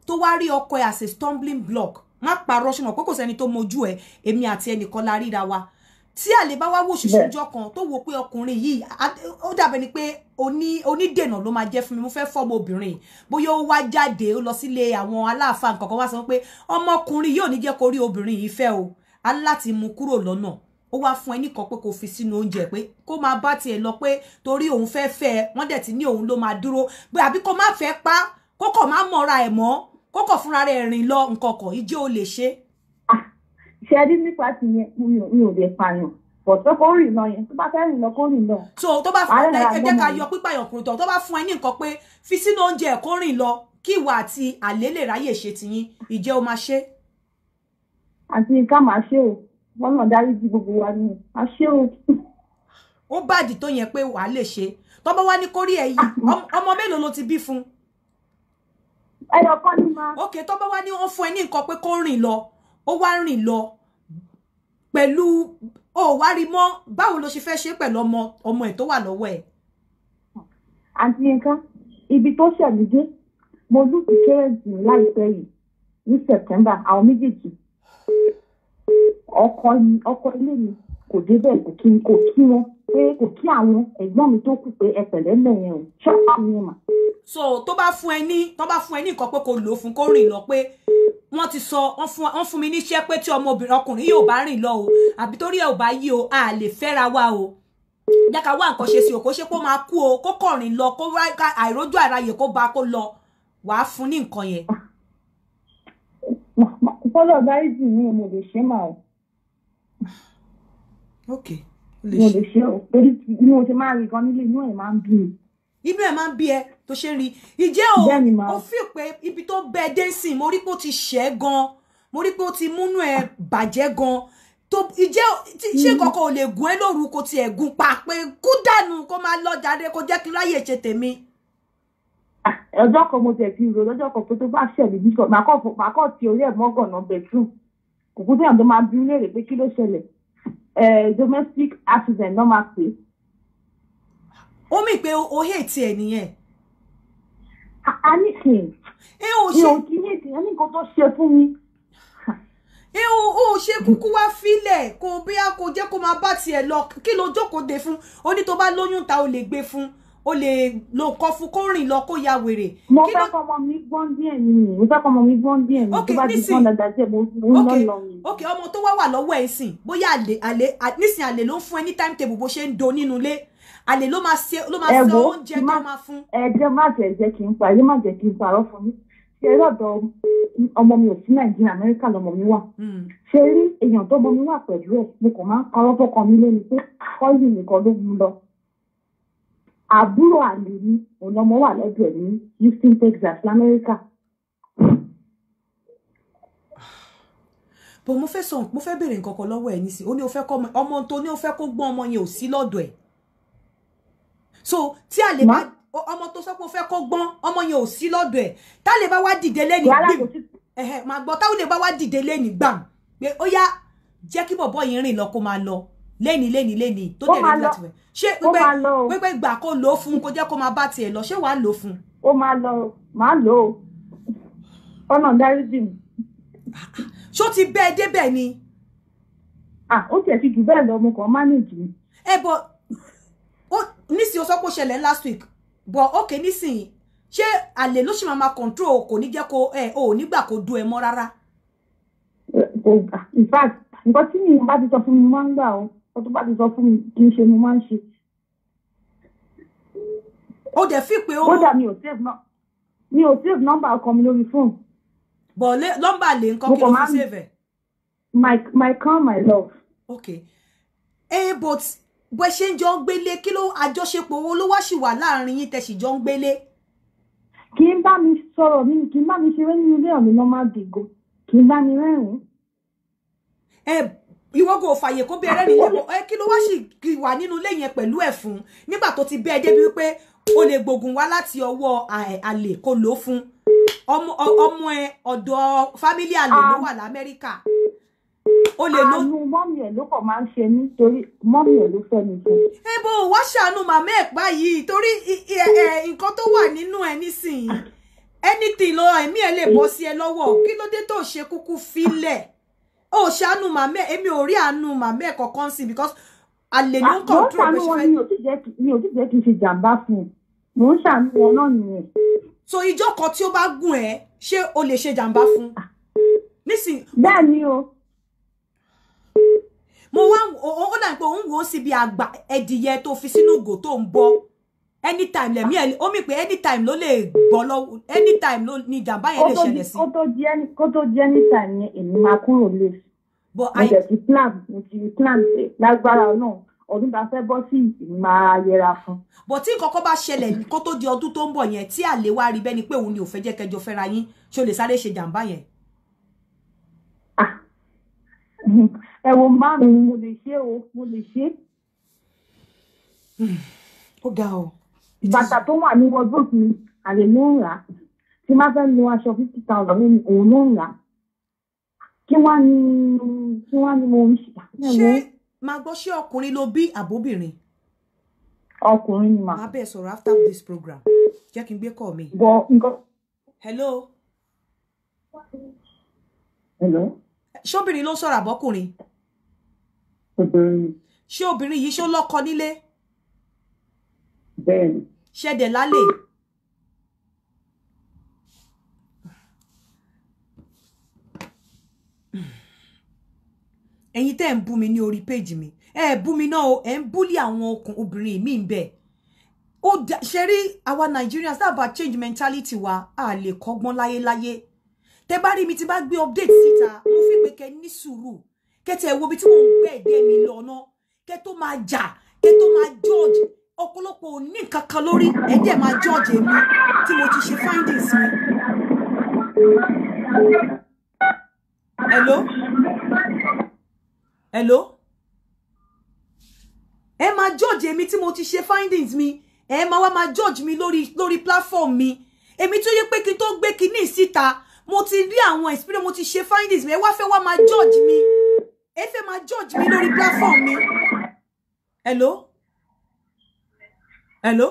tó wá rí ọkọ ẹ as a stumbling block má parọ́ ṣùgbọ́n pé kò sẹ́ni tó mojú ẹ èmi àti ẹnìkan la ríra wa tí àlè bá wá wò ṣùṣù ọjọ́ kan tó wo pé ọkùnrin yìí ó dàbẹ̀ ni pé onídènà ló máa jẹ́ fún mi mo fẹ́ fọ́mọ obìnrin bóyá ó wá jáde ó lọ sílé àwọn aláàfáà nǹkan kan wá sọ pé ọmọkùnrin yóò ní jẹ́ kó rí obìnrin yìí fẹ́ o aláti mú kúrò lọ́nà ó wá fún ẹ nìkan pé kò fi sínú oúnjẹ pé kó máa bá tiẹ̀ lọ pé torí òun fẹ́ fẹ́ ẹ wọ́n dẹ̀ ti ní òun ló máa dúró pé àbí kó má fẹ́ pa kókò má mọ̀ra ẹ̀ mọ́ kókò fúnra rẹ̀ rìn lọ nǹkan kan ìjẹ́ ò lè ṣe ṣe rí nípa ti yẹn mi ò lè pààyàn bọ̀tọ́ kó rìn lọ yẹn tó bá fẹ́ rìn lọ kó rìn lọ. tó tó bá fún ẹ ẹ jẹ́ ká yọ pípààyàn kùn tán tó bá fún ẹ ní nǹkan pé fi sínú oúnjẹ ẹ̀ kó rìn lọ kí ìwà àti àlè lè ráyè ṣe tìyín ìjẹ́ o máa ṣe. àti ká máa ṣe o wọn náà dárí ju gbogbo wa ni a ṣe o. ó bàjẹ́ tó yẹn pé wàá lè ṣe tọ́mọ wá ní kórí ẹ̀ yìí ọmọ mélòó ló ti bí fún. ẹyọ kan ní ma. ókè tọ́mọ wá ní wọ́n fún ẹ ní nǹkan pé kó rìn lọ o wá rìn lọ pẹ̀lú ó wá rí mọ́ báwo ló ṣe fẹ́ ṣe pẹ̀lú ọmọ ọmọ ẹ̀ tó wà lọ́wọ́ ẹ̀. àǹtí Yinka ibi tó ṣẹ̀lú dé mo lùkù kéré jù láìpẹ́ yìí ní September àwọn méjèèjì ọkọ ilé mi kò débẹ̀ kò kí wọn pé kò kí àwọn ẹ̀gbọ́n mi tó kù pé ẹ pẹ̀lẹ́ mẹ́rin o ṣọ́ọ̀ṣì ni mà so tó bá fún ẹ ní tó bá fún ẹ ní nǹkan pé kò lò fún kó rìn lọ pé wọ́n ti sọ wọ́n fún wọ́n fún mi níṣẹ́ pé tí ọmọbìnrin ọkùnrin yóò bá rìn lọ o àbí torí ẹ ò bá yí o a lè fẹ́ra wa o dáka wá nǹkan ṣe sí o kó ṣe pé ó máa kú o kó kọ̀rìn lọ kó àìrójú àráyè kó ba kó lọ wàá fún ní nǹkan yẹn. fọlọ báyìí jù mí mo lè ṣe máa o. ok mo lè ṣe o torí bí mo ṣe máa rí gan nílé inú ẹ máa ń bí mi. inú ẹ máa ń bí ẹ tó ṣe ń rí ìjẹ́ o ó fi pé ibi tó bẹ dé sìn mo rí pé ó ti ṣẹ́ gan mo rí pé ó ti múnú ẹ bàjẹ́ gan tó ìjẹ́ ṣé kọ̀ọ̀kan mm. ò lè gún ẹ lóru kò tiẹ̀ gún pa pé kú dànù kó máa lọ jáde kó jẹ́ kí ráyè ṣe tèmi ah, ọjọ́ kan mo tẹ̀ fi rò lọ́jọ́ kan pé tó bá ṣẹlẹ̀ bí sọ màá kọ́ ti orí ẹ̀ mọ́gànà bedroom kùkú tó yàn máa bí léèrè pé kí ló ṣẹlẹ̀ eh, domestic accident náà máa pè. ó mì pé o hate ẹ nìyẹn anything ẹ ò ṣe ẹ ò kí ní èdè ẹ ní nǹkan tó ṣe fún mi. ẹ ò ò ṣe kúkú wá filẹ̀ kó bí a kò jẹ́ kó máa bá tiẹ̀ lọ kí ló jókòó de fún ó ní tó bá lóyún ta o lè gbé fún ó lè lo nǹkan fún kó rìn lọ kó ya wèrè. mo fẹ́ kọ́ ọmọ mi gbọ́n díẹ̀ ni mo fẹ́ kọ́ ọmọ mi gbọ́n díẹ̀ ni tó bá di fún ọ̀dà díẹ̀ mo ń lọ lọ ok ọmọ tó wá wà lọ́wọ́ ẹ̀ sìn bóyá nísìnyí àlè ló ń fún ẹ ní timetable bó ṣe ń do nínú ilé àlè ló máa ṣe ló máa ṣe oúnjẹ tó máa fún. ẹ jẹ́ má jẹ́ jẹ́ kí n pa ẹ má jẹ́ kí n parọ́ fún mi ṣe lọ́dọ̀ ọmọ mi ò sí nàìjíríà amẹ́ríkà lọmọ mi wà hmm. ṣe rí èèyàn tó bọ mi wà pẹ̀lú ẹ̀ mo kàn máa ń parọ́ fọkàn mi lónìí pé kọ́lì nìkan ló mú lọ àbúrò àlè ni òun ọmọ wà lọ́dọ̀ ẹ̀ ní Houston Texas lamẹ́ríkà. bò mo fẹ́ sọ mo fẹ́ béèrè nǹkan kan lọ́wọ́ ẹ̀ nísìnyí ó ní o fẹ́ kọ́ ọmọ tó ní o fẹ́ kó gbọ́n ọmọ yẹn ò sí lọ́dọ̀ ẹ̀ so tí àlè bá ọmọ tó sọ pé o fẹ́ kó gbọ́n ọmọ yẹn ò sí lọ́dọ̀ ẹ̀ tálè bá wá dìde lẹ́nu gbìm màá gbọ́ táwọlè bá wá dìde lẹ́nu gbàm pé ó yá jẹ́ kí bọ̀bọ̀ yẹn rìn lọ kó máa lọ lẹ́ni lẹ́ni lẹ́ni tó dẹ̀ lórí láti fẹ́ ṣé pípẹ́ gbà kó lò ó fún kó jẹ́ kó máa bá tiẹ̀ lọ ṣé wàá lò ó fún. ó máa lọ máa lò ó ọ̀nà dáríjì ṣó ti bẹ́ẹ̀ débẹ̀ ni. ó tiẹ̀ ti jù bẹ́ẹ̀ lọ mo kàn mánéèjì. ẹ bọ Nisi o sọ pé ó last week but okay Nisi, ṣé àlè ló ṣì máa control kò ní jẹ́ kó ẹ o ò nígbà kó du ẹ mọ́ rárá. in fact nǹkan tí mi bá ti sọ fún mi máa ń gbà ó ó tó bá ti sọ fún mi kì í ṣe mo máa ń ṣe. ó dẹ̀ fi pé ó. kódà mi ò save náà mi ò save nọ́mbà ọkọ mi lórí fóònù. bọ̀ nọ́mbà lè ń kọ́ kí ló save ẹ̀. my my calm my love. okay eh but bó ṣe ń jọ ń gbélé kí ló àjọṣepọ̀ owó ló wá sì wà láàrin yín tẹ̀sí jọ ń gbélé. kì í bá mi sọ̀rọ̀ mi kì í bá mi ṣeré nínú ilé ọ̀mí lọ́ máa dìgò kì í bá mi rẹ́rìn-ín. ẹ ìwọ kò fàyè kó bí ẹrẹ́rìn yẹn ẹ kí ló wá sì wà nínú ilé yẹn pẹ̀lú ẹ̀ fún nígbà tó ti bẹ́ ẹ débi wípé o lè gbógun wá láti ọwọ́ àlè kó lò ó fún ọmọ ẹ ọ̀dọ̀ fámílì àlè ló ah. wà lamẹ́ríkà o lè lọ. àánú mọ́mì ẹ̀ ló kàn máa ń ṣe mí torí mọ́mì ẹ̀ ló fẹ́ mi fún. ebo wá ṣàánú màmá ẹ̀ báyìí torí nǹkan tó wà nínú ẹ nísìnyí anything lọ ẹ̀mí ẹ̀ lè bọ́ sí ẹ lọ́wọ́ kí ló dé tó ṣe kúkú fílẹ̀ ó ṣàánú màmá ẹ̀ èmi ò rí àánú màmá ẹ̀ kankan sí because àlè ló ń control bó ṣe fẹ́. ṣe jàǹbá fún ń ṣàánú wọn náà nìyẹn. so ìjọ kan tí ó bá gùn ẹ ṣé o lè ṣe jàǹbá fún un. Ah. nísìnyí. bẹ́ẹ̀ o mo wá ó dà pé òun wò ó síbi àgbà ẹdìyẹ tó fi sínú ìgò tó ń anytime lẹ̀mí ẹ̀ ó mì pé anytime ló lè bọ́ lọ́wọ́ anytime ló ní ìjàmbá yẹn lè ṣẹlẹ̀ sí. kó tó di anytime ni èmi máa kúrò lè. but i mo jẹ plan mo ti plan lágbára náà ọdún tá a fẹ́ bọ́ sí máa yẹra fún. bọ̀ tí nǹkan kan bá ṣẹlẹ̀ kó tó di ọdún tó ń bọ̀ yẹn tí àlè wá rí bẹ́ni pé òun ni ò fẹ́ jẹ́ kẹjọ fẹ́ra yín ṣó lè sáré ṣe jàǹbá yẹn. ẹ wo mami mo lè ṣe o mo lè ṣe. ó ga o. bàtà tó wà ní wardrobe mi àlè ló ń rà á tí má fẹ́ lo aṣọ fifty thousand ní òun ló ń rà á kí wọ́n ní kí wọ́n ní mo ń ṣe. ṣé máa gbọ́ ṣé ọkùnrin ló bí àbóbìnrin. ọkùnrin ni màá. máa bẹ̀ sọ̀rọ̀ after this program jẹ́ kí n gbé kọ́ mi. bọ nǹkan. hello. hello ṣóbìnrin ló sọ̀rọ̀ àbọ́kùnrin mm-hmm. ṣé obìnrin yìí ṣó lọ́kọ nílé ṣẹ̀dẹ̀ lálẹ́ ẹ̀yin tẹ́ ń bú mi ní orí péjì mi ẹ bú mi náà o ẹ ń búlí àwọn obìnrin mi ń bẹ ó ṣe rí àwa Nigerians tá change mentality wa a lè kọ́gbọ́n láyéláyé. laye tẹ bá rí mi tí bá gbé update sita mo fi pé kẹ ní sùúrù kẹ tẹ wo bí tí mò ń gbé ẹ̀dẹ̀ mi lọ ná kẹ tó máa jà kẹ tó máa judge ọ̀pọ̀lọpọ̀ ò ní nǹkan kan lórí ẹ̀dẹ̀ máa judge èmi tí mo ti ṣe findings mi. hello hello e máa judge èmi tí mo ti ṣe findings mi e máa wá máa judge mi lórí lórí platform mi èmi tó yẹ pé kí n tó gbé kinní síta mo ti rí àwọn experience mo ti ṣe findings mi ẹ wá fẹ́ wá máa judge mi ẹ fẹ́ máa judge mi lórí platform mi hello hello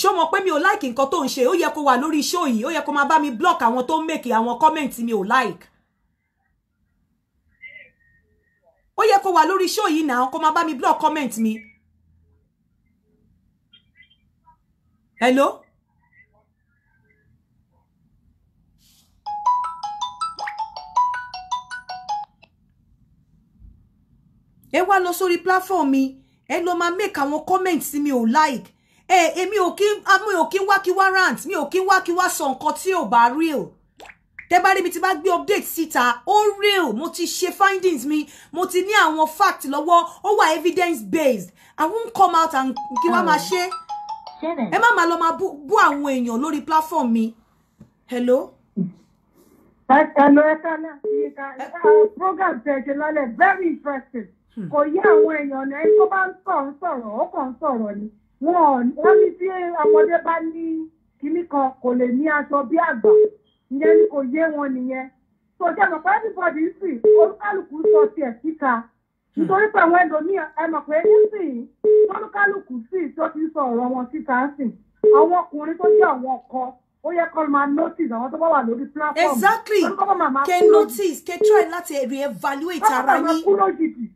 ṣó mọ̀ pé mi ò like nǹkan tó ń ṣe ó yẹ kó wà lórí show yìí ó yẹ kó máa bá mi block àwọn tó ń make àwọn comment mi ò like ó yẹ kó wà lórí show yìí náà kó máa bá mi block comment mi hello. ẹ wá lọ sórí platform mi ẹ lọ máa make àwọn comment sí mi ò like ẹ èmi o kí amu o kí wá kí wá rant mi ò kí wá kí wá sọ nǹkan tí ò bá real tẹ bá rí mi ti bá gbé update sita ó real mo ti ṣe findings mi mo ti ní àwọn fact lọ́wọ́ ó wà evidence based i won't come out and kí wá máa ṣe ẹ ma máa lọ máa bú àwọn èèyàn lórí platform mi hello. hello ẹ kálá program tẹ̀ ṣe very interesting. Hmm. kò yé àwọn èèyàn náà tó bá ń sọ̀rọ̀ sọ̀rọ̀ ó kàn ń sọ̀rọ̀ ni wọn wọn ní tí ọmọdé bá ní kinní kan kò lè ní aṣọ bí àgbà ìyẹn ni kò yé wọn nìyẹn so ṣe mọ̀ pé everybody ń sìn olúkálùkù sọ tiẹ̀ síta hmm. nítorí pé àwọn ẹlòmíì ẹ mọ̀ pé ń sìn olúkálùkù sì tó ti sọ ọ̀rọ̀ wọn síta ń sìn àwọn ọkùnrin tó jẹ́ àwọn ọkọ ó yẹ kọ́ máa notice àwọn tó bá wà lórí platform exactly kẹ́ notice kẹ́ try láti re-evaluate ara yín.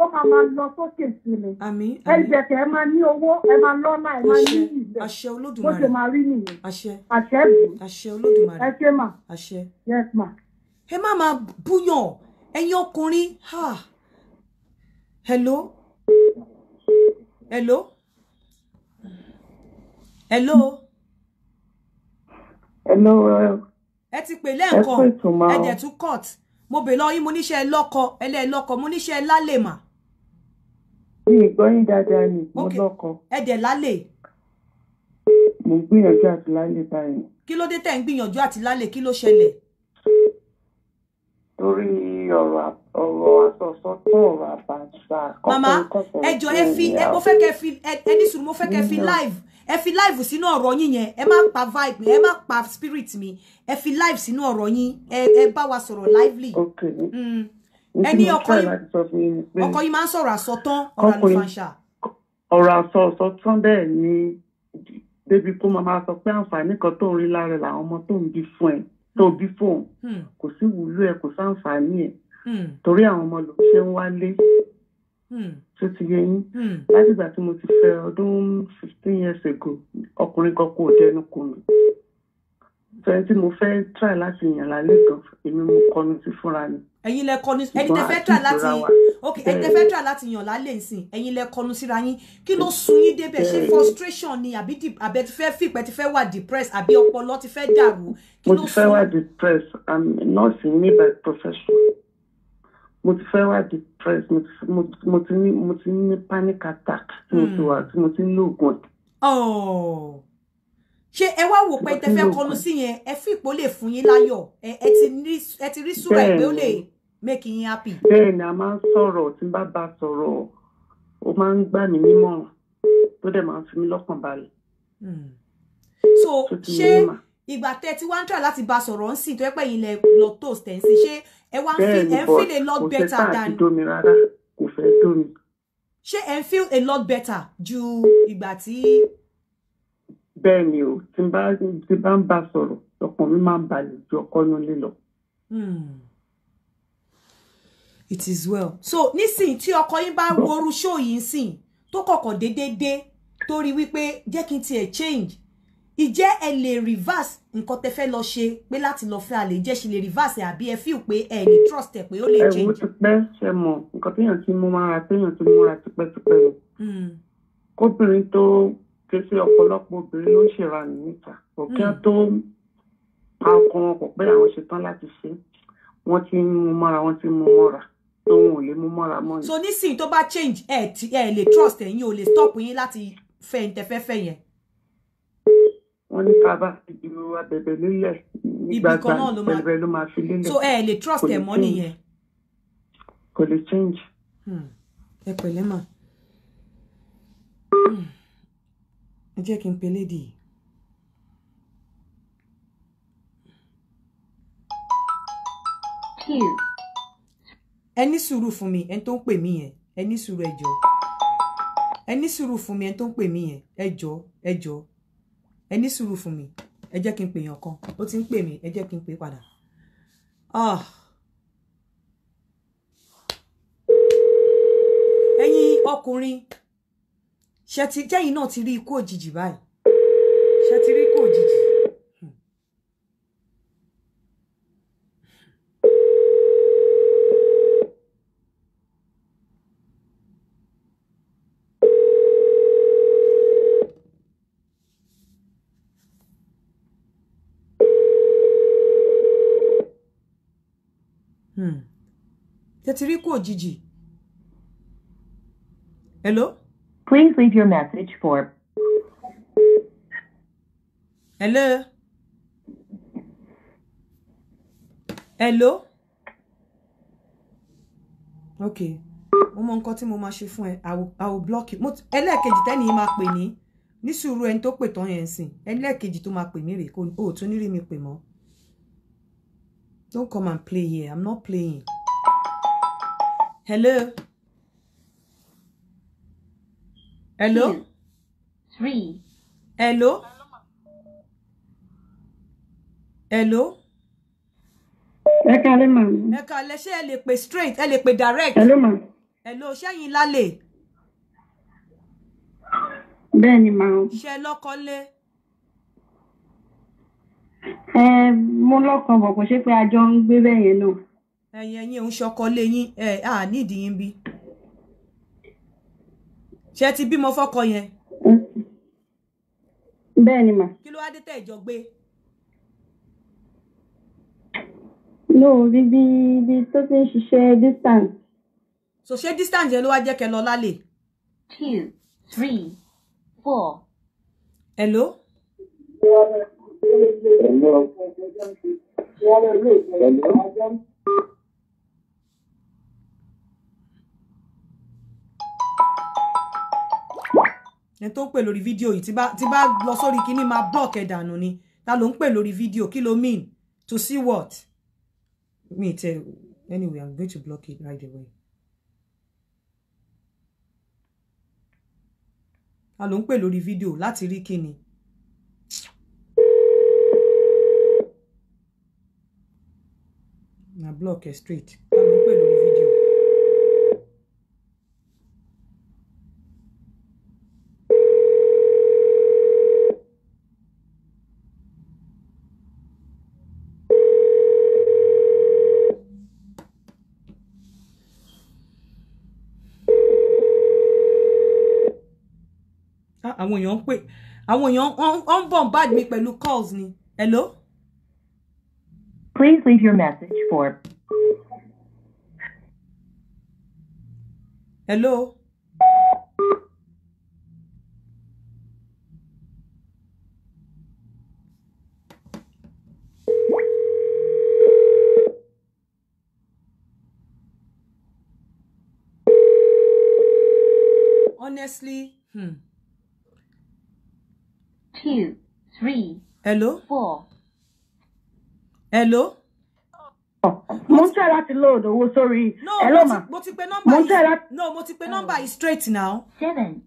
ó máa máa lọ sókè sí mi. àmín àmín ẹ̀jẹ̀kẹ̀ ẹ máa ní owó ẹ máa lọ́nà ẹ máa ní ìlẹ̀ àṣẹ olódùmarè bó ṣe máa rí nìyẹn àṣẹ àṣẹ olódùmarè ẹ ṣe mà àṣẹ yes ma. ẹ má máa búyàn ẹ̀yin ọkùnrin ha hello hello hello. hello. ẹ ti pè lẹ́ẹ̀kan ẹ dẹ̀ tún cut mo bè lọ yín mo níṣẹ́ lọ́kọ ẹlẹ́ẹ̀lọ́kọ mo níṣẹ́ lálẹ́ mà mi ì gbọ́ yín dáadáa ni mo lọ́kọ. ẹ dẹ̀ lálẹ́. mo ń gbìyànjú àti lálẹ́ báyìí. kí ló dé tẹ̀ ń gbìyànjú àti lálẹ́ kí ló ṣẹlẹ̀. torí ọ̀rọ̀ ọ̀rọ̀ tó ọ̀rọ̀ àbàṣà kọ́kọ́ kọ́kọ́. màmá ẹ fi mo fẹ́ kẹ́ fi ẹ ní sùúrù mo fẹ́ kẹ́ fi live ẹ fi live sínú ọ̀rọ̀ yín yẹn ẹ má pa vibe mi ẹ má pa spirit mi ẹ fi live sínú ọ̀rọ̀ yín ẹ bá wa sọ̀rọ̀ lively. okay. Mm ẹni ọkọ yìí ọkọ yìí máa ń sọ̀rọ̀ àsọtán ọ̀rọ̀ àlùfànṣà. ọ̀rọ̀ àsọ ọ̀sọ̀tán bẹ́ẹ̀ ni débi kó máa máa sọ pé àǹfààní kan tó ń rí lára làwọn ọmọ tó ń bí fún ẹ tó hmm. bí fóun hmm. kò sí wúlò ẹ kò sáǹfààní ẹ hmm. torí àwọn ọmọ ló ṣe ń wálé tó ti yẹ yín láti ìgbà tí mo ti fẹ́ ọdún fifteen years ago ọkùnrin kan kò dẹnu kù mí fẹ́ẹ́ tí mo fẹ́ try láti yàn lálẹ́ kan èmi mo kọnu sí fúnra mi ẹ̀yin lẹ kọnu ẹ̀yin tẹ fẹ́ tà láti ok ẹ̀yin tẹ fẹ́ tà láti yàn lálẹ́ ìsìn ẹ̀yin lẹ kọnu síra yín kí ló sun yín débẹ̀ ṣé eh. frustration ni àbí àbẹ ti fẹ́ fìpẹ́ ti fẹ́ wà depressed àbí ọpọlọ ti fẹ́ dàrú mo ti fẹ́ wà depressed i'm nursing me by profession mo ti fẹ́ wà depressed mo ti ní mo ti ní panic attack tí mo ti hmm. wà tí mo ti ní oògùn. Oh. ṣé ẹ wá wò pé tẹ fẹ́ kọnu sí yẹn ẹ fi lè fún yín láyọ̀ ẹ ti rí sùúrà ẹ ó lè make yín happy. bẹ́ẹ̀ ni a máa ń sọ̀rọ̀ tí n bá bá sọ̀rọ̀ ó máa ń gbà mí nímọ̀ràn tó dẹ̀ máa ń fi mí lọ́kàn balẹ̀. Hmm. so ṣé ìgbà tẹ ti wá ń try láti bá sọ̀rọ̀ ń sìn tó yẹ pé ilẹ̀ lọ toast ẹ̀ ń sìn ṣé ẹ wá ń fi ẹ̀ ń feel a lot better than. bẹ́ẹ̀ ni bọ́ kò fẹ́ tá àti domi rárá kò fẹ́ domi. ṣé ẹ ń feel a lot better ju ìgbà tí. bẹ́ẹ̀ o tí n bá ń bá sọ̀rọ̀ ọkàn mi máa ń balẹ̀ ju ọkọ́ nílé lọ. Hmm it is well so nísìnyí tí ọkọ yín bá woru show yìí sìn tó kọ̀kọ̀ déédéé torí wípé jẹ́ kí n tiẹ̀ change ìjẹ́ ẹ lè reverse nǹkan tẹ fẹ́ lọ ṣe pé láti lọ fẹ́ àlè jẹ́ ṣe lè reverse àbí ẹ feel pé ẹ ní trust ẹ pé ó lè change. ẹ̀wù ti pẹ́ ṣe mọ̀ nǹkan téèyàn ti mú mára téèyàn ti múra tipẹ́tipẹ́ rẹ̀ hmm. kóbìnrin tó ké sí ọ̀pọ̀lọpọ̀ obìnrin ló ń ṣèranù níta òkè hmm. tó akọ wọn pọ̀ pé àwọn ṣetán láti ṣe wọ́n ti mú mára wọ́n ti mú mọ́ra àwọn mm. ò lè mú mọ́ra mọ́ yìí. so nísìnyí tó bá change ẹ ti ẹ lè trust ẹ̀yin ò lè stop yín láti fẹ́ ń tẹ́fẹ́ fẹ́ yẹn. wọ́n ní ká bá ti ju abẹ̀bẹ̀ nílẹ̀ nígbàgbà bẹ̀rẹ̀ ló máa fi lélẹ̀. so ẹ lè trust ẹ̀ mọ́ nìyẹn. kò lè change. Hmm. ẹ pẹ̀lẹ́ mà hmm. ẹ jẹ́ kí n pe lady yìí. Two ẹ ní sùúrù fún mi ẹni tó ń pè mí yẹn ẹ ní sùúrù ẹ jọ̀ọ́ ẹ ní sùúrù fún mi ẹni tó ń pè mí yẹn ẹ jọ̀ọ́ ẹ jọ̀ọ́ ẹ ní sùúrù fún mi ẹ jẹ́ kí n pè yàn kan ó ti ń pè mí ẹ jẹ́ kí n pè padà. Ah. ẹ̀yin ọkùnrin ṣe ti náà ti rí ikú òjijì báyìí ṣe rí ikú òjijì. ti rí kú òjijì. hello. please leave your message for. hello. hello. ok mo mọ nǹkan tí mo máa ṣe fún ẹ i will block you ẹlẹ́ẹ̀kejì tẹ́ni máa pè ní ní sùúrù ẹni tó pè tán yẹn sìn ẹlẹ́ẹ̀kejì tó máa pè mí rèé kò tún ní rí mi pè mọ́. Don't come and play here. I'm not playing. Hello. Hello. Two, three. Hello. Hello. Ẹ kálẹ́ mà. Ẹ kálẹ́ ṣé ẹ lè pè straight ẹ lè pè direct. Hello ma. Hello ṣẹ́yìn lálẹ́. Bẹ́ẹ̀ni mà. Ṣé lọ́kọ lé? Ẹ mo lọ́kọ bọ̀ kò ṣe pé a ń gbé bẹ́ẹ̀ yẹn náà ẹ̀yin ẹ̀yin òun ṣọkọ lé yín ẹ̀ à nídìí yín bí ṣe ti bímọ fọ́kọ yẹn. bẹ́ẹ̀ ni mà. kí ló wá dé tẹ̀ ìjọ gbé. lóòrí bí ibi tó ti ń ṣiṣẹ́ distance. so ṣé distance yẹn ló wá jẹ́ kẹ́ lọ lálẹ́. two three four. hello. hello. hello. ẹni tó ń pè lórí fídíò yìí tí bá lọ sórí kínní máa block ẹ̀ dànù ni ta ló ń pè lórí fídíò kí ló mean to see what me tell anyway i'm going to block it right away ta ló ń pè lórí fídíò láti rí kíni. na block ẹ straight ta ló ń pè lórí. àwọn èèyàn ń pè àwọn èèyàn ó ń bombard mi pẹ̀lú calls ni hello. please leave your message for. hello. honestly hmm two, three, Hello? four. Hello? mo ń tẹ̀ láti load owó sórí hello ma mo ti pe nọ́mbà yìí no mo ti pe nọ́mbà yìí straight now. seven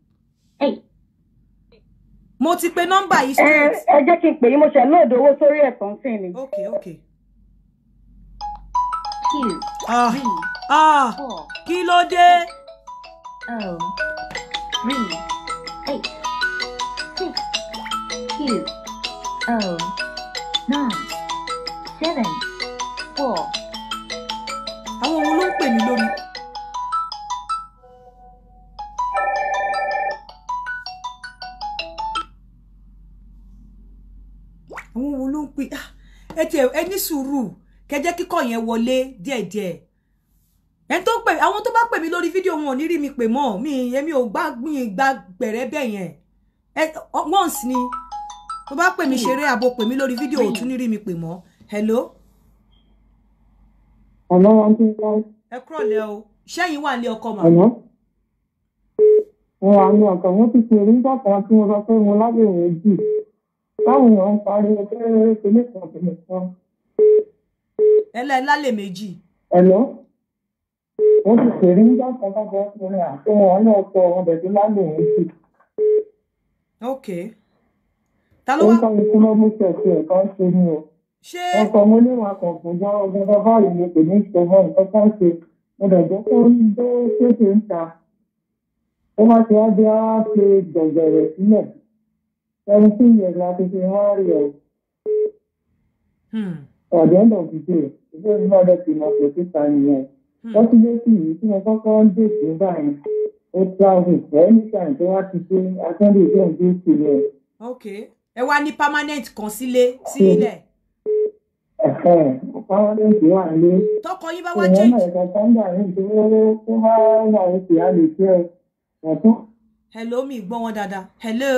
eight. mo ti pe nọ́mbà yìí straight. ẹ ẹ jẹ́ kí n pè yín mo ṣe load owó sórí ẹ̀tàn sí ni. ok ok. two ah. three ah. four kí ló dé. oh three eight two, oh, nine, seven, four. àwọn ohun ló ń pè mí lórí. àwọn ohun ló ń pè ah, ẹ tiẹ̀ ẹ ní sùúrù kẹjẹ́ kíkọ́ yẹn wọlé díẹ̀díẹ̀ ẹni tó pè àwọn tó bá pè mí lórí fídíò wọn ò ní rí mi pè mọ́ mi èmi ò gbá gbìn gbá gbẹ̀rẹ́ bẹ́ẹ̀ yẹn once ni tó bá pè mí hmm. ṣeré àbò pè mí lórí fídíò òtún hmm. ní rí mi pè mọ́ hello. hello wọn ti ń gbọ́. ẹ kúrọ̀lẹ́ o ṣẹ́yìn wà ní ọkọ màá. hello wọn wà ní ọkọ wọn ti fi èrí nígbà kan tí mo sọ pé mo lábẹ́ méjì táwọn èèyàn ń pariwo pé kìnìún kan kìnìún kan. ẹlẹ́ lálẹ́ méjì. hello wọ́n ti pèrè nígbà kan bá bọ́ ọkùnrin àti wọn náà sọ ọ̀rọ̀ bẹ̀rẹ̀ lálẹ́ òun sí. okay ta ló wá. ó ń sọ ikú ló mú ṣẹ̀ṣẹ̀ ẹ̀kọ́ ṣe ni o. ṣé ọkọ̀ mo lè wà kàn fún gbọ́ ọgbọ́n bàbá yìí ni kò ní ṣe mọ́ nǹkan kan ṣe mo dẹ̀ kó ń dó ṣèṣe ń ta ó má ti wá bí a ṣe gbẹ̀gbẹ̀rẹ̀ sílẹ̀ ẹni tí ìyẹn la ti fi hán rí ẹ̀. ọ̀dọ́ náà ti dé ìgbé mi náà lẹ́tì mọ̀ pé síta nìyẹn lọ́sibẹ́sì hmm. yìí tí mo kọ́kọ́ ń dè fún báyìí ó travel ẹni tí àǹtí wá ti dé akẹ́ndé ìjọ ìdí ìsìn rẹ̀ ẹ wá ní permanent kan sílé sílẹ̀. permanent wà ní. tọkọ yín bá wá change. ìyẹn náà ẹ̀ka sanda ní ìdúró tó bá wà ní ìyá lè fẹ́ ẹ̀ tó. hello mi gbọ́ wọn dada. hello.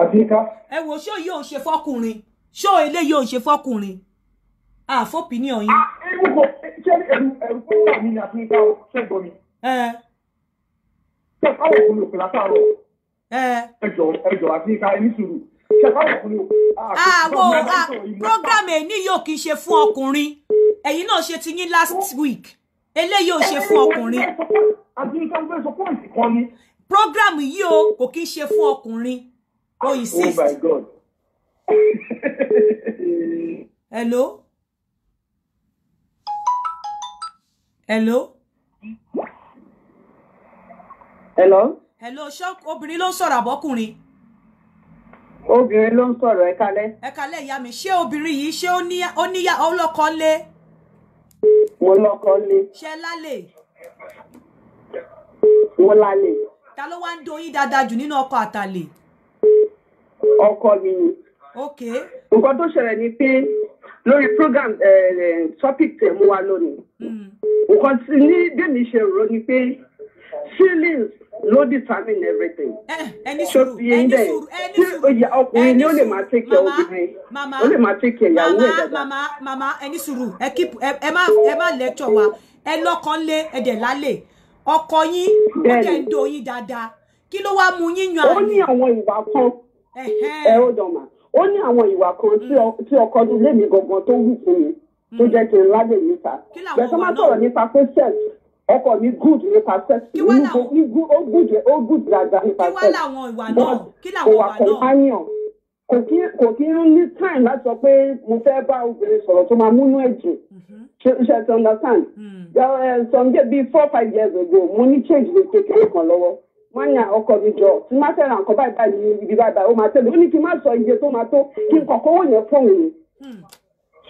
àfíkà. ẹ wo ṣó yóò ṣe fọkùnrin ṣó eléyìí ò ṣe fọkùnrin àfọpìnìyàn yín. ẹ̀rù kò ṣe ẹ̀rù ẹ̀rù kò wà ní àfíkà ṣẹ́gun mi. ṣé káwọn òkú lòkè látàárọ̀ ẹjọ ẹjọ àti ah, ah, ah, yóò kì í ṣe fún ọkùnrin ẹ̀yin náà ṣe ti yín last week eléyìí ò ṣe fún ọkùnrin program yìí o kò kì í ṣe fún ọkùnrin o oh insist. hello. hello. hello hello ṣé obìnrin ló ń sọ̀rọ̀ àbọ́kùnrin. obìnrin ló ń sọ̀rọ̀ ẹ kalẹ́. ẹ kalẹ́ ìyá mi ṣé obìnrin yìí ṣé ó níyà ọlọ́kọ lé. mo lọ́kọ lé. ṣé lálẹ́. mo lálẹ́. ta ló wá ń doyin dáadáa jù nínú ọkọ àtàlè. ọkọ mi ni. ok. nǹkan tó ṣẹlẹ̀ ni pé lórí program topic tẹ̀ mú wa lónìí. Hmm. nǹkan tí ní bẹ́ẹ̀ mi ṣe rò ni pé feelings ló determine everything. ẹni eh, sùúrù ẹni sùúrù ẹni sùúrù ẹni sùúrù ọkùnrin ni ó lè máa take care obìnrin ó lè máa take care ìyàwó ẹ̀ dáadáa. mama mama ẹni sùúrù ẹ keep ẹ má ẹ má lecture wa ẹ lọ́kàn lé ẹ̀dẹ̀ lálẹ́ ọkọ yín ó jẹ́ ń do yín dáadáa kí ló wá mú yín yan àlè. ó ní àwọn ìwà kan ẹ ó dọ̀mà ó ní àwọn ìwà kan tí mm. ọkọ ilé mi gangan tó wù fún mi tó jẹ́ mm. kí n lágbè níta bẹ̀ẹ́ tó má sọ̀rọ̀ nípa pé sex ẹ kọ ní good nípa sex ní good ó good ó good dada nípa sex but kò wà companion kò kí ń ní time láti sọ pé mo fẹ́ bá obìnrin sọ̀rọ̀ tó máa múnú ẹ̀jẹ̀ ṣe ṣe understand mm. sọ̀njẹ́ bíi four five years ago mo ní change ní kékeré kan lọ́wọ́ wọ́n ní ọkọ mi jọ tí má fẹ́ràn nǹkan báyìí báyìí ní ibi báyìí báyìí ó máa tẹ̀lé ó ní kí n má sọ iye tó máa tó kí n kọ̀kọ́ wọ̀nyẹn fóun yìí mm.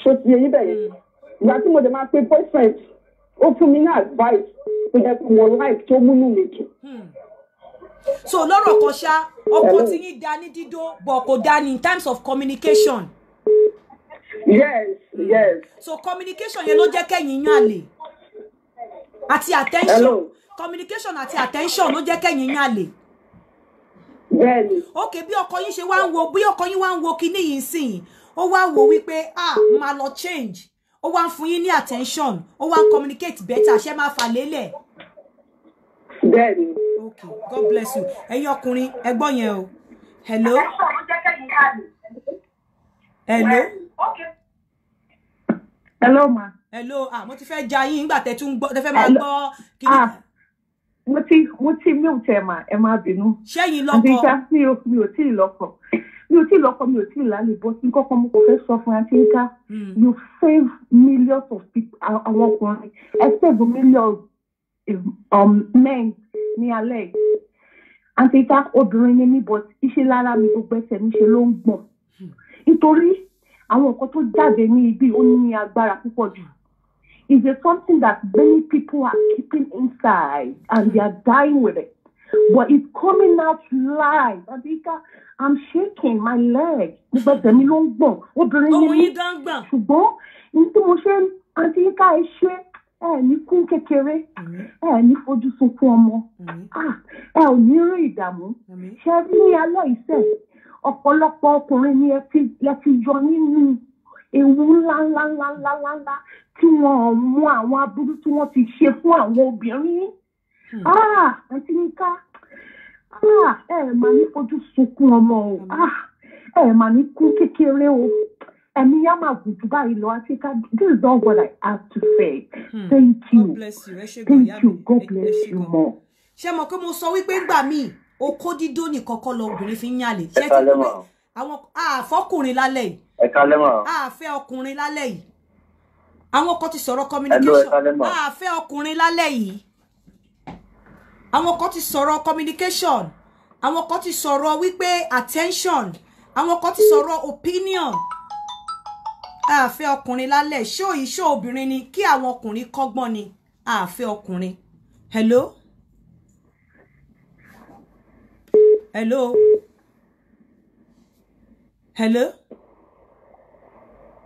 ṣó ti yẹ yín bẹ̀yẹn mm. ìgbà tí mo dẹ̀ máa pe boyfriend ó fún mi ní advice tó jẹ́ pé mo like tó múnú mi jù. Hmm. so lọ́rọ̀ kan ṣá ọkọ tí yín dá ní dídó bọ̀ kò dá ní in terms of communication. yes yes. so communication yẹn ló jẹ́ kẹ́yìn yín àlè àti attention Hello. communication àti attention ló jẹ́ kẹ́yìn yín àlè. bẹ́ẹ̀ni. ok bí ọkọ yín ṣe wá ń wo bí ọkọ yín wá ń wo kinní yìí sìn ó wá wo wípé ah máa lọ change ó wá ń fún yín ní attention ó wá ń communicate better ṣé máa fà lélẹ̀. bẹ́ẹ̀ni. ok god bless you ẹ̀yin ọkùnrin ẹ̀gbọ́n yẹn o hello. hello. hello ma. hello ah mo ti fẹ́ ja yín nígbà tẹ́ tún gbọ́ tẹ́ fẹ́ máa gbọ́ kí ni. Ah, mo ti mo ti mute ẹ ma ẹ má bínú. ṣẹ́yìn lọ́kọ. àbí ṣá mi ò tí ì lọ́kọ mi ò tí ì lọ́kọ mi ò tí ì lálẹ́ bọ́ sí kọ́kọ́ mo kò fẹ́ sọ fún akéka hmm. you save millions of people àwọn ọkùnrin ẹ save millions of um, men ní alẹ́ akéka obìnrin ni mí but iṣẹ́ lára mi gbogbo ẹsẹ̀ mi ṣe ló ń gbọ̀n nítorí àwọn nǹkan tó jáde ní ibi ó ní agbára púpọ̀ jù is a something that many people are keeping inside and they are dying with it but it's coming out live akéka i'm shaking my leg gbogbo ẹ̀mí ló ń gbọ̀n obìnrin ni mí ṣùgbọ́n ní tí mo ṣe àǹtí yíká ẹ ṣe ẹ ní kún kékeré ẹ ní fojú sunkún ọmọ ẹ ò ní rí ìdààmú ṣe rí ní alẹ́ ìṣẹ́ ọ̀pọ̀lọpọ̀ ọkùnrin ni ẹ ti yọ nínú ewu ńláńláńláńláńlá tí wọn ò mú àwọn aburú tí wọn ti ṣe fún àwọn obìnrin hmm. àǹtí yíká ẹ ah, ẹ máa ní fojú sunkún ọmọ o ẹ mm. ah, ẹ máa ní kú kékeré o ẹ̀mí yá máa gùn jù báyìí lọ àti ká this is all what I have to say hmm. thank you thank you God bless you more. ṣé mo pé mo sọ wípé ńgbà míì okó dídó nìkan kọ́ lọ obìnrin fi ń yàlè ṣé ti pé àwọn àfọkùnrin lálẹ́ yìí àfẹ́ ọkùnrin lálẹ́ yìí àwọn ọkọ ti sọ̀rọ̀ communication àfẹ́ ọkùnrin lálẹ́ yìí àwọn kan ti sọ̀rọ̀ communication àwọn kan ti sọ̀rọ̀ wípé attention àwọn kan ti sọ̀rọ̀ opinion àfẹ́ ọkùnrin lálẹ́ ṣó iṣẹ́ obìnrin ni kí àwọn ọkùnrin kọ́gbọ́n ni àfẹ́ ọkùnrin hello hello hello.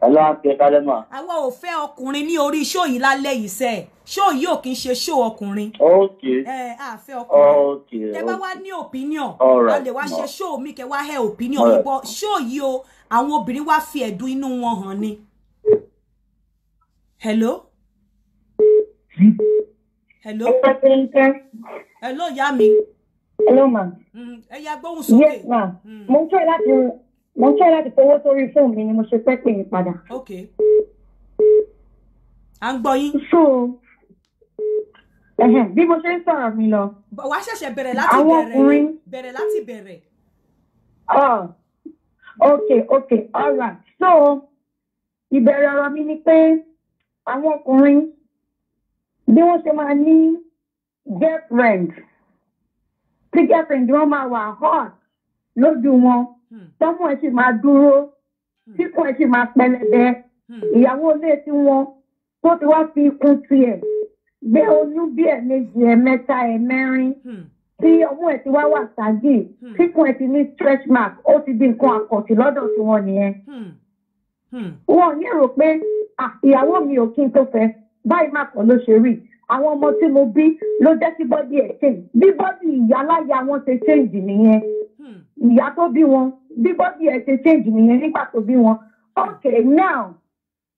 hello akẹ́kọ̀ọ́ lẹ́mọ̀. àwa ò fẹ́ ọkùnrin ní orí iṣó yìí lálẹ́ yìí sẹ́ẹ̀ ṣó yìí ò kí ń ṣe ṣó ọkùnrin. ok ẹ àfẹ ọkùnrin. ok tẹ bá wá ní opinion. alright a lè wá ṣe ṣó mi kẹ wá hẹ opinion yìí bọ ṣó yìí o àwọn obìnrin wá fi ẹ̀dùn inú wọn hàn ni. hello. hello. hello ìyá mi. hello ma. Mm, ẹ ya gbóhùn sókè. yes ma mm. mo ń tọ́ láti mo ń tọ́ láti fowó sórí fóònù mi ni mo ṣe fẹ́ pè yín padà. ok. à ń gbọ́ yín. so bí mo ṣe ń sọ̀rọ̀ mi lọ. wàá ṣẹ̀ṣẹ̀ bẹ̀rẹ̀ láti bẹ̀rẹ̀ àwọn ọkùnrin bẹ̀rẹ̀ láti bẹ̀rẹ̀. ok ok alright so ìbẹ̀rẹ̀ ọ̀rọ̀ mi ni pé àwọn ọkùnrin bí wọ́n ṣe máa ní girlfriend tí girlfriend wọn máa wà hot lójú wọn hmm. tọ́mú ẹ̀ sì máa dúró kíkún hmm. ẹ̀ sì máa pẹlẹbẹ hmm. ìyàwó ilé tí wọn tó ti wá fi ikún tiẹ̀ gbé oyún bí ẹ̀mejì ẹ̀mẹ́ta ẹ̀mẹ́rin hmm. tí ọmú ẹ̀ ti wá wà sáájì hmm. kíkún ẹ̀ ti ní stretch mark ó ti di nǹkan hmm. àkọ̀tì lọ́dọ̀ tí wọ́n nìyẹn. wọn ò ní rò pé ìyàwó mi ò kí n tó fẹ́ báyìí má kàn ló ṣe rí àwọn ọmọ tí mo bí ló jẹ́ kí bọ́dì ẹ̀ change bí bọ́dì ìyáláyà wọn ṣe change nìyẹn ìyá tó bí wọn bí bọ́dì ẹ̀ ṣe change nìyẹn nígbà tó bí wọn. okay now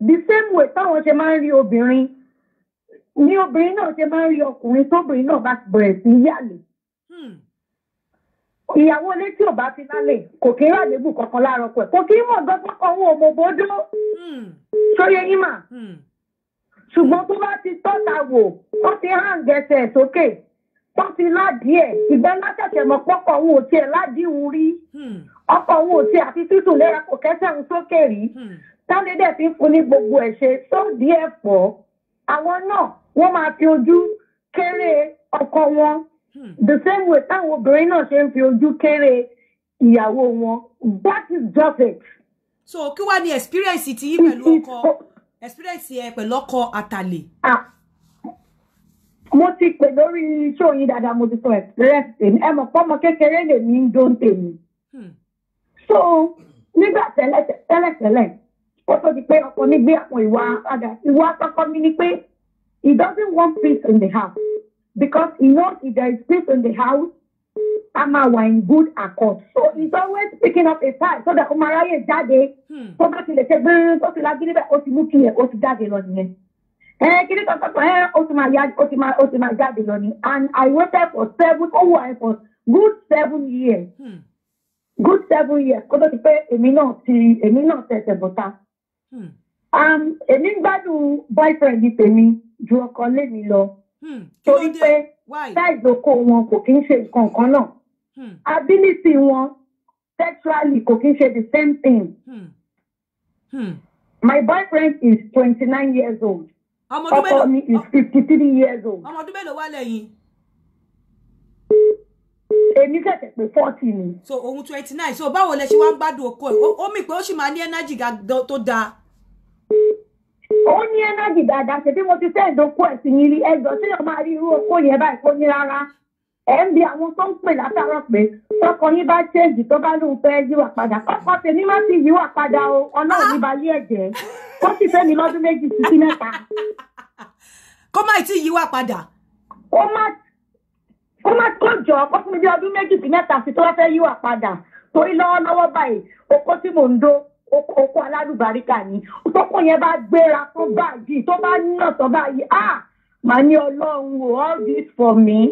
the same way táwọn ṣe máa ń rí obìnrin ni obìnrin náà ṣe máa ń rí ọkùnrin tóbìnrin náà bá ti bẹ̀rẹ̀ sí yàlè. Hmm. ìyàwó ilé tí ò bá fi lálẹ́ kò kí ń rà lébù kankan láàárọ̀ pẹ̀ kò kí ń mọ̀ gbọ́dọ̀ kan òun òmò bódó sóyè yín mà. Hmm. ṣùgbọ́n tó bá ti tọ́ta wò ó ti hàn gẹ̀ẹ́sẹ̀ sókè ó ti ládìí ẹ̀ ìgbẹ́ látẹ̀tẹ̀ mọ́ pọ́kọ̀ òun ò tiẹ̀ ládìí òun rí hmm. ọkọ̀ òun ò tiẹ̀ àfi títù lẹ́yà kò kẹ́sẹ̀ òun sókè rí tálẹ́dẹ̀ fi fún ní gbogbo ẹ̀ ṣe tó díẹ̀ pọ̀ àwọn náà wọ́n máa fi ojú kéré ọkọ wọn hmm. the same way táwọn obìnrin náà ṣe ń fi ojú kéré ìyàwó wọn that is just it. so kí wàá ní experience ti yín pẹ̀lú ọkọ experience yẹn pẹ̀lú ọkọ àtàlè. Ah, mo ti pè lórí iṣẹ́ òyìn dáadáa mo ti sọ experience tèmi ẹ mọ̀ pọ́nmọ kékeré lèmi ń dó tèmi. so nígbà tẹ́lẹ̀ tẹ́lẹ̀ tẹ́lẹ̀ ó tó di pé ọkọ mi gbé àwọn ìwà padà ìwà àkọ́kọ́ mi ni pé. He doesn't want peace in the house because he knows if there is peace in the house, ama wà in good accord. So he's always picking up a fight so the Umara yẹn jáde hmm. tó bá ti lè ṣe gbẹ́rẹ́ tó ti lágídí bẹ́ẹ̀ ó ti mú kílẹ̀ ó ti jáde lọ nìyẹn. Ẹ kí ni kankan and I waited for seven oh wà for good seven years hmm. good seven years kodo ti pé èmi náà ti èmi náà tẹ̀sẹ̀ bọ̀ta. Hmm. Èmi ń gbádùn boyfriend tèmi. Hmm. Um, ju ọkọ lémi lọ hmm, torí pé láìdókò wọn kò kí ń ṣe nǹkan kan náà hmm. ability wọn sexually kò kí ń ṣe the same thing. Hmm. My boyfriend is twenty-nine years old. Ọkọ mi is fifty-three years old. Ọmọ ọdún mélòó wá lẹ́yìn? Èmi ṣẹ̀ṣẹ̀ pé forty ni. So òun twenty-nine so báwo lẹ ṣe wá ń gbádùn ọkọ ẹ̀? Ó mì pé ó sì máa ní energy tó dáa ó ní ẹnájì dáadáa ṣe bí mo ti fẹ́ ìdókòó ẹ̀sìn yìí rí ẹjọ́ tí yóò máa rí irú okó yẹn báyìí kó ní rárá ẹ̀ ń bi àwọn tó ń pè látàrọ̀ pé tọkọ yín bá ṣéèjì tó bá lóun fẹ́ yíwà padà kọ́kọ́ tèmi má ti yíwà padà o ọlọ́run ní balẹ̀ ẹ̀jẹ̀ kó sì fẹ́ mi lọ́dún méjì títí mẹ́ta. kó má ti yíwà padà. ó má kó má kó jọ kó fún mi bí ọdún méjì sí mẹ́ta sí tó bá fẹ́ yíwà padà torí lọ́wọ́lọ́wọ́ báyìí okó tí mò ń dó oko alálùbáríkà ni tọkọ yẹn bá gbéra tán báyìí tó bá nà tán báyìí ah màá ní ọlọ́run o all this for me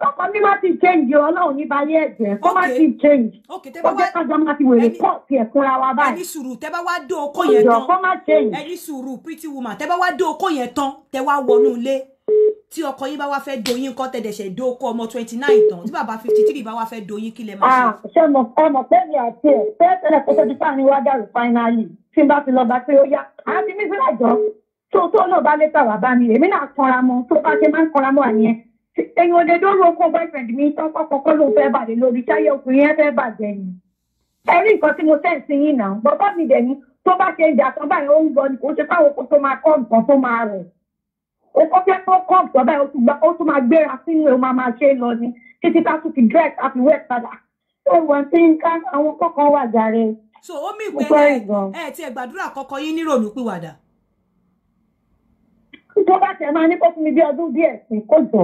ọkọ mi má ti change ọlọ́run ní balẹ̀ ẹ̀jẹ̀ kó má ti change kó jẹ́ kájọ má ti wèrè pọ̀ sí ẹ̀kúnra wa báyìí. ẹni sùúrù tẹ bá wá dó okó yẹn tán ẹni sùúrù pretty woman tẹ bá wá dó okó yẹn tán tẹ wá wọnú ilé tí ọkọ yín bá wá fẹ́ doyin kọ́ tẹ̀dẹ̀ṣẹ̀ do ọkọ ọmọ twenty nine tán tí bàbá fifty three bá wá fẹ́ doyin kí lẹ máa ṣe. Ah, ṣé mo ẹ mọ̀ pé mi àti ẹ̀ pé tẹ́lẹ̀ kó tóbi sáà ni wá dàrú fáínálì tí n bá fi lọ bá pé ó yá àti mi sílẹ̀ jọ tó tó náà bá lé tàwa bá mi èmi náà kanra mọ tó bá ṣe máa ń kanra mọ àyẹn èyàn òde dóró oko boyfriend mi tán pọ́pọ́pọ́ ló fẹ́ bàjẹ́ lórí táyé ọkùnrin yẹn fẹ́ bàjẹ́ ni ẹ rí nǹkan tí mo tẹ̀ sí yín náà bọ́bá mi dẹ̀ ni tó bá ṣe ìjà tán báyìí ó ń gbọ́ ni kò ṣe fáwọn oko tó máa kọ́ nǹkan tó máa rẹ̀ ó fẹ́ tó kọ́ ìjọba ẹ̀ ó tún máa gbéra sínú ẹ̀ ó máa máa ṣe é lọ ni títí tá a tún fi dress àfi wẹ̀ padà ó wọ́n ti ń ká àwọn kọ̀ọ̀kan wà jàre. so ó mì pé ẹ ẹ tiẹ̀ gbàdúrà kọ́kọ́ yín nírònú pìwàdà. tó bá tẹ̀ máa ní kó fún mi bí ọdún díẹ̀ sí kó jọ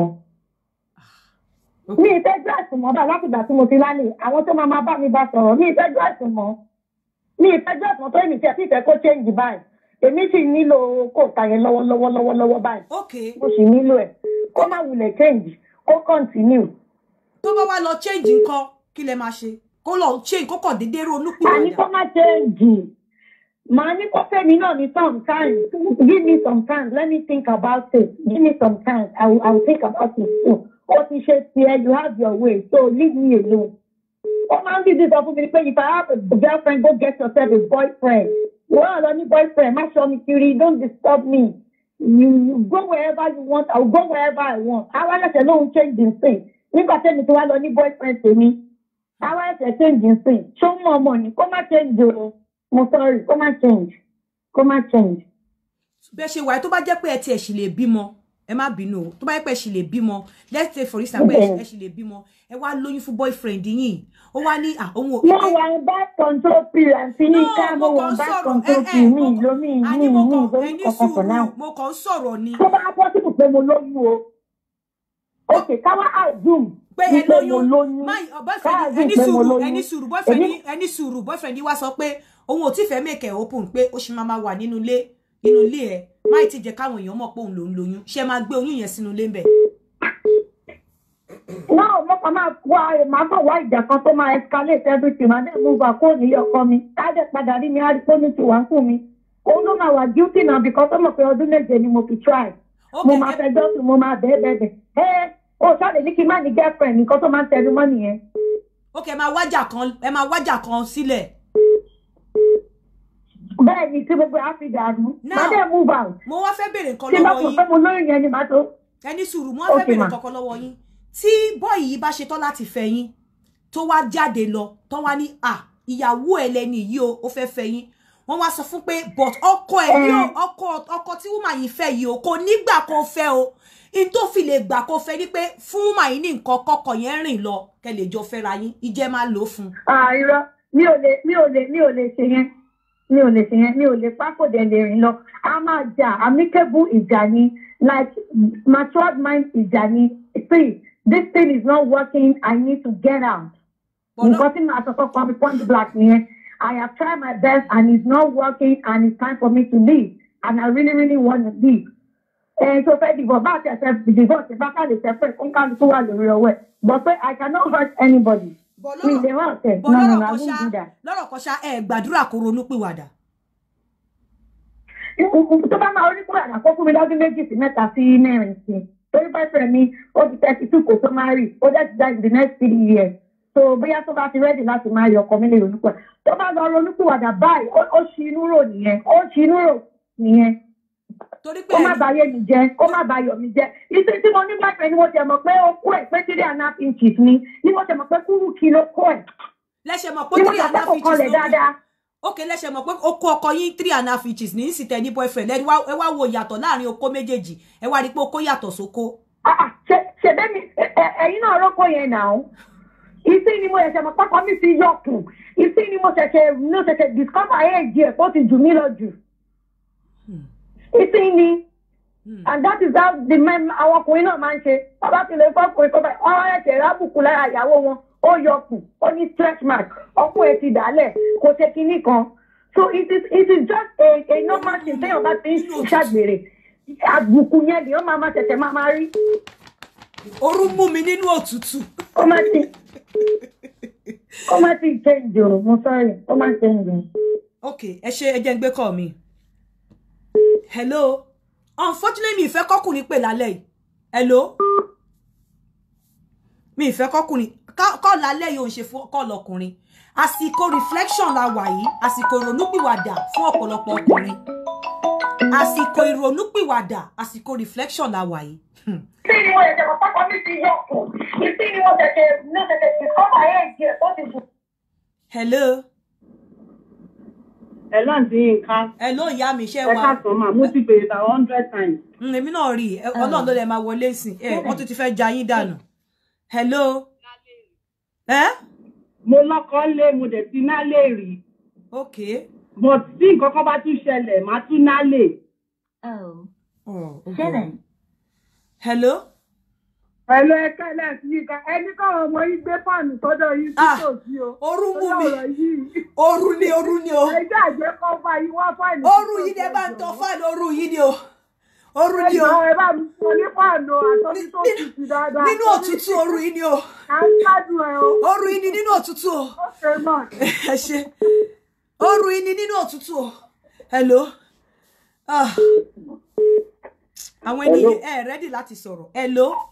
mi ìfẹ́ dírẹ́sì mọ́ bá látìgbà tí mo ti lálẹ́ àwọn tó máa máa bá mi bá sọ̀rọ̀ mi ìfẹ́ dírẹ́sì mọ́ mi ìfẹ́ dírẹ́sì mọ́ tó èmi tiẹ̀ sí kó change báyìí èmi sì nílò kóòtà yẹn lọ́wọ́lọ́wọ́ lọ́wọ́lọ́wọ́ báyìí mo sì nílò ẹ̀ kó má wulẹ̀ change kó continue. tó bá wá lọ change nǹkan kí lẹ máa ṣe kó lọ change kó kàn déédéé ronú pé. màá ní kó má change màá ní kó fẹ́mi náà ní sometimes give me some let me think about it give me some i will, I will think about it too ó ti ṣe tiẹ̀ you have your way so leave me alone. ó máa ń bí ìdí fún mi pé if i have a girlfriend go get yourself a boyfriend wàá lọ ní boyfriend má ṣọ́ mi kiri don't disturb me you, you go wherever you want I'll go wherever i want How I lẹsẹ lóhun change the thing nígbà tell me wàá have ní boyfriend How I lẹsẹ change the thing Show more money. Come and change o mo sorry kó má change Come and change. bẹ́ẹ̀ why wáyé tó bá jẹ́ pé ẹ tiẹ̀ sì lè bímọ ẹ má bínú o tó bá yẹ pé ẹ ṣì lè bímọ let's say for instance pé ẹ ṣì lè bímọ ẹ wá lóyún fún boyfriend yín ó wá ní àwọn ah, òkè. mo wà ń bá control pill àti ní ká mo wà ń bá control pill eh, eh, mi lómi mi mi lórí kọkọkọ náà. mo kàn ń sọ̀rọ̀ ni. tó bá bọ́ sípò pé mo lóyún o ok ah. káwá àdùn pé ẹ lóyún oh, ẹni sùúrù ẹni sùúrù boyfriend ẹni sùúrù boyfriend yìí wá sọ pé òun ò tí fẹ́ make ẹ̀ open pé ó ṣì máa wà nínú ilé nínú ilé ẹ má ti jẹ́ káwọn èèyàn mọ̀ pé òun lóyún ṣe máa gbé oyún yẹn sínú ilé ń máa wá ìjà kan tó máa escalate everything máa dẹ́ move her ọkọ mi tájẹ́ padà rí mi á rí pọ́nì tí wàá fún mi òun ló máa wà guilty náà because pé ọdún méje ni mo fi try mo máa fẹ́ jọ́sìn mo máa bẹ́ẹ̀ bẹ́ẹ̀ bẹ́ẹ̀ ní kí n má ní girlfriend nǹkan tó máa ń tẹnu mọ́ nìyẹn. ẹ máa bẹ́ẹ̀ ni tí gbogbo àfi dànù má dẹ̀ move out. mo wá fẹ́ béèrè nǹkan lọ́wọ́ yín tí bá kò fẹ́ mo lóyún yẹn ni má tó. ẹni sùúrù mo wá fẹ́ béèrè nǹkan lọ́wọ́ yín tí bọ́ọ̀yì yìí bá ṣe tán láti fẹ́ yín tó wá jáde lọ tán wá ní à ìyàwó ẹ lẹni yìí o ó fẹ́ fẹ́ yín wọ́n wá sọ fún pé but ọkọ ẹ ní eh. ọkọ ọkọ tí wúmà yìí fẹ́ yìí o kò nígbà kó fẹ́ o in tó fi lè gbà kó fẹ́ ni pé fún wúmà yìí ní nǹkan kọkọ yẹn rìn lọ kẹ́ lè jọ fẹ́ra yín ìjẹ́ máa lò fún. àìrọ mi ò lè mi ò lè mi ò lè ṣe yẹn mi ò lè ṣèyẹn mi ò lè pákó dẹ̀ lè rìn lọ a máa jà amicable ìjà ni like matured mind ìjà ni see this thing is not working i need to get out nǹkan tí màá sọ fún mi point black nìyẹn i have tried my best and it's not working and it's time for me to leave and i really really want to leave ẹni tó fẹ́ dìbò bá àti ẹ̀sẹ̀ dìbò ṣe bá ká lè ṣẹ́fẹ̀ kó ká lè tó wà lórí ọwọ́ ẹ̀ but pé i cannot hurt anybody lọ́rọ̀ kan ṣá ẹ gbàdúrà kó ronú pìwàdà. tó bá máa ronú pìwàdà kó fún mi lọ́dún méjì sí mẹ́ta sí mẹ́rin sí torí boyfriend mi ó ti thirty two kò tó máa rí ó dẹ́ ti die in next three years so bóyá tó bá ti rẹ́dì láti máa yọ ọkọ mi lè ronú pìwàdà tó bá lọ ronú pìwàdà báyìí ó ṣi inú rò nìyẹn ó ṣi inú rò nìyẹn kó má bàyè mi jẹ kó má bàyọ̀ mi jẹ iṣẹ́ tí mo ní gbàgbé ni mo jẹ mọ̀ pé ó kó ẹ̀ pé three and a half inches ni ni mo jẹ mọ̀ pé kúrú kí ló kó ẹ̀. lẹ́sẹ̀ mọ̀ pé three and a half inches ló kó ok lẹ́sẹ̀ mọ̀ pé okó ọkọ yín three and a half inches ní ìsìtẹ̀ ní boyfriend ẹ wá wo ìyàtọ̀ láàrin okó méjèèjì ẹ wá rí i pé okó yàtọ̀ sóko. Ah, ah, ṣèbẹ́mi ẹ̀yin náà rọ́kọ̀ yẹn nà ó ìsìn ni mo ṣẹ̀ṣẹ̀ mọ̀ pápá mi fi yọ̀kù ìsìn ni mo ṣẹ̀ṣẹ̀ mo ṣẹ̀ṣẹ̀ discover age ẹ̀ pọ̀ ti jù mí lọ jù ìsìn ni hmm. and that is how the men àwọn ọkùnrin náà máa ń ṣe bàbá ti lè fọkùnrin kọ́ báyìí ọ̀rọ̀ ẹ̀jẹ̀ rábùkù lára ìyàwó wọn ó yọkù ó ní stretch mark ọkùn ẹ̀ ti dàálẹ̀ kò ṣe kinní kan so it is it is just a a normal thing téèyàn bá ti ń ṣàgbèrè àbùkù yẹn lèèyàn máa máa tẹ̀tẹ̀ máa máa rí. oru mú mi nínú òtútù. ó máa ti ó máa ti jẹ́ ìjòrò mo sọ́ọ̀rì ó máa ti ìjòrò. ok ẹ ṣe ẹ jẹ́ ń gbé kọ́ mi hello unfortunately mi ìfẹ́ kọ́kùnrin pè lálẹ́ yìí hello mi ife kọ́kùnrin ni lálẹ́ yìí ò ń ṣe kọ́ lọkùnrin àsìkò reflection la wà yìí àsìkò ìrònúpìwàdà fún ọ̀pọ̀lọpọ̀ ọkùnrin reflection la wà yìí. tí hmm. ni wọ́n ṣẹ̀ṣẹ̀ pápákọ mi ti yọ̀kù tí ni wọ́n ṣẹ̀ṣẹ̀ ní ṣẹ̀ṣẹ̀ hello ẹ ló ń dín nǹkan. ẹ ló ń yá mi iṣẹ́ wa ẹ káàtó mà mo ti béèrè bá hundred times. Mm, èmi náà rí i ọlọ́run ló lè máa wọlé sìn ẹ wọ́n tún ti fẹ́ ja yín dànù. hello. ẹ. mo lọkọ lé mo dẹ̀ ti ná lè rí. ok. but tí nǹkan kan bá tún ṣẹlẹ̀ màá tún ná lè. ṣẹlẹ̀. Oh. Oh, oh, hello ẹ̀lọ́ ẹ̀ka ilẹ̀ àti yíká ẹni káwọn ọmọ yìí gbé fáànù sọ́dọ̀ ah, yìí tí kò sí o. oru mú mi oru ni oru ni o. ẹjọ́ àjẹ́ kọ́ fà yín wá fáànù. oru yìí ni ẹ bá ń tọ́ fáànù oru yìí ni o. oru ni o. ẹ bá mi fún ní fáànù àtọ́jú tó tutù dáadáa. nínú òtútù oru yìí ni o. à ń gbádùn ẹ o. oru yìí ni nínú òtútù o. ó ṣe mọ̀. ẹ ṣe oru yìí ni nínú òtútù o. hello. Ah. àwọn ènìyàn ẹ rẹ́dì láti sọ̀rọ̀ hello. hello?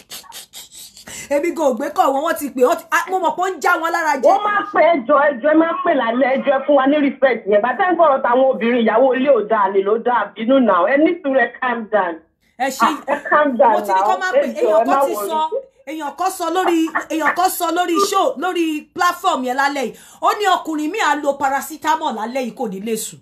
èmi gan ògbé kọ̀ wọ́n wọ́n ti pè mo mọ̀ pé ó ń já wọn lára jẹ́. wọ́n máa pè ẹjọ́ ẹjọ́ ẹ máa pè lálẹ́ ẹjọ́ ẹ fún wa ní respect yẹn bàtà ń gbọ́rọ̀ táwọn obìnrin ìyàwó ilé ò dáa lè ló dáa bínú náà ẹ nítorí ẹ calm down. ẹ ṣe ah, down ti ní kó máa pè èèyàn kan ti sọ èèyàn kan sọ lórí èèyàn kan sọ lórí show lórí platform yẹn lálẹ́ yìí ó ní ọkùnrin mi à ń lo paracetamol lálẹ́ yìí kò ní lè sùn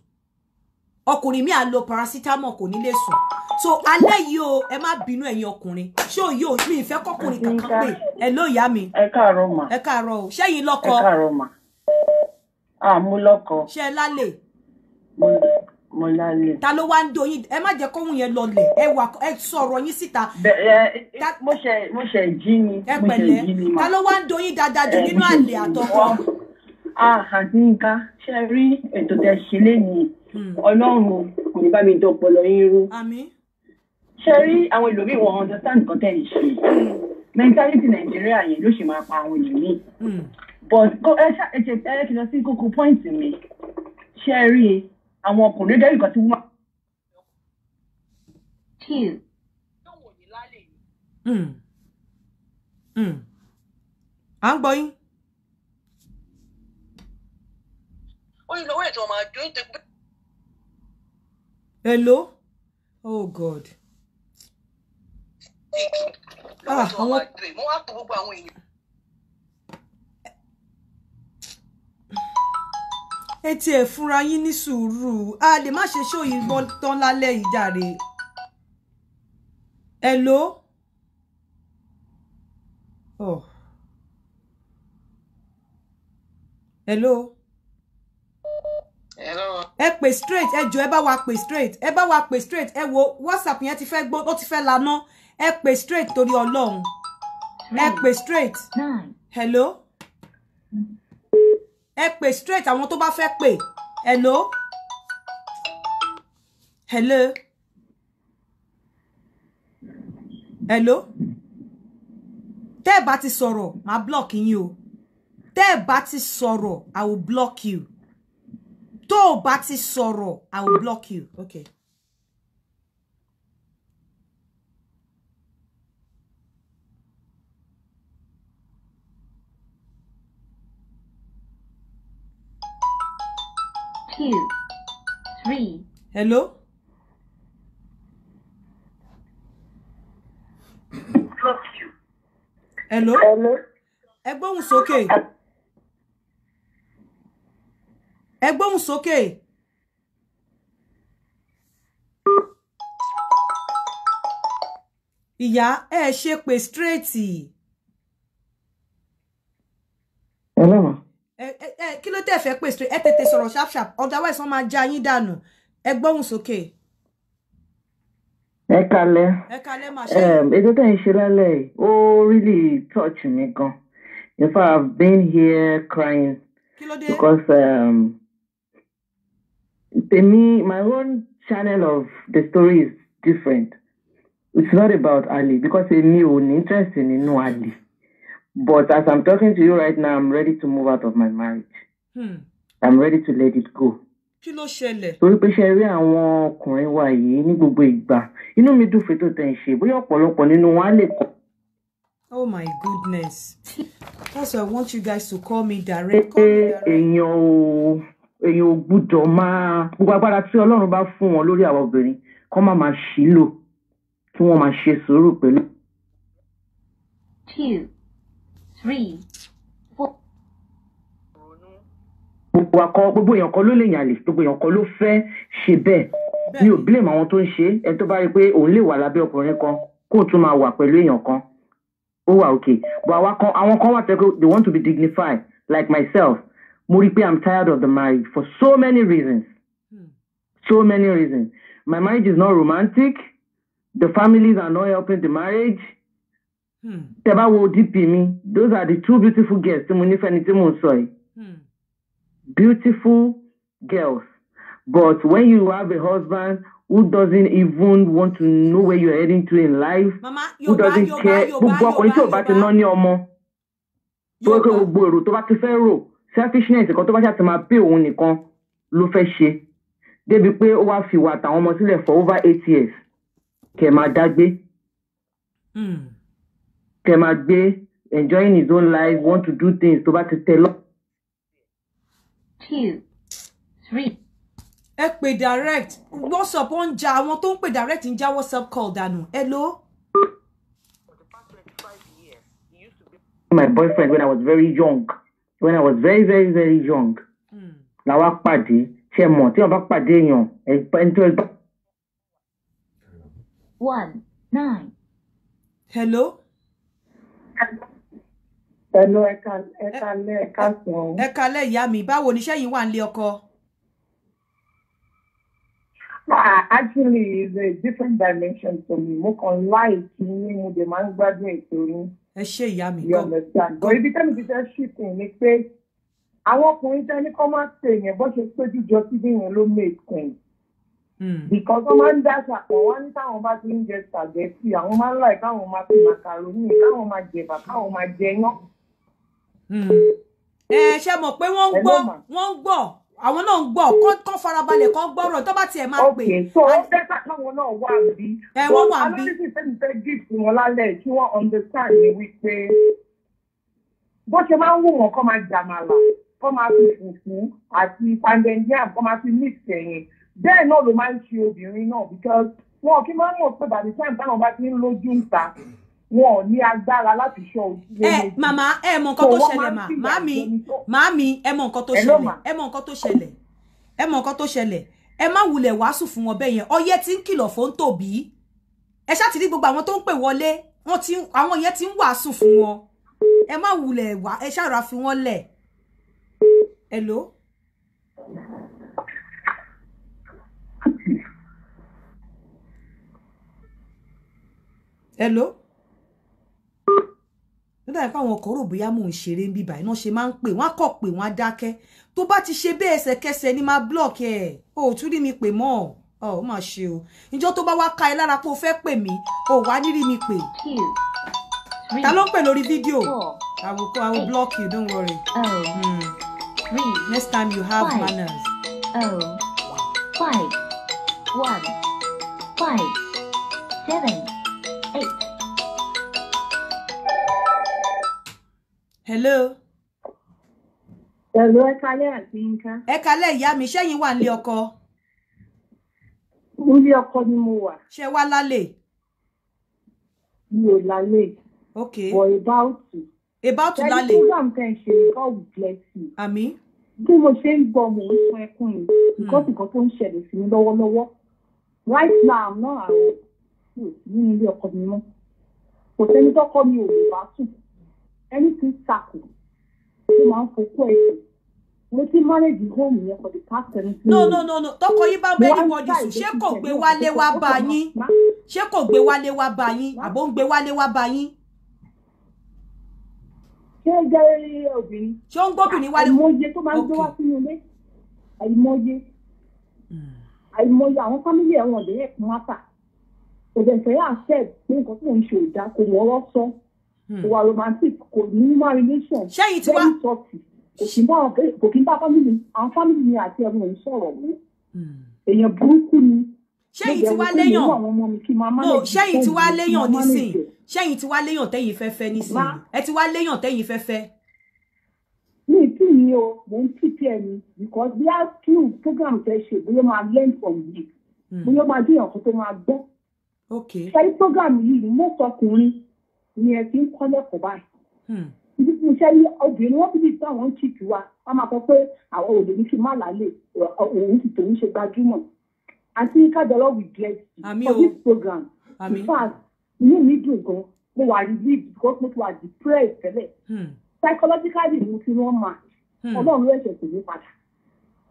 ọkùnrin mi à ń lo paracetamol kò ní lè sùn so alẹ́ yìí o ẹ má bínú ẹ̀yin ọkùnrin ṣé òye ò mi ìfẹ́ kọkùnrin kankan pé ẹ ló ìyá mi. ẹ káàárọ̀ mà ẹ káàárọ̀ o ṣẹ́yìn lọ́kọ. ẹ káàárọ̀ mà á mú lọ́kọ. ṣe é lálẹ́. mo lálẹ́. ta ló wá ń do yín ẹ má jẹ́ kóhun yẹn lọlẹ̀ ẹ wà ẹ sọ̀rọ̀ yín síta. mo ṣe mo ṣe jí ni mo ṣe jí ni ma. ta ló wá ń do yín dáadáa jù nínú àlè àtọkọ. àǹtí nǹkan ṣe rí ètò tẹ ṣe lé ní hmm. ọlọ́run kò ní bá mi dọ̀pọ̀ lọ yín rú. àmín ṣe rí àwọn ìlòmí wọn understand nǹkan tẹ́ ẹ̀ ṣe mentality nàìjíríà yẹn ló ṣe máa pa àwọn èèyàn mi hmm. but ẹ ṣe ẹ fi lọ sí kókó point mi ṣe rí àwọn ọkùnrin dẹ́rù kan tí wọ́n. Hmm. Hmm. à ń gbọ́ yín. ó ní lọ́wọ́ ètò ọmọ àjò ń tẹ. hello oh god mistake ah, ẹ fúnra yín ní sùúrù a lè má ṣe ṣó yìí tán lálẹ́ ìjàre. Hello? Oh. Hello? Hello. ẹ pè straight ẹ jọ ẹ bá wa pè straight ẹ bá wa pè straight ẹ wo WhatsApp yẹn ti fẹ́ gbó ó ti fẹ́ laná ẹ pè straight torí ọlọ́run ẹ pè straight hello ẹ pè straight àwọn tó bá fẹ́ pè hello hello hello tẹ́ ẹ bá ti sọ̀rọ̀ màá block yín o tẹ́ ẹ bá ti sọ̀rọ̀ i will block you tó o bá ti sọ̀rọ̀ i will block you okay. three. Hello? Hello? Hello? Ẹ gbóhùn sókè. Ẹ gbóhùn sókè. Ìyá ẹ ṣe pé straight. Hello? kí ló tẹ̀ fẹ́ pè ẹ tètè sọ̀rọ̀ sharp otherwise wọ́n máa já yín dànù ẹ gbóhùn sókè. ẹ kalẹ̀ ẹ kalẹ̀ máa ètò tẹ̀ ń ṣe lálẹ́ yìí ó really touch me gan in fact I've been here crying because um, tèmi my own channel of the story is different it's not about Ali because èmi ò ní interest nínú Ali. But as I'm talking to you right now, I'm ready to move out of my marriage. Hmm. I'm ready to let it go. Kí ló ṣẹlẹ̀? Torí pé ṣe rí àwọn ọkùnrin wa yìí ní gbogbo ìgbà. Inú mi dùn fètò tẹ̀ ń ṣe. Bóyá ọ̀pọ̀lọpọ̀ nínú wọn á lè kọ́. Oh my goodness. That's why I want you guys to call me direct. Call Èèyàn ò èèyàn ò gbúdọ̀ máa gbogbo agbára tí Ọlọ́run bá fún wọn lórí àwọn obìnrin kó má máa ṣì lò kí wọ́n máa ṣe sùúrù pẹ̀lú. Two three four. gbogbo akọ gbogbo èèyàn kan ló lè yàn àlè gbogbo èèyàn kan ló fẹ́ ṣe bẹ́ẹ̀ mi ò blame àwọn tó ń ṣe ẹni tó bá rí i pé òun lè wà lábẹ́ ọkùnrin kan kó o tún máa wà pẹ̀lú èèyàn kan ó wà òkè but àwa kan àwọn kan wà tẹ́kọ̀ they want to be dignified like myself mo rí i pé i'm tired of the marriage for so many reasons hmm. so many reasons my marriage is not romantic the families are not helping the marriage. Hmm. tẹ bá wo dp mi those are the two beautiful girls tí mo nífẹ̀ẹ́ ni tí mo sọ yìí hmm. beautiful girls but when you have a husband who doesn't even want to know where you're heading to in life Mama, who doesn't yoba, care gbogbo ọkùnrin tí ò bá ti ná ní ọmọ tó kẹ́ gbogbo èrò tó bá ti fẹ́ rò selfishness kan tó bá ṣàtì máa pè òun nìkan ló fẹ́ ṣe débi pé ó wáá fi ìwà àtàwọn ọmọ sílẹ̀ for over eight years kẹ̀ máa dágbé. Mm kẹ́ máa gbé enjoying his own life want to do things tó bá ti tẹ lọ. two three. ẹ pè direct whatsapp ó ń ja àwọn tó ń pè direct ń já whatsapp call dànù ẹ ló. my boyfriend when I was very young when I was very very very young hmm. la wá pàdé ṣe mọ̀ tí wọ́n bá pàdé èèyàn ẹni tó ẹ bá. one nine. hello ẹnu ẹka ẹka lẹ ìyá mi báwo ni sẹ́yìn wà nílé ọkọ. Ah, actually it's a different dimension to me mo kàn láì kí ní mo dé máa ń gbádùn ètò yín. ẹ ṣe ìyá mi gan. you understand but ibi tẹ́lẹ̀ ti fẹ́ ṣìkìn ni pé àwọn ọkùnrin tẹ́lẹ̀ kọ́ máa ń ṣe yẹn bó ṣe péjú jọ síbí yẹn ló make sense. Mm. because wọ́n máa ń dá sàpọ̀ wọ́n ní táwọn bá ti ń jẹ spaghetti àwọn máa ń láì káwọn máa fi macaroni káwọn máa jẹ̀bà káwọn máa jẹyán. ẹ mm. eh, ṣe mọ̀ pé wọ́n ń gbọ́ wọ́n ń gbọ́ àwọn náà ń gbọ́ kọ́ farabalẹ̀ kọ́ gbọ́rọ̀ tó bá tiẹ̀ máa pè. ok so ó dẹ́ta káwọn náà wà bí. ẹ eh, wọ́n wà bí. alóòsì fẹ́mi fẹ́ gift wọn lálẹ́ kí wọ́n understand mi wípé bó ṣe máa ń wù wọ́n kọ́ máa jàmàlà kọ́ máa fi fùfú àti pandemia kọ́ máa fi mix ẹ̀yìn bẹ́ẹ̀ náà ló máa ń ṣe obìnrin náà because wọn ò kí máa ń mọ̀ pé by the time táwọn bá ti ń lójú ń wọn ò ní agbára láti ṣọ́ ojú. ẹ eh, màmá ẹ mọ nǹkan tó ṣẹlẹ̀ mà màmí màmí ẹ mọ nǹkan tó ṣẹlẹ̀ ẹ mọ nǹkan tó ṣẹlẹ̀ ẹ mọ nǹkan tó ṣẹlẹ̀ ẹ má wulẹ̀ wàásù fún wọn bẹ́ẹ̀ yẹn ọyẹ tí ń kìlọ̀ fún tòbí ẹ ṣáà ti rí gbogbo àwọn tó ń pè wọlé àwọn yẹn ti ń wàásù fún wọn ẹ má wulẹ̀ wá ẹ ṣàrà fi wọn lẹ̀ hello. hello nígbà yẹn káwọn ọkọ̀ rò bóyá mò ń ṣeré ń bíbà iná ṣe máa ń pè wọ́n á kọ̀ pé wọ́n á dákẹ́ tó bá ti ṣe bẹ́ẹ̀ ẹsẹ̀kẹsẹ̀ ni máa block ẹ̀ o ò tún rí mi pè mọ́ ọ ó mà ṣe o ìjọ tó bá wá ka ẹ lára pé o fẹ́ pè mí o wá ní rí mi pè ta ló ń pè lórí fídíò I will I will block you don't worry oh, mm. three, next time you have five, manners. Oh, five, one, five, seven. hello. hello ẹ kalẹ́ àti nǹkan. ẹ kalẹ́ ìyá mi ṣẹ́yìn wà nílé ọkọ. nílé ọkọ ni mo wà. ṣé wá lálẹ́. mi ò lálẹ́. okay. for about to. about to lálẹ́. ẹni tí wàá nǹkan ṣe God bless you. àmín. bí mo ṣe ń gbọ́ mò ń sun ẹkún yìí. nǹkan hmm. nǹkan tó ń ṣẹlẹ̀ sí mi lọ́wọ́lọ́wọ́ right now náà àwọn mi ò sí nínú ilé ọkọ mi mọ́ kò sẹ́ni tọ́kọ mi ò bá sùn ẹni tí ń takò tó máa ń fokú ẹ̀ mo ti manage home yẹn for the past seventeen years. no no no no tọkọ yín bá bẹ́ẹ̀ ní bọ́dí sùn ṣé kò gbé wálé wá bá yín ṣé kò gbé wálé wá bá yín àbó ń gbé wálé wá bá yín. ṣé jẹ́ obìnrin. ṣé ó ń gbóbìnrin wálé. àìmọye tó máa ń gbé wá sínú ilé àìmọye hmm. àìmọye àwọn fámílì ẹ̀wọ̀n ọ̀dẹ́yẹ̀ kún wá tà kò dẹ̀ pé nǹkan tó ń ṣe ò dáa kò hmm. wà romantic kò ní human relation very toxic kò kí n kò kí n bá family àwọn family mi àti ẹ̀rù òun sọ̀rọ̀ mọ́ hmm. èèyàn burúkú ni ṣẹ́yìn tí wá léyàn no ṣẹ́yìn tí wá léyàn nísìn ṣẹ́yìn tí wá léyàn tẹ́yìn fẹ́fẹ́ nísìn ẹ ti wá léyàn tẹ́yìn fẹ́fẹ́. mi tí mi o mo ń prepare mi because bí a tún program fẹ́ ṣe bóyá máa learn from you hmm. bóyá máa dín ọ̀kan tó máa gbọ́. ṣẹ́yìn program yìí mo sọkùnrin ni ẹ fi ń kọ́lẹ̀ kọ́ báyìí. Hmm. ibi tí mo ṣe ní obìnrin wọn bíbí tí àwọn ń kíkì wa wọn máa sọ pé àwọn ò ní kí má làálẹ̀ òun ti tòun ṣe gbajúmọ̀ àti kájọlọ we bless for this program in fact inú mi dùn gan mo wà relieved because mo ti wà depressed tẹ́lẹ̀ hmm. psychologically mo ti wọ́n máa hmm. ọlọ́run ẹ̀ṣẹ̀ kò ní padà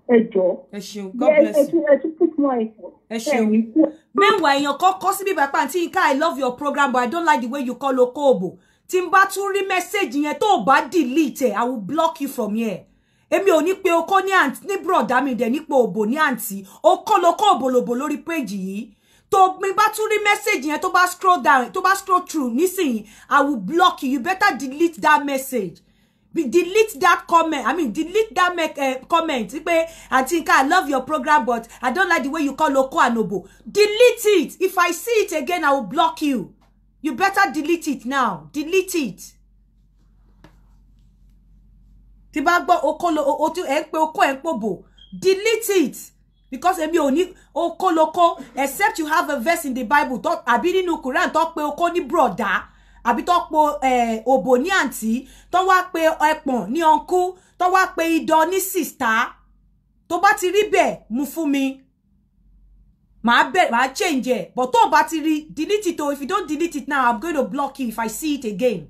ẹ jọ. ẹ ṣeun god bless you. ẹ tún ẹ put my effort. ẹ ṣeun mẹ́wàá èèyàn kan kọ́ síbí bàbá àǹtí yín i love your program but i don't like the way you call okoobo tí n bá tún rí mẹ́sẹ̀gì yẹn tó o bá delete i will block you from here èmi ò ní pé okó ní àǹtí ní bùrọ̀dá mi dẹ̀ nípa òbò ní àǹtí okó lóko òbòlòbò lórí péjì yìí tó mi bá tún rí message yẹn tó bá scroll down tó bá scroll through nísìnyí i will block you you better delete that message We delete that comment. I mean, delete that make, uh, comment. Pé, Auntie Nka, I love your program, but I don't like the way you call Oko Anobo. Delete it. If I see it again, I will block you. You better delete it now. Delete it. Tí bá Oko lo o tu Delete it. Because èmi Oni ní Oko except you have a verse in the Bible. Talk àbí nínú Quran tó pé Oko Ni brother àbí tó po eh, òbò ní àǹtí tó wá pe ẹpọ̀n ní ọ̀nkú tó wá pe idọ ní sìstá tó bá ti rí bẹ́ẹ̀ mú fún mi màá bẹ̀rẹ̀ màá change ẹ̀ but tó bá ti rí delete it o if you don't delete it now i'm going to block you if i see it again.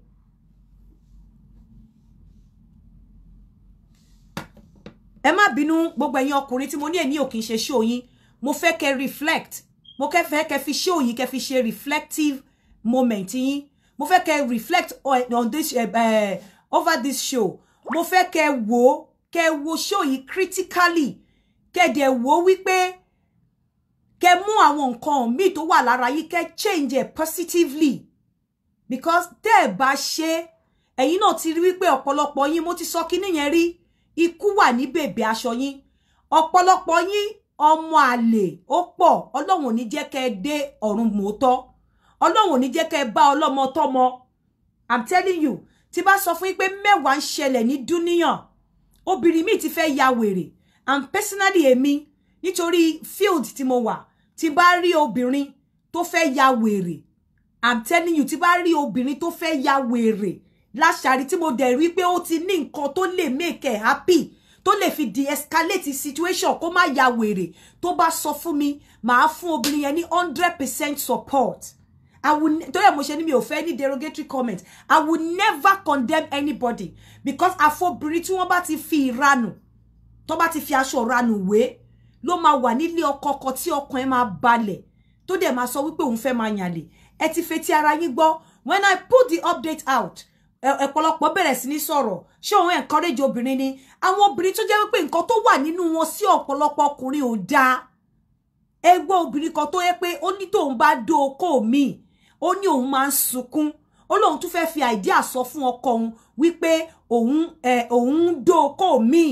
ẹ má bínú gbogbo ẹ̀yin ọkùnrin tí mo ní èmi ò kì ṣe show yín mo fẹ́ kẹ́ reflect mo kẹ́ fẹ́ kẹ́ fi show yín kẹ́ fi ṣe reflective moment yín mo fẹ́ kẹ́ reflect on, on this uh, uh, over this show mo fẹ́ kẹ́ wo kẹ́ wo show yìí critically kẹ́ dẹ̀ wo wípé kẹ́ mú àwọn nǹkan míì tó wà lára yìí kẹ́ change it positively because tẹ́ ẹ̀ bá ṣe ẹ̀yin náà ti rí wípé ọ̀pọ̀lọpọ̀ yín mo ti sọ kíní yẹn rí ikú wà ní bèbè aṣọ yín ọ̀pọ̀lọpọ̀ yín ọmọ àlè ó pọ̀ ọlọ́run ò ní jẹ́ kẹ́ ẹ dé ọ̀run mòótọ́ ọlọ́run ò ní jẹ́ kẹ́ ẹ bá ọlọ́mọ tọ́mọ i'm telling you tí bá sọ fún yín pé mẹ́wàá ń ṣẹlẹ̀ ní dúníyàn obìnrin mi ti fẹ́ ya wèrè and personally èmi nítorí field tí mo wà tí bá rí obìnrin tó fẹ́ ya wèrè i'm telling you tí bá rí obìnrin tó fẹ́ ya wèrè láṣàrí tí mo dẹ̀ rí pé ó ti ní nǹkan tó lè make ẹ̀ happy tó lè fi de-escalate situation kó má ya wèrè tó bá sọ fún mi màá fún obìnrin yẹn ní hundred percent support I would torí ẹ mo ṣe offer any derogatory comment I would never condemn anybody because afọbìnrin tí wọ́n bá ti fi ìranù tó bá ti fi aṣọ ìranù wé ló máa wà nílé ọkọ kan tí ọkàn ẹ máa balẹ̀ tó dẹ̀ máa sọ wípé òun fẹ́ máa yànlè ẹ ti fetí ara yín gbọ́ when I put the update out ọ̀pọ̀lọpọ̀ bẹ̀rẹ̀ sí ní sọ̀rọ̀ ṣé òun encourage obìnrin ni àwọn obìnrin tó jẹ́ wípé nǹkan tó wà nínú wọn sí ọ̀pọ̀lọpọ̀ ọkùnrin ò dáa ẹgbẹ́ obìnrin kan tó yẹ pé ó to tóun bá dó okó míì ó ní òun máa ń sunkún ó lóun tún fẹ́ fi àìdíà sọ fún ọkọ òun wípé òun òun ń míì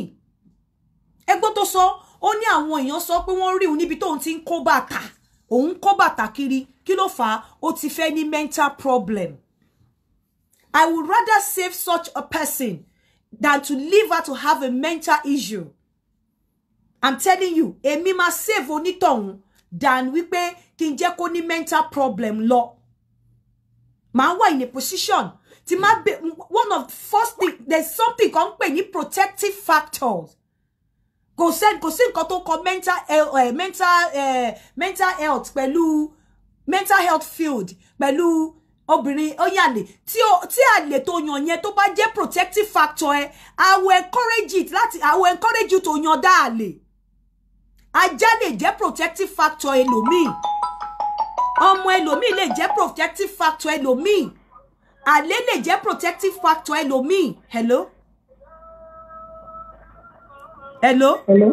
ẹgbọ́n tó sọ ó ní àwọn èèyàn sọ pé wọ́n rí òun níbi tóun ti ń kó bàtà òun kó bàtà kiri kí ló fà á ó ti fẹ́ ní mental problem I would rather save such a person than to leave her to have a mental issue I'm telling you èmi máa save onítọ̀hún than wípé kí n jẹ́ kó ní mental problem lọ màá wà in a position tí má be one of first thing there's something kan pè ní protective factors kò sẹ́ni kò sí nǹkan tó kọ mental health uh, mental uh, mental health pẹ̀lú mental health field pẹ̀lú obìnrin oyàlè tí o tí àlè tó yàn yẹn tó bá jẹ́ protective factor ẹ i will encourage it láti i will encourage you to yàn dá àlè ajá lè jẹ́ protective factor ẹlòmíì ọmọ ẹlòmíì lè jẹ́ protective factor ẹlòmíì àlè lè jẹ́ protective factor ẹlòmíì hello. hello. hello.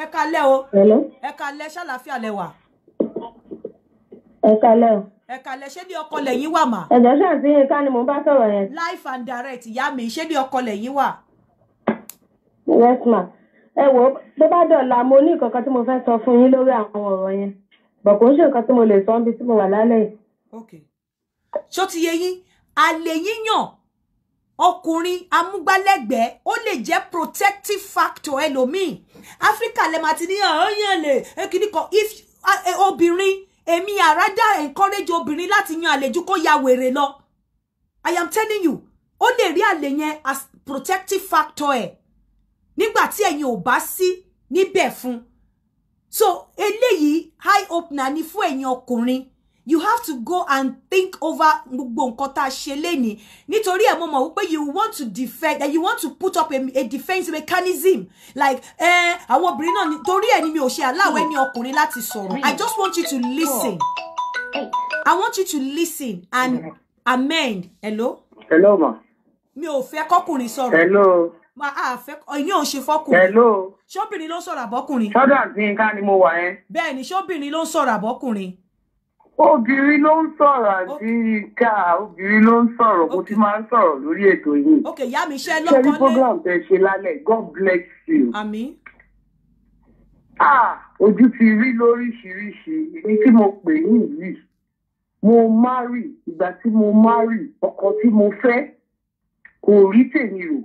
ẹ kalẹ́ o. hello. ẹ kalẹ́ ṣàlàfíà lẹ́wà. ẹ kalẹ́ o. ẹ kalẹ́ ṣé ní ọkọ lẹ́yìn wà mà. ẹ̀jọ̀ ṣáà sí yín ká ni mo bá sọ̀rọ̀ yẹn. life and direct ìyá mi ṣé ní ọkọ lẹ́yìn wà. yes ma ẹ wo bó bá dọ̀la mo ní nǹkan kan tí mo fẹ́ sọ fún yín lórí àwọn ọ̀rọ̀ yẹn bọ̀ kò ń ṣe nǹkan tí mo lè sọ níbi tí mo wà lálẹ́ yìí. ok ṣó ti yé yín àlè yíyàn ọkùnrin amúgbálẹ́gbẹ̀ẹ́ ó lè jẹ́ protective factor ẹlòmíì áfíríkà lè máa ti ní ọ̀yàn ah, lè kíní kan if ah, eh, obìnrin èmi àràdà encourage obìnrin láti yan àlejò kó ya wèrè lọ i am telling you ó lè rí àlè yẹn as protective factor ẹ̀ nígbà tí ẹ̀yin ò bá sí níbẹ̀ fún un so eléyìí high na ni fún ẹ̀yin ọkùnrin you have to go and think over gbogbo nǹkan tá a ṣe lénìí nítorí ẹ mo mọ̀ wípé you want to defend you want to put up a, a defence mechanism like eh, àwọn obìnrin náà nítorí ẹ ni mi ò ṣe aláwọ̀ ẹni ọkùnrin láti sọ̀rọ̀ i just want you to listen i want you to listen and amend hello. hello ma. mi ò fẹ́ kọ́kùnrin sọ̀rọ̀. hello ma a fẹ́ ìyẹn ò ṣe fọkùnrin. hello. ṣóbìnrin ló ń sọ̀rọ̀ àbọ́kùnrin. sọ́dọ̀ àti ni mo wà yẹn. bẹ́ẹ̀ ni ṣóbìnrin ló ń sọ̀rọ̀ àbọ́kùnrin. obìnrin ló ń sọ̀rọ̀ àti obìnrin ló ń sọ̀rọ̀ mo ti máa ń sọ̀rọ̀ lórí ètò yìí. ok ìyá mi ṣe lọ́kọ́ lé. ṣe ní program tẹ ṣe lálẹ́ god bless you. àmín. ah ojú ti rí lóríṣiríṣi èyí tí mo pè ní yìí mo márì ìgbà tí mo márì ọkọ tí mo fẹ́ kò rí tèmi rò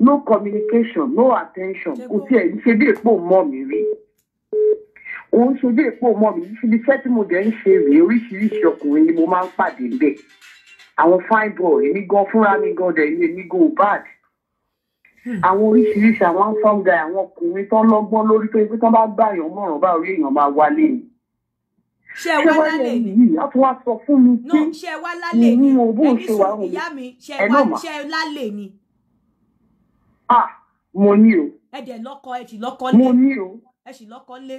no communication no attention kò tiẹ̀ ṣe bí èpò mọ́ mi rí òun ṣe bí èpò mọ́ mi ibi iṣẹ́ tí mo dẹ̀ ń ṣe rèé oríṣiríṣi ọkùnrin ni mo máa ń pàdé bẹ́ẹ̀ àwọn fine boy èmi gan fúnra mi gan dẹ̀ ní èmi go bad hmm. àwọn oríṣiríṣi àwọn handsome guy àwọn ọkùnrin tán lọ́gbọ́n lórí pé tán bá gbà yàn mọ̀ràn bá orí èèyàn máa wálé ni. ṣé ẹ wá lálẹ́ yìí a tún wá sọ fún mi pé ìyá mi ṣe wá lálẹ́ ni ah mo ní o. ẹ dẹ̀ lọ́kọ ẹ sì lọ́kọ lé. mo ní o. ẹ sì lọ́kọ lé.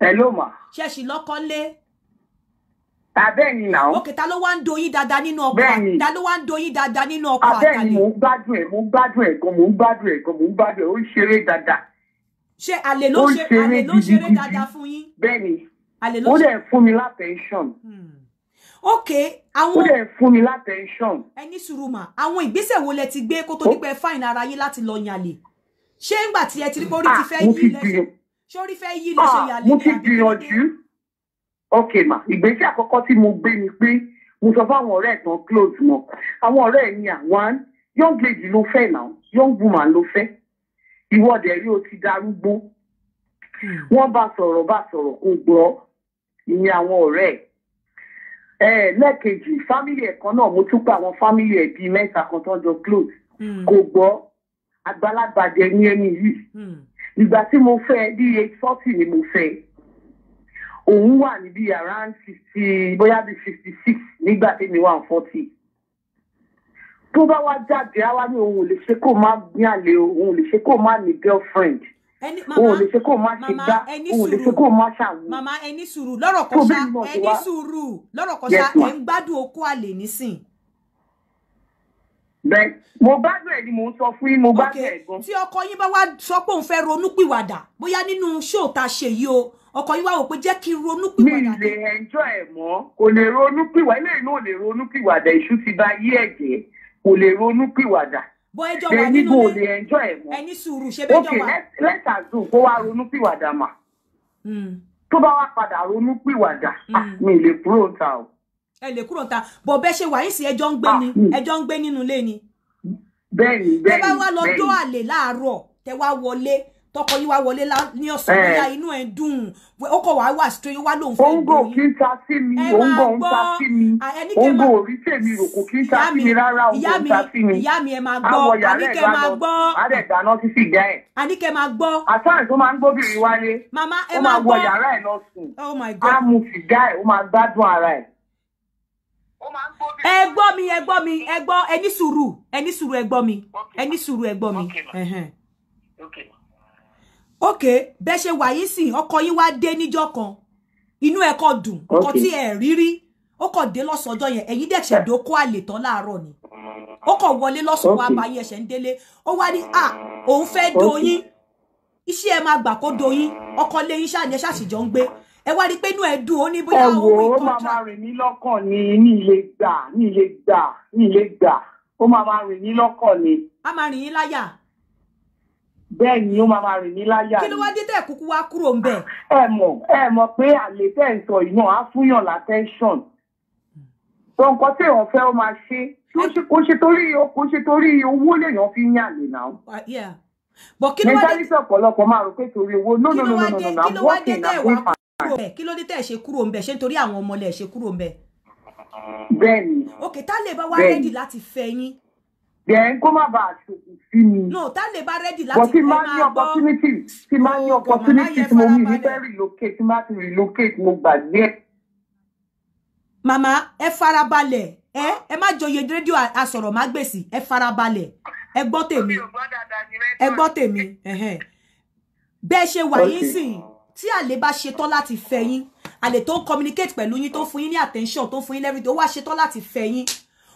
ẹ ló mà. ṣe sì lọ́kọ lé. Bẹ́ẹ̀ ni nà ó. Òkè ta ló wá ń doyin dáadáa nínú ọkọ̀ àtàlẹ́? Ta ló wá ń doyin dáadáa nínú ọkọ̀ àtàlẹ́? Abẹ́ẹ̀ ni mò ń gbádùn ẹ̀, mò ń gbádùn ẹ̀ gan, mò ń gbádùn ẹ̀ gan, mò ń gbádùn ẹ̀, ó ń ṣeré dáadáa. Ṣé àlè ló ṣeré dáadáa fún yín? Bẹ́ẹ̀ ó dẹ̀ fún mi lápẹ̀ ṣọ̀n. Ok, àwọn. ó lè fún mi látẹ̀ńṣọ̀n. ẹ ní sùúrù mà àwọn ìgbésẹ̀ wo lẹ ti gbé kó tó nípa ẹ fáìn ara yín láti lọ yàlè ṣé ńgbà tí ẹ ti rí pé orí ti ah, fẹ́ yí lẹ́sẹ̀ ṣé orí fẹ́ yí lẹ́sẹ̀ ah, yàlè. mo ti gbìyànjú okay mà ìgbésẹ̀ àkọ́kọ́ tí mo gbé ni pé mo sọ fún àwọn ọ̀rẹ́ ẹ̀ tán close mọ́ àwọn ọ̀rẹ́ ẹ̀ ni àwọn young lady ló fẹ́ náà young woman ló fẹ́ ìwọ́de rí o ti darúgbó hmm. wọ́n bá sọ̀rọ̀ bá sọ̀rọ̀ kó gbọ́ ìyẹn àwọn ọ̀rẹ́ ẹ̀ lẹ́ẹ̀kejì fámìlì ẹ̀ kan náà mo tún pa àwọn fámìlì ẹ̀ bíi mẹ́ta kan tó ń jọ close hmm. kò gbọ́ àgbàlagbà jẹ ní ẹni yìí hmm. ìgbà tí mo fẹ́ bíi eight forty ni mo fẹ́ òun wà ní bíi around fifty bóyá bíi fifty six nígbà tí mi wà ní forty tó bá wá jáde á wá ní òun ò lè ṣe kó má ní òun ò lè ṣe kó má ní girlfriend. Mm ẹni mama o lè ṣe kó má ṣe gbá o lè ṣe kó má ṣàwọ. mama ẹni sùúrù lọ́rọ̀ kan ṣá ẹni sùúrù lọ́rọ̀ kan ṣá ẹ̀ ń gbádùn okó àlè nísìn. bẹ́ẹ̀ mo gbádùn ẹ ni mo ń sọ fún yín mo gbádùn ẹ gan. tí ọkọ yín bá wá sọ pé òun fẹ́ ronúpìwàdà bóyá nínú ṣóò ta ṣe yìí o ọkọ yín wá wò pé jẹ́ kí n ronúpìwàdà. mi lè ẹjọ́ ẹ̀ mọ́ kò lè ronúpìwàdà eléyìí náà lè ronúpìwàdà ìṣú ti bá yí ẹ̀jẹ̀ kò lè ronúpìwàdà bọ́ ẹjọ́ let's assume kó wá ronú pìwàdà mà hmm. tó bá wá padà ronú pìwàdà hmm. ah, mi lè kúrò ń ta o. ẹ lè kúrò ń ta bọ bẹ ṣe wà yìí ẹjọ́ ń gbé ah, ni hmm. ẹjọ́ ń gbé nínú ilé ni. bẹ́ẹ̀ni bẹ́ẹ̀ni bẹ́ẹ̀ni tẹ bá wá lọ dó àlè láàárọ̀ tẹ wá wọlé tọkọ yìí wá wọlé ní ọ̀sán eh. bóyá inú ẹ̀ dùn ó kọ̀ wá wà straight wá lóun fẹ́ gbòó yín. ongo kì í ta sí mi òǹgò ń ta sí mi ongo orí tèmi rò kò kì í ta sí mi rárá òǹgò ń ta sí mi. ìyá mi ẹ máa gbọ́ àníkẹ́ máa gbọ́ àdẹ̀ dáná títí ìjà ẹ̀. àníkẹ́ máa gbọ́. àtàn tó máa ń gbóbìnrin wálé ó máa wọ yàrá ẹ̀ lọ sùn oh á mu sìgá ẹ̀ ó máa gbádùn ara ẹ̀ ẹ gbọ́ mi ẹ gbọ́ mi ẹ gbọ́ ẹni sùúrù ẹni sùúrù ẹ gbọ́ mi ẹni sùúrù ẹ gbọ́ mi ok bẹ́ ṣe wà yìí sìn ọkọ yín wá dé níjọ́ kan inú ẹ̀ kò dùn nǹkan tí ẹ̀ rírí ó kọ̀ dé lọ́sọ̀ọ́jọ́ yẹn ẹ̀yin dẹ̀ ṣẹ̀ dókó àlè tán láàárọ̀ ni ó kọ̀ wọlé lọ́sọ̀ọ́ wa báyìí ẹ̀ṣẹ̀ ń délé ó wá ní à òun fẹ́ doyin iṣẹ́ ẹ máa gbà kó doyin ọkọ léyìn ṣáà ní ẹ ṣàṣìjọ ń gbé ẹ wá rí pé inú ẹ dùn ó ní bóyá ó wí ẹ wo ó máa mí lọ́kàn ni ní ilé gbà ní ilé gbà ní ilé gbà ó máa máa mí lọ́kàn ni. a máa rìn yín láyà bẹ́ẹ̀ ni ó máa máa rìn mí láyà. kí ló wá dé tẹ́ kúkú wá kúrò ń bẹ̀. ẹ mọ̀ ẹ mọ̀ pé àlè tẹ́ ń sọ ìyàn á fúnyàn látẹ́ńṣọ̀n. sọ nǹkan tí èèyàn fẹ́ ó máa ṣe kó ṣe torí kó ṣe torí owó lèèyàn fi ń yàlè náà. bọ̀ ọ̀pọ̀lọpọ̀ máa rò pé torí owó no no no no no no i'm working na kí ló dé tẹ́ ẹ ṣe kúrò ń bẹ̀ ṣé nítorí àwọn ọmọ lẹ ṣe kúrò ń bẹ̀. bẹ́ẹ̀ni. ok tá lè bá wá rẹ́dì láti fẹ́ yín then kó má bàa ṣògùn sí no that never ready láti gbé máa gbọ́. but ti máa opportunity ti máa ní oh, opportunity tí mo ní ní fẹ́ relocate tí máa ti relocate mo gbàgbé. màmá ẹ farabalẹ̀ ẹ ẹ má joyè rédíò asọ̀rọ̀ má gbèsì ẹ farabalẹ̀ ẹ gbọ́ tèmi ẹ gbọ́ tèmi bẹ́ẹ̀ ṣe wà yín sìn tí àlè bá ṣetán láti fẹ́ yín àlè tó ń communicate pẹ̀lú yín tó fún yín ní attention tó fún yín lẹ́rìndínlẹ́wà ṣetán láti fẹ́ yín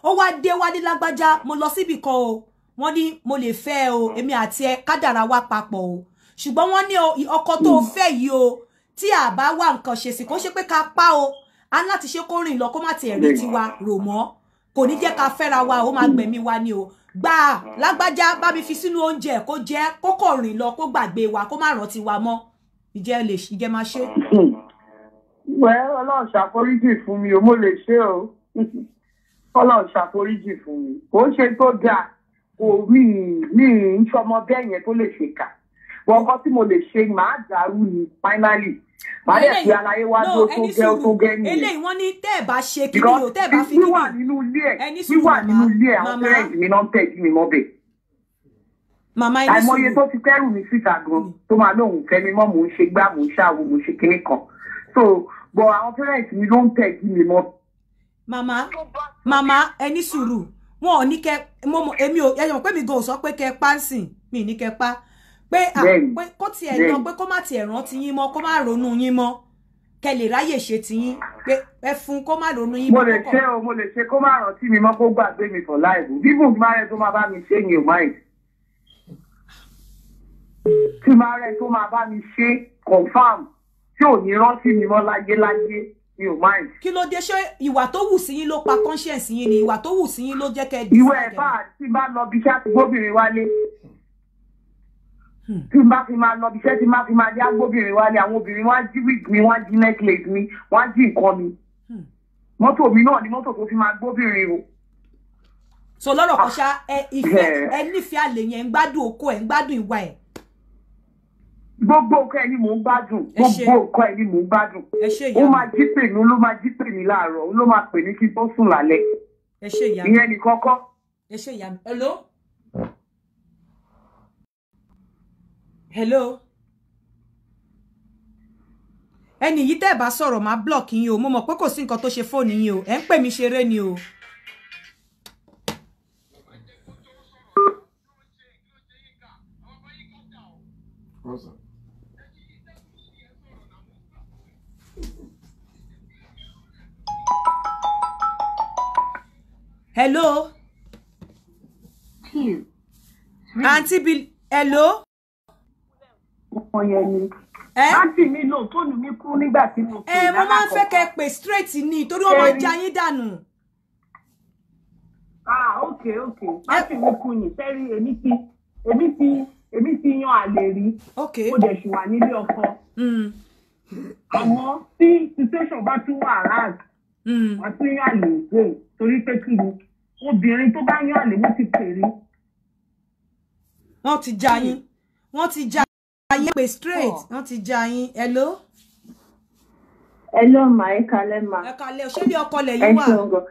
o wá dé wá dé lágbájá mo lọ síbì kan o wọ́n ní mo lè fẹ́ o hmm. èmi àti ẹ kádàrá wa papọ̀ o ṣùgbọ́n wọ́n ní ọkọ tó hmm. fẹ́ yìí o tí a bá wá nǹkan ṣe sí kó ṣe pé ká pa o a ní láti ṣe kó rìn lọ kó má ti ẹ̀rí tiwa rò mọ́ kò ní jẹ́ ká fẹ́ra wa ó máa gbẹ̀mí wa ni o gbà lágbájá bá mi fi sínú oúnjẹ kó jẹ́ kó kọ̀ rìn lọ kó gbàgbé wa kó má rántí wa mọ́ ìjẹ́ lè ìjẹ́ máa ṣe. Hmm. wẹ́ẹ́ ọlọ́run ṣàforíjì fún mi o mo lè ṣe o. kọ́lọ̀ ṣàforíjì fún mi kò ń ṣe tó dáa kò mí mí ń ṣọmọ bẹ́ẹ̀ yẹn tó lè ṣe kà wọ́kọ́ tí mo lè ṣe màá dàrú ni finally màá dẹ̀ fi aláyé wá dúró tó gẹ́ tó gẹ́ nìyẹn. eléyìí wọ́n ní tẹ́ ẹ̀ bá ṣe kí ni o tẹ́ ẹ̀ bá fi kí ni. wíwà nínú ilé ẹ̀ nínú ilé ẹ̀ àwọn parents mi náà ń tẹ̀ kí mi mọ́ bẹ̀. màmá ẹni sùn àìmọye tó ti kẹ́rù mi síta gan mm. tó máa lóun fẹ́ mi mọ́ mò ń ṣe gbá mò ń ṣàwo mò ń ṣe kinní kan so bọ̀ àwọn parents mi ló ń tẹ̀ kí mi mọ́ bẹ̀. Mama, mama, ẹ ní sùúrù wọn ò ní kẹ mo mọ èmi ò ẹyọ pé mi gan sọ pé kẹ pa ń sìn mi ní kẹ pa pé pé kó tiẹ̀ yan pé kó má tiẹ̀ rántí yín mọ́ kó má ronú yín mọ́ kẹ lè ráyè ṣe tiyín pé ẹ fún kó má ronú yín mọ́. mo lè ṣe o mo lè ṣe kó má rántí mi mọ́ kó gbàgbé mi for life bíbù márẹ tó máa bá mi ṣe ni ò máa yìí tí márẹ tó máa bá mi ṣe confam tí ò ní rántí mi mọ́ láyéláyé mi ò máa yìí. kí ló dé ṣé ìwà tó wù sí yín ló pa conscience yín ni ìwà tó wù sí yín ló jẹ́ kẹ́ ẹ. ìwé ẹ̀ bá tí bá lọ bí iṣẹ́ àti gbóbìnrin wálé hmm. tí n bá fi máa lọ bí iṣẹ́ tí n bá fi máa dé agbóbìnrin wálé àwọn obìnrin wá jí wig mi wá jí necklace mi wá jí nǹkan mi hmm. mọ́tò mi náà ni mọ́tò tó fi máa gbóbìnrin o. so lọ́rọ̀ kan ah. ṣá ẹ ìfẹ́ ẹ nífẹ̀ẹ́ àlè yẹn ń gbádùn oko ẹ̀ ń gbádùn ìwà ẹ̀ gbogbo nǹkan ẹni mò ń gbádùn gbogbo nǹkan ẹni mò ń gbádùn ó máa jí pè mí ló máa jí pè mí láàárọ̀ ó ló máa pè mí kí n tó sùn lálẹ́ ìyẹn ní kọ́kọ́. ẹ hello. hello. ẹni yìí tẹ́ ẹ̀ bá sọ̀rọ̀ máa block yín o mo mọ̀ pé kò sí nǹkan tó ṣe fóònù yín o ẹ̀ ń pè mí ṣeré ni o. Rosa. Hello? Two. Three. Hmm. Auntie Bill, hello? Auntie mi lò eh? fóònù mi kú nígbà tí mo kú. Ẹ mo máa ń fẹ́ kẹ́ pè straight ni torí wọ́n máa ń já yín dànù. Ah ok ok. Eh. Auntie mi kú ni sẹ́rí èmi ti èmi ti èmi ti yan àlè rí. Ok. Mo dẹ̀ ṣì wà nílé ọkọ. Hmm. Àmọ́ tí situation bá tún wà rag. Hmm. Wà tún yan àlè rè torí pé kí ni obìnrin tó bá yán àlè wọ́n ti pèrè. wọ́n ti já yín wọ́n ti já yín pé straight wọ́n ti já yín hello. hello ma ẹ kalẹ́ ma. ẹ kalẹ́ ṣé ilé ọkọ lẹ yín wà. ẹ ṣeun gan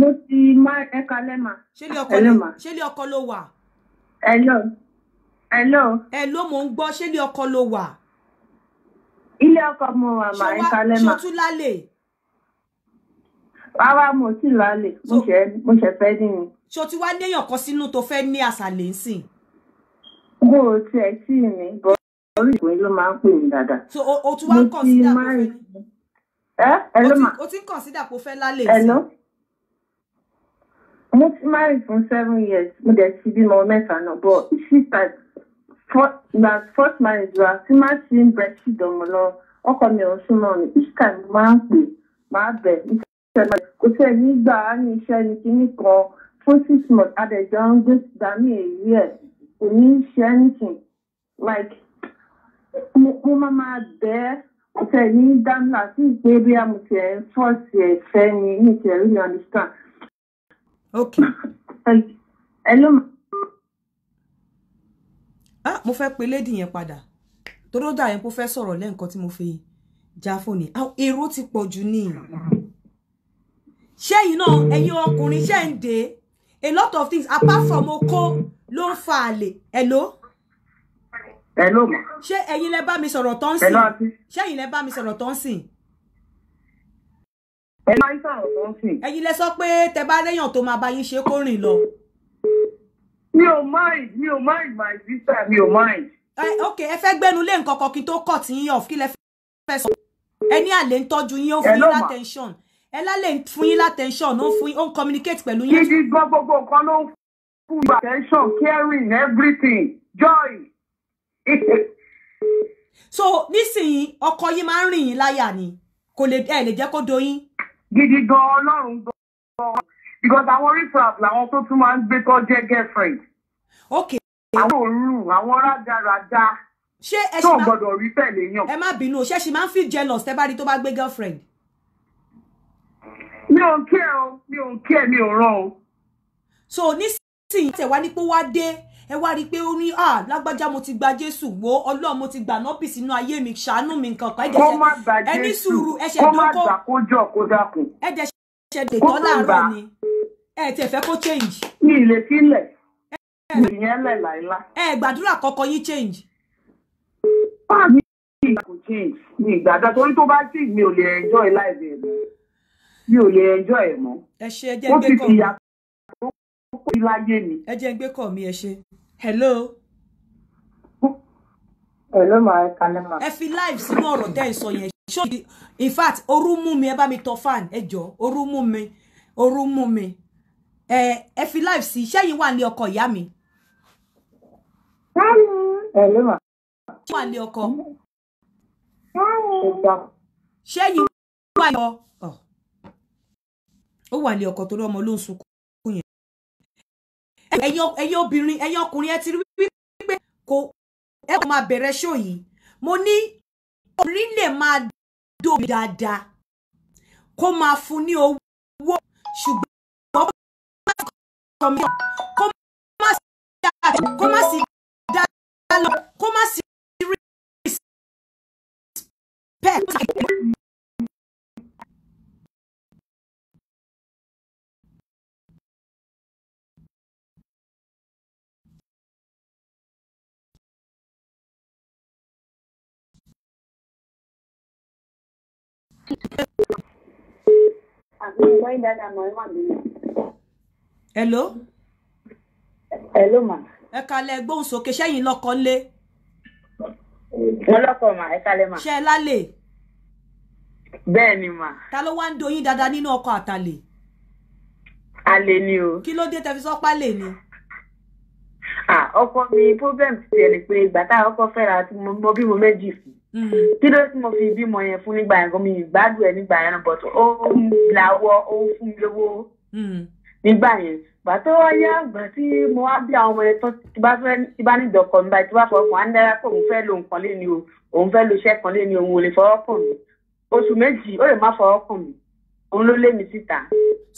mo ti má ẹ kalẹ́ ma. ṣé ilé ọkọ ló wà. hello hello. hello mo ń gbọ́ ṣé ilé ọkọ ló wà. ilé ọkọ mo wà ma ẹ kalẹ́ ma. ṣé wàá ṣe tún lálẹ́ rárá mo ti lálẹ́ mo ṣe mo ṣe fẹ́ dín ni. ṣé o ti wá léèyàn kan sínú tó fẹ́ ní àṣàlẹ̀ ńsìn. mo ò tiẹ̀ tí ì bọ́ orí ìwé ló máa ń pè mí dáadáa. so o, o tún wá ń consider pé o fẹ́ ẹ ẹ ló máa o ti ń consider pé o fẹ́ lálẹ́ ńsìn. mo ti marry fún seven years mo dẹ̀ ti bímọ mẹ́ta náà but she start na first marriage wa tí má ṣe ń breastfeed ọmọ lọ ọkọ mi ò súnmọ́ mi each time máa ń pè máa bẹ̀ ṣẹlẹ̀ kò tẹ̀ nígbà á ní iṣẹ́ ní kinní kan fún six months adẹ̀jọ́ ń gbé dání èyí ẹ̀ kò ní ṣe anything like mo máa máa bẹ́ kò tẹ̀ ní dáńlá sí pé bí a mo tiẹ̀ ń fọ́ọ̀sì ẹ̀fẹ́ ni mi tiẹ̀ rí mi understand. okay. ẹ ah mo fẹ́ pe lady yẹn padà tó ló dà yẹn kó fẹ́ sọ̀rọ̀ lẹ́ǹkan tí mo fi já fóònù èrò ti pọ̀ jù nìyí ṣẹ́yìn náà ẹ̀yin ọkùnrin ṣẹ́ ń dé a lot of things apart from oko ló ń fa àlè hello. hello ma. ṣé ẹ̀yin lẹ bá mi sọ̀rọ̀ tó ń sìn. hello àti. ṣẹ́yìn lẹ bá mi sọ̀rọ̀ tó ń sìn. hello àti sọ̀rọ̀ tó ń sìn. ẹ̀yin lẹ sọ pé tẹ bá léèyàn tó máa bá yín ṣe kó rìn lọ. mi ò mind mi ò mind my sister mi ò mind. ok ẹ fẹ́ gbẹ́nu lé nǹkan kan kí n tó kọ̀ tí yín off kí lẹ fẹ́ sọ. ẹ àlè ń tọ́jú yín ó fún yín attention. hello ẹ lálẹ́ fún yín látẹ̀ńṣọ̀ ló ń fún yín ó ń communicate pẹ̀lú yín. gidi gan gbogbo nǹkan ló ń fún yín attention caring everything joy. so nísìnyí ọkọ yín máa ń rìn yín láyà ni kò lè ẹ lè jẹ́ kó doyín. gidi gan ọlọ́run gan because àwọn refrap làwọn tó tún máa ń gbé tọ́ jẹ́ girlfriend. ok. àwọn òórùn àwọn rádaràda ṣé ẹ ṣe máa tó gbọ́dọ̀ rí tẹ̀lé yàn. ẹ má bínú ṣé ṣe máa ń feel jealous tẹ́ bá rí tó bá gbé girlfriend mi ò ń kí ẹ o mi ò ń kí ẹ mi ò rán o. so nísìnyí tẹ wá ní pé wá dé ẹ wá rí i pé ó ní à ah, lágbájá mo ti gba jésù wo ọlọ́run mo ti gbà nọ́bì sínú ayé mi ṣàánú mi nǹkan kan ẹ ní sùúrù ẹ ṣe dán kó ẹ dẹ̀ ṣe dè tán láàárọ̀ ni ẹ tẹ̀ fẹ́ kó change. mi ì lè sílẹ̀ mi ìyẹn lẹ̀ láìlá. ẹ gbàdúrà kọ́kọ́ yín change. báà mi ìgbà kò change mi ìgbàdá torí tó bá change mi ò lè enjoy life ẹ̀ mọ́ mi ò yẹ ẹjọ́ ẹ̀ mọ́. ẹ ṣe ẹ jẹ́ gbé kọ́ mi. wọ́n ti fi àkókò kó láyé mi. ẹ jẹ́ gbé kọ́ mi ẹ ṣe. hello. hello my ẹ kalẹ́ ma. ẹ fi live sínú ọ̀rọ̀ tẹ́ ẹ sọ yẹn ṣó in fact orú mú mi ẹ bá mi tọ fan ẹ jọ orú mú mi orú mú mi ẹ ẹ fi live sí iṣẹ́ yìí wà ní ọkọ̀ ìyá mi. hello ma. wà ní ọkọ̀. ṣé yìí wà ní ọkọ̀ ó wà ní ọkọ torí ọmọ ló ń sunkún yẹn ẹ̀yin obìnrin ẹ̀yin ọkùnrin ẹ ti rí wípé kò ẹ kò máa bẹ̀rẹ̀ ṣó yìí mo ní obìnrin lè máa dòbí dáadáa kó máa fún ní owó ṣùgbọ́n kó má sí kó má sí dá lọ kó má sí rí respect. hello. hello ma. ẹ kalẹ̀ gbóhùn sókè sẹ́yìn lọ́kọ lé. mo lọ́kọ ma ẹ kalẹ̀ ma. ṣe é lálẹ́. bẹ́ẹ̀ ni ma. ta ló wá ń doyin dáadáa nínú ọkọ àtàlè. àlè ni o. kí ló dé tẹfisọ́ pálẹ̀ ni. ọkọ mi problem ti ẹ̀ ni pé ìgbà tá a kọ́kọ́ fẹ́ra mo bímọ méjì fún un Mm-hmm. kí ló tí mo fi bímọ yẹn fún nígbà yẹn gómìnà ìgbádùn ẹ nígbà yẹn but ó ń làwọ ó ń fún mi lówó mm-hmm. nígbà yẹn gbàtọ́ ọyá gbà tí mo wá bí àwọn ọmọ yẹn tán tí bá fẹ́ tí bá ní ìdọ̀kọ̀ mi báyìí tí bá fọwọ́ kàn á ń dára pé òun fẹ́ lo nǹkan lé ní o òun fẹ́ lo iṣẹ́ kan lé ní òun ò lè fọwọ́ kàn mí oṣù méjì ó lè má fọwọ́ kàn mí òun ló lé mi síta.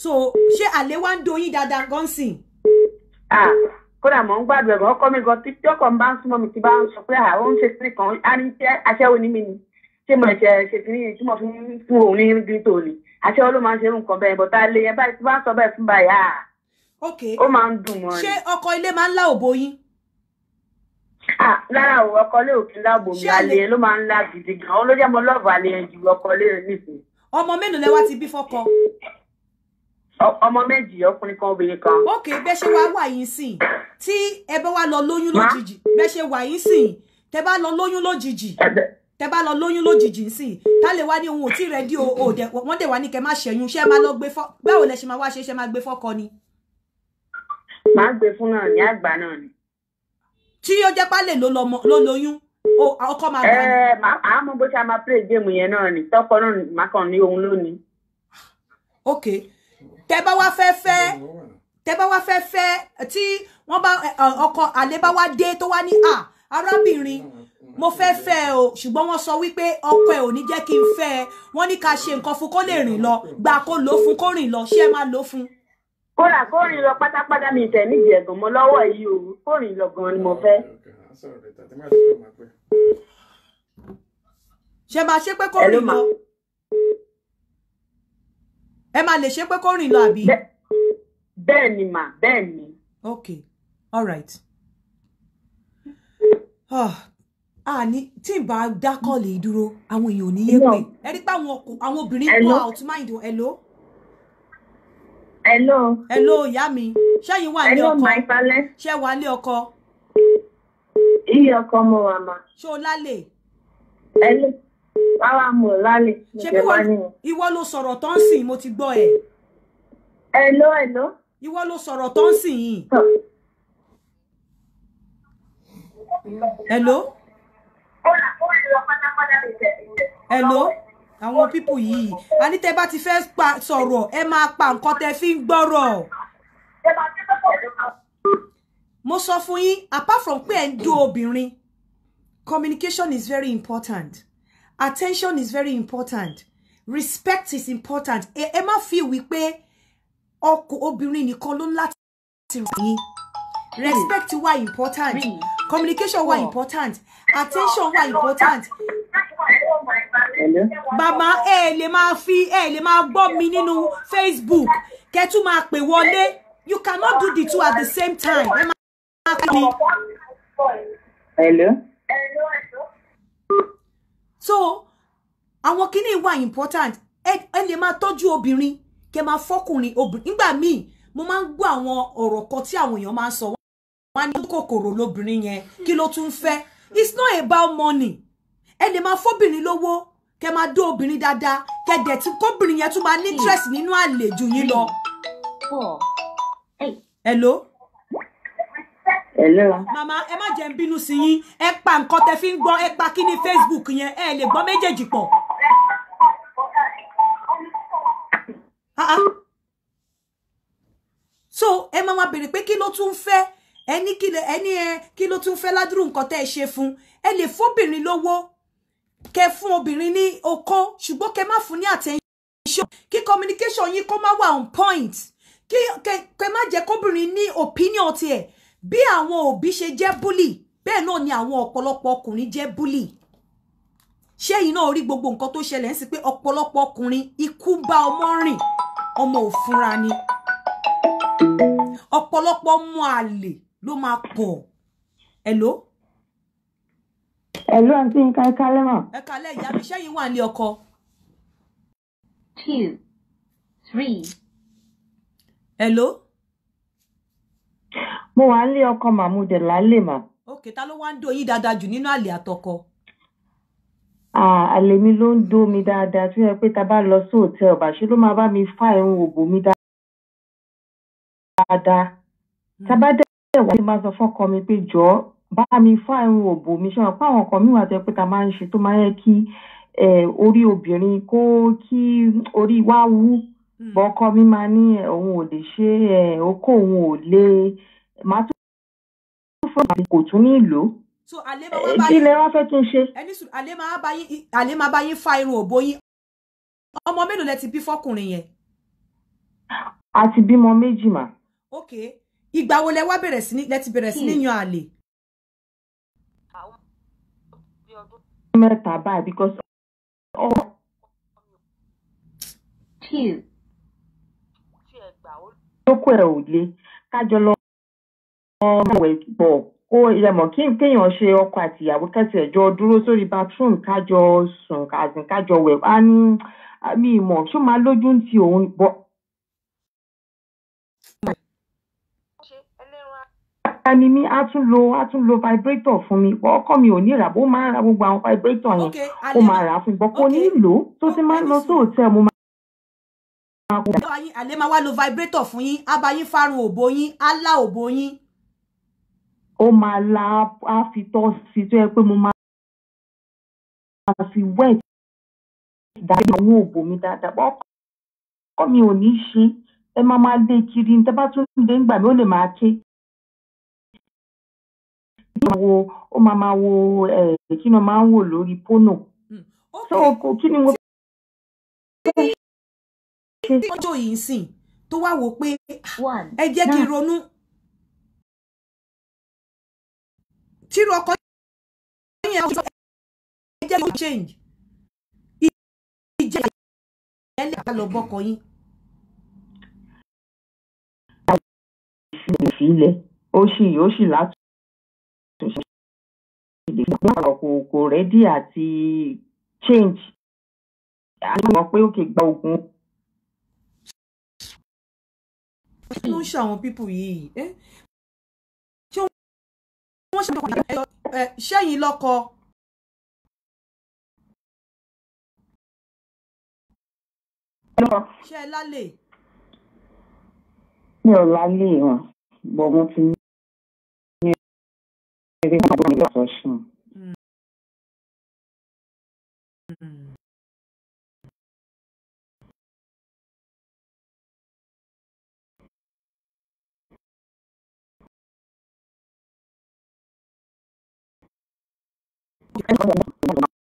so ṣé àlè wá ń doyin dáadáa gọ́nsìn. ah kódà mò ń gbàdúrà ẹ̀rọ ọkọ mi gan tí ọkọ mi bá ń súnmọ́ mi ti bá ń sọ pé àwọn ń ṣe kiri kan á ní ṣe aṣẹ́wó ní mi ni ṣé mo ṣe ṣe kiri yẹn tí mo fi ń fún òun ní gírítò ni aṣẹ́wó ló máa ń ṣe nǹkan bẹ́ẹ̀ bọ́tà ilé yẹn báyìí tí bá ń sọ bẹ́ẹ̀ fún báyà ó máa ń dùn mọ́ ni. ṣé ọkọ ilé máa ń lá òbò yín. lára òwò ọkọ ilé òkè ńlá mi alẹ́ ló máa ń lá gidi gan-an ọmọ méjì ọkùnrin kan obìnrin kan. ok bẹ́ẹ̀ ṣe wá wà yín sìn tí ẹ bá wá lọ lóyún lójijì bẹ́ẹ̀ ṣe wà yín sìn tẹ bá lọ lóyún lójijì tẹ bá lọ lóyún lójijì sìn tá lè wá ní ohun ò tí rẹ dí o ò dẹ wọ́n dẹ̀ wá ní kẹ́ má ṣẹ́yún ṣé máa lọ gbé fọ́ báwo lẹ ṣe máa wá ṣe ṣe máa gbé fọ́kọ ni. máa gbé fún náà ní àgbà náà ni. tí ó jẹ́ pálẹ̀ ló lóyún ọkọ máa gbà ní. ẹ máa mú bó ṣe máa play game yẹn náà ni tọkọ náà máa kàn ní òun lónìí. okay tẹ́ bá wá fẹ́ fẹ́ tẹ́ bá wá fẹ́ fẹ́ tí wọ́n bá ọkọ àlè bá wá dé tó wá ní à arábìnrin mo fẹ́ fẹ́ o ṣùgbọ́n wọ́n sọ wípé ọkọ ẹ̀ ò ní jẹ́ kí n fẹ́ ẹ wọ́n ní ká ṣe nǹkan fún kó lè rìn lọ gbà kó lò fún kó rìn lọ ṣé ẹ máa lò fún. kódà kó lọ pátápátá mi tẹ̀ nídìí ẹ̀gàn mọ́ lọ́wọ́ yìí o kó lọ gan ni mo fẹ́. ṣe máa ṣe pé kó lọ ẹ máa lè ṣe pé kó rìn lọ àbí. bẹ́ẹ̀ ni mà bẹ́ẹ̀ ni. ok all right. Oh, a ní tí n bá dá kọ́ọ̀lì dúró àwọn èèyàn ò ní yé pé ẹ rí pé àwọn obìnrin go out mind wọn hello. hello. hello ìyá mi ṣẹ́yìn wà ní ọkọ ṣẹ́ wà ní ọkọ. iye ọkọ mo wà mà. ṣé o lálẹ́. hello àwa mọ̀ lálẹ́ ìjọba nínú. ìwọ ló sọ̀rọ̀ tó ń sìn mo ti gbọ́ ẹ̀. ẹ̀ló ẹ̀ló. ìwọ ló sọ̀rọ̀ tó ń sìn yìí. ẹ̀ló. ẹ̀ló àwọn pípù yìí a ní tẹ́ bá ti fẹ́ sọ̀rọ̀ ẹ máa pa nǹkan tẹ́ fi ń gbọ́rọ̀ mo sọ fún yín apart from pé ẹ ń dó obìnrin communication is very important attention is very important respect is important E má fi wípé ọkọ obìnrin nìkan ló ń láti rìn yín respect wà important communication wà important attention wà important bàbá ẹ lè máa fi ẹ lè máa gbọ́ mi nínú facebook kẹtù máa pè wọlé you cannot do the two at the same time ẹ máa pè mí. hello so àwọn kíní wà important ẹ lè máa tọ́jú obìnrin kẹ máa fọ́kùnrin obìnrin nígbà míì mo máa ń gbọ́ àwọn ọ̀rọ̀ kan tí àwọn èèyàn máa ń sọ wọ́n ní kòkòrò lóbìnrin yẹn kí ló it's not about money ẹ lè máa fọ́bìnrin lówó kẹ máa dó obìnrin dáadáa kẹ dẹ̀ tí kóbìnrin yẹn tún máa ní interest nínú àlè jù yín lọ. hello. Hello. Màmá ẹ má jẹ́ ń bínú sí yín ẹ pa nǹkan tẹ fi ń gbọ́ ẹ pa kí ni Facebook yẹn ẹ lè gbọ́ méjèèjì pọ̀. Ah, ah. So ẹ máa ma bèrè pé kí ló tún fẹ́ ẹ ní kí lẹ ẹ ní ẹ kí ló tún fẹ́ ládùrú nǹkan tẹ́ ẹ ṣe fún ẹ lè fóbìnrin lówó kẹ fún obìnrin ní Oko, ṣùgbọ́n kẹ má fún ní attention kí communication yín kó má wà on point kí kẹ má jẹ́ kóbìnrin ní opinion tiẹ̀ bí àwọn òbí ṣe jẹ́ búlì bẹ́ẹ̀ náà ni àwọn ọ̀pọ̀lọpọ̀ ọkùnrin jẹ́ búlì ṣé ẹ̀yin náà rí gbogbo nǹkan tó ṣẹlẹ̀ ń sí pé ọ̀pọ̀lọpọ̀ ọkùnrin ikú bá ọmọ rìn ọmọ òfunra ni ọ̀pọ̀lọpọ̀ ọmọ àlè ló máa pọ̀ hello. hello àǹtí nǹkan ẹ̀ka lẹ́mọ̀. ẹ̀ka lẹ́ ìyá mi ṣẹ́yìn wà ní ọkọ. two three. hello mo wà ń lé ọkọ màmú dẹ̀ lálẹ́ mà. ok ta ló wá ń do yín dáadáa jù nínú àlè àtọkọ. àlè mi ló ń do mi dáadáa tó yẹ pé ta bá lọ sí hòtẹ́ẹ̀lì bàṣẹ ló máa bá mi fá irun òbò mi dáadáa. Hmm. ta bá dẹ̀ wá ní máa sọ fọ́kọ mi pé jọ̀ọ́ bá mi fá irun òbò mi ṣe wọn pé àwọn kan mi wà tó yẹ pé ta máa ń ṣe tó máa yẹ kí eh, orí obìnrin kó kí orí wá wú. Hmm. bọ ọkọ mi máa ní òun ò lè ṣe é ọkọ òun ò lè máa tún fún mi kò tún ní ìlò kí lẹ wá fẹ́ kí n ṣe. àlè máa bá yín fa irun òbó yín ọmọ mélòó lẹ ti bí fọkùnrin yẹn. a ti bímọ méjì mà. ok ìgbà wo lẹ wá bẹ̀rẹ̀ sí ní lẹ ti bẹ̀rẹ̀ sí ní hmm. yan àlè. mẹ́ta báyìí because. Oh. Hmm. two kókó ẹ̀ ò le kájọ lọ ọ̀rọ̀ pọ̀ kó ìrẹ̀mọ̀ kí kéèyàn ṣe ọkọ àti ìyàwó kẹsẹ̀ jọ dúró sórí bathroom kájọ sùn àti kájọ wẹ̀ á ní mi ìmọ̀ ṣó máa lójú ti òun bọ́. ni mi a tún lo a tún lo vibrator fún mi ọkọ mi ò ní rà bó máa ń ra gbogbo àwọn vibrator yẹn ó máa rà fún mi bọ́ kó ní lò tó ti máa ń lọ sóòtẹ́ mo máa yín àlè máa wá lo vibrator fún yín á bá yín fárun òbò yín á lá òbò yín. ó máa la á fi tọ́ sí tó yẹ pé mo máa fi wet dáadáa àwọn òbò mi dáadáa bọ́ ọkọ mi o ní ṣe ẹ máa máa lé kiri ní tábà tún lè ń gbà mí ó lè máa ké. ó máa máa wo kí ni wọ́n máa ń wò lórí pónò. Hmm, so kí ni mo tí ọjọ́ yìí ń sìn tó wá wò pé ẹ jẹ́ kí n ronú tírú ọkọ yẹn ọjọ́ ẹ jẹ́ kí change ìjẹ́ ẹ̀yẹ́lẹ̀ ká lọ bọ́kọ yín. ìṣèlè sílẹ̀ ó sì ó sì látúnṣe ìdìbò kò kò rẹ́dí àti change. a ní wọn pé ó kè gba oògùn kí ló ń ṣe àwọn pípù yìí ṣé wọ́n ṣe àwọn ìyá ẹ ṣẹ́yìn lọ́kọ. ṣé ẹ lálẹ́. mi ò lálẹ́ wọn bọ́ mo ti ní ẹgbẹ́ ìgbàgbọ́ mi lọ́sọ̀ọ́sùn. Mm. 哎，等等，等等，等等。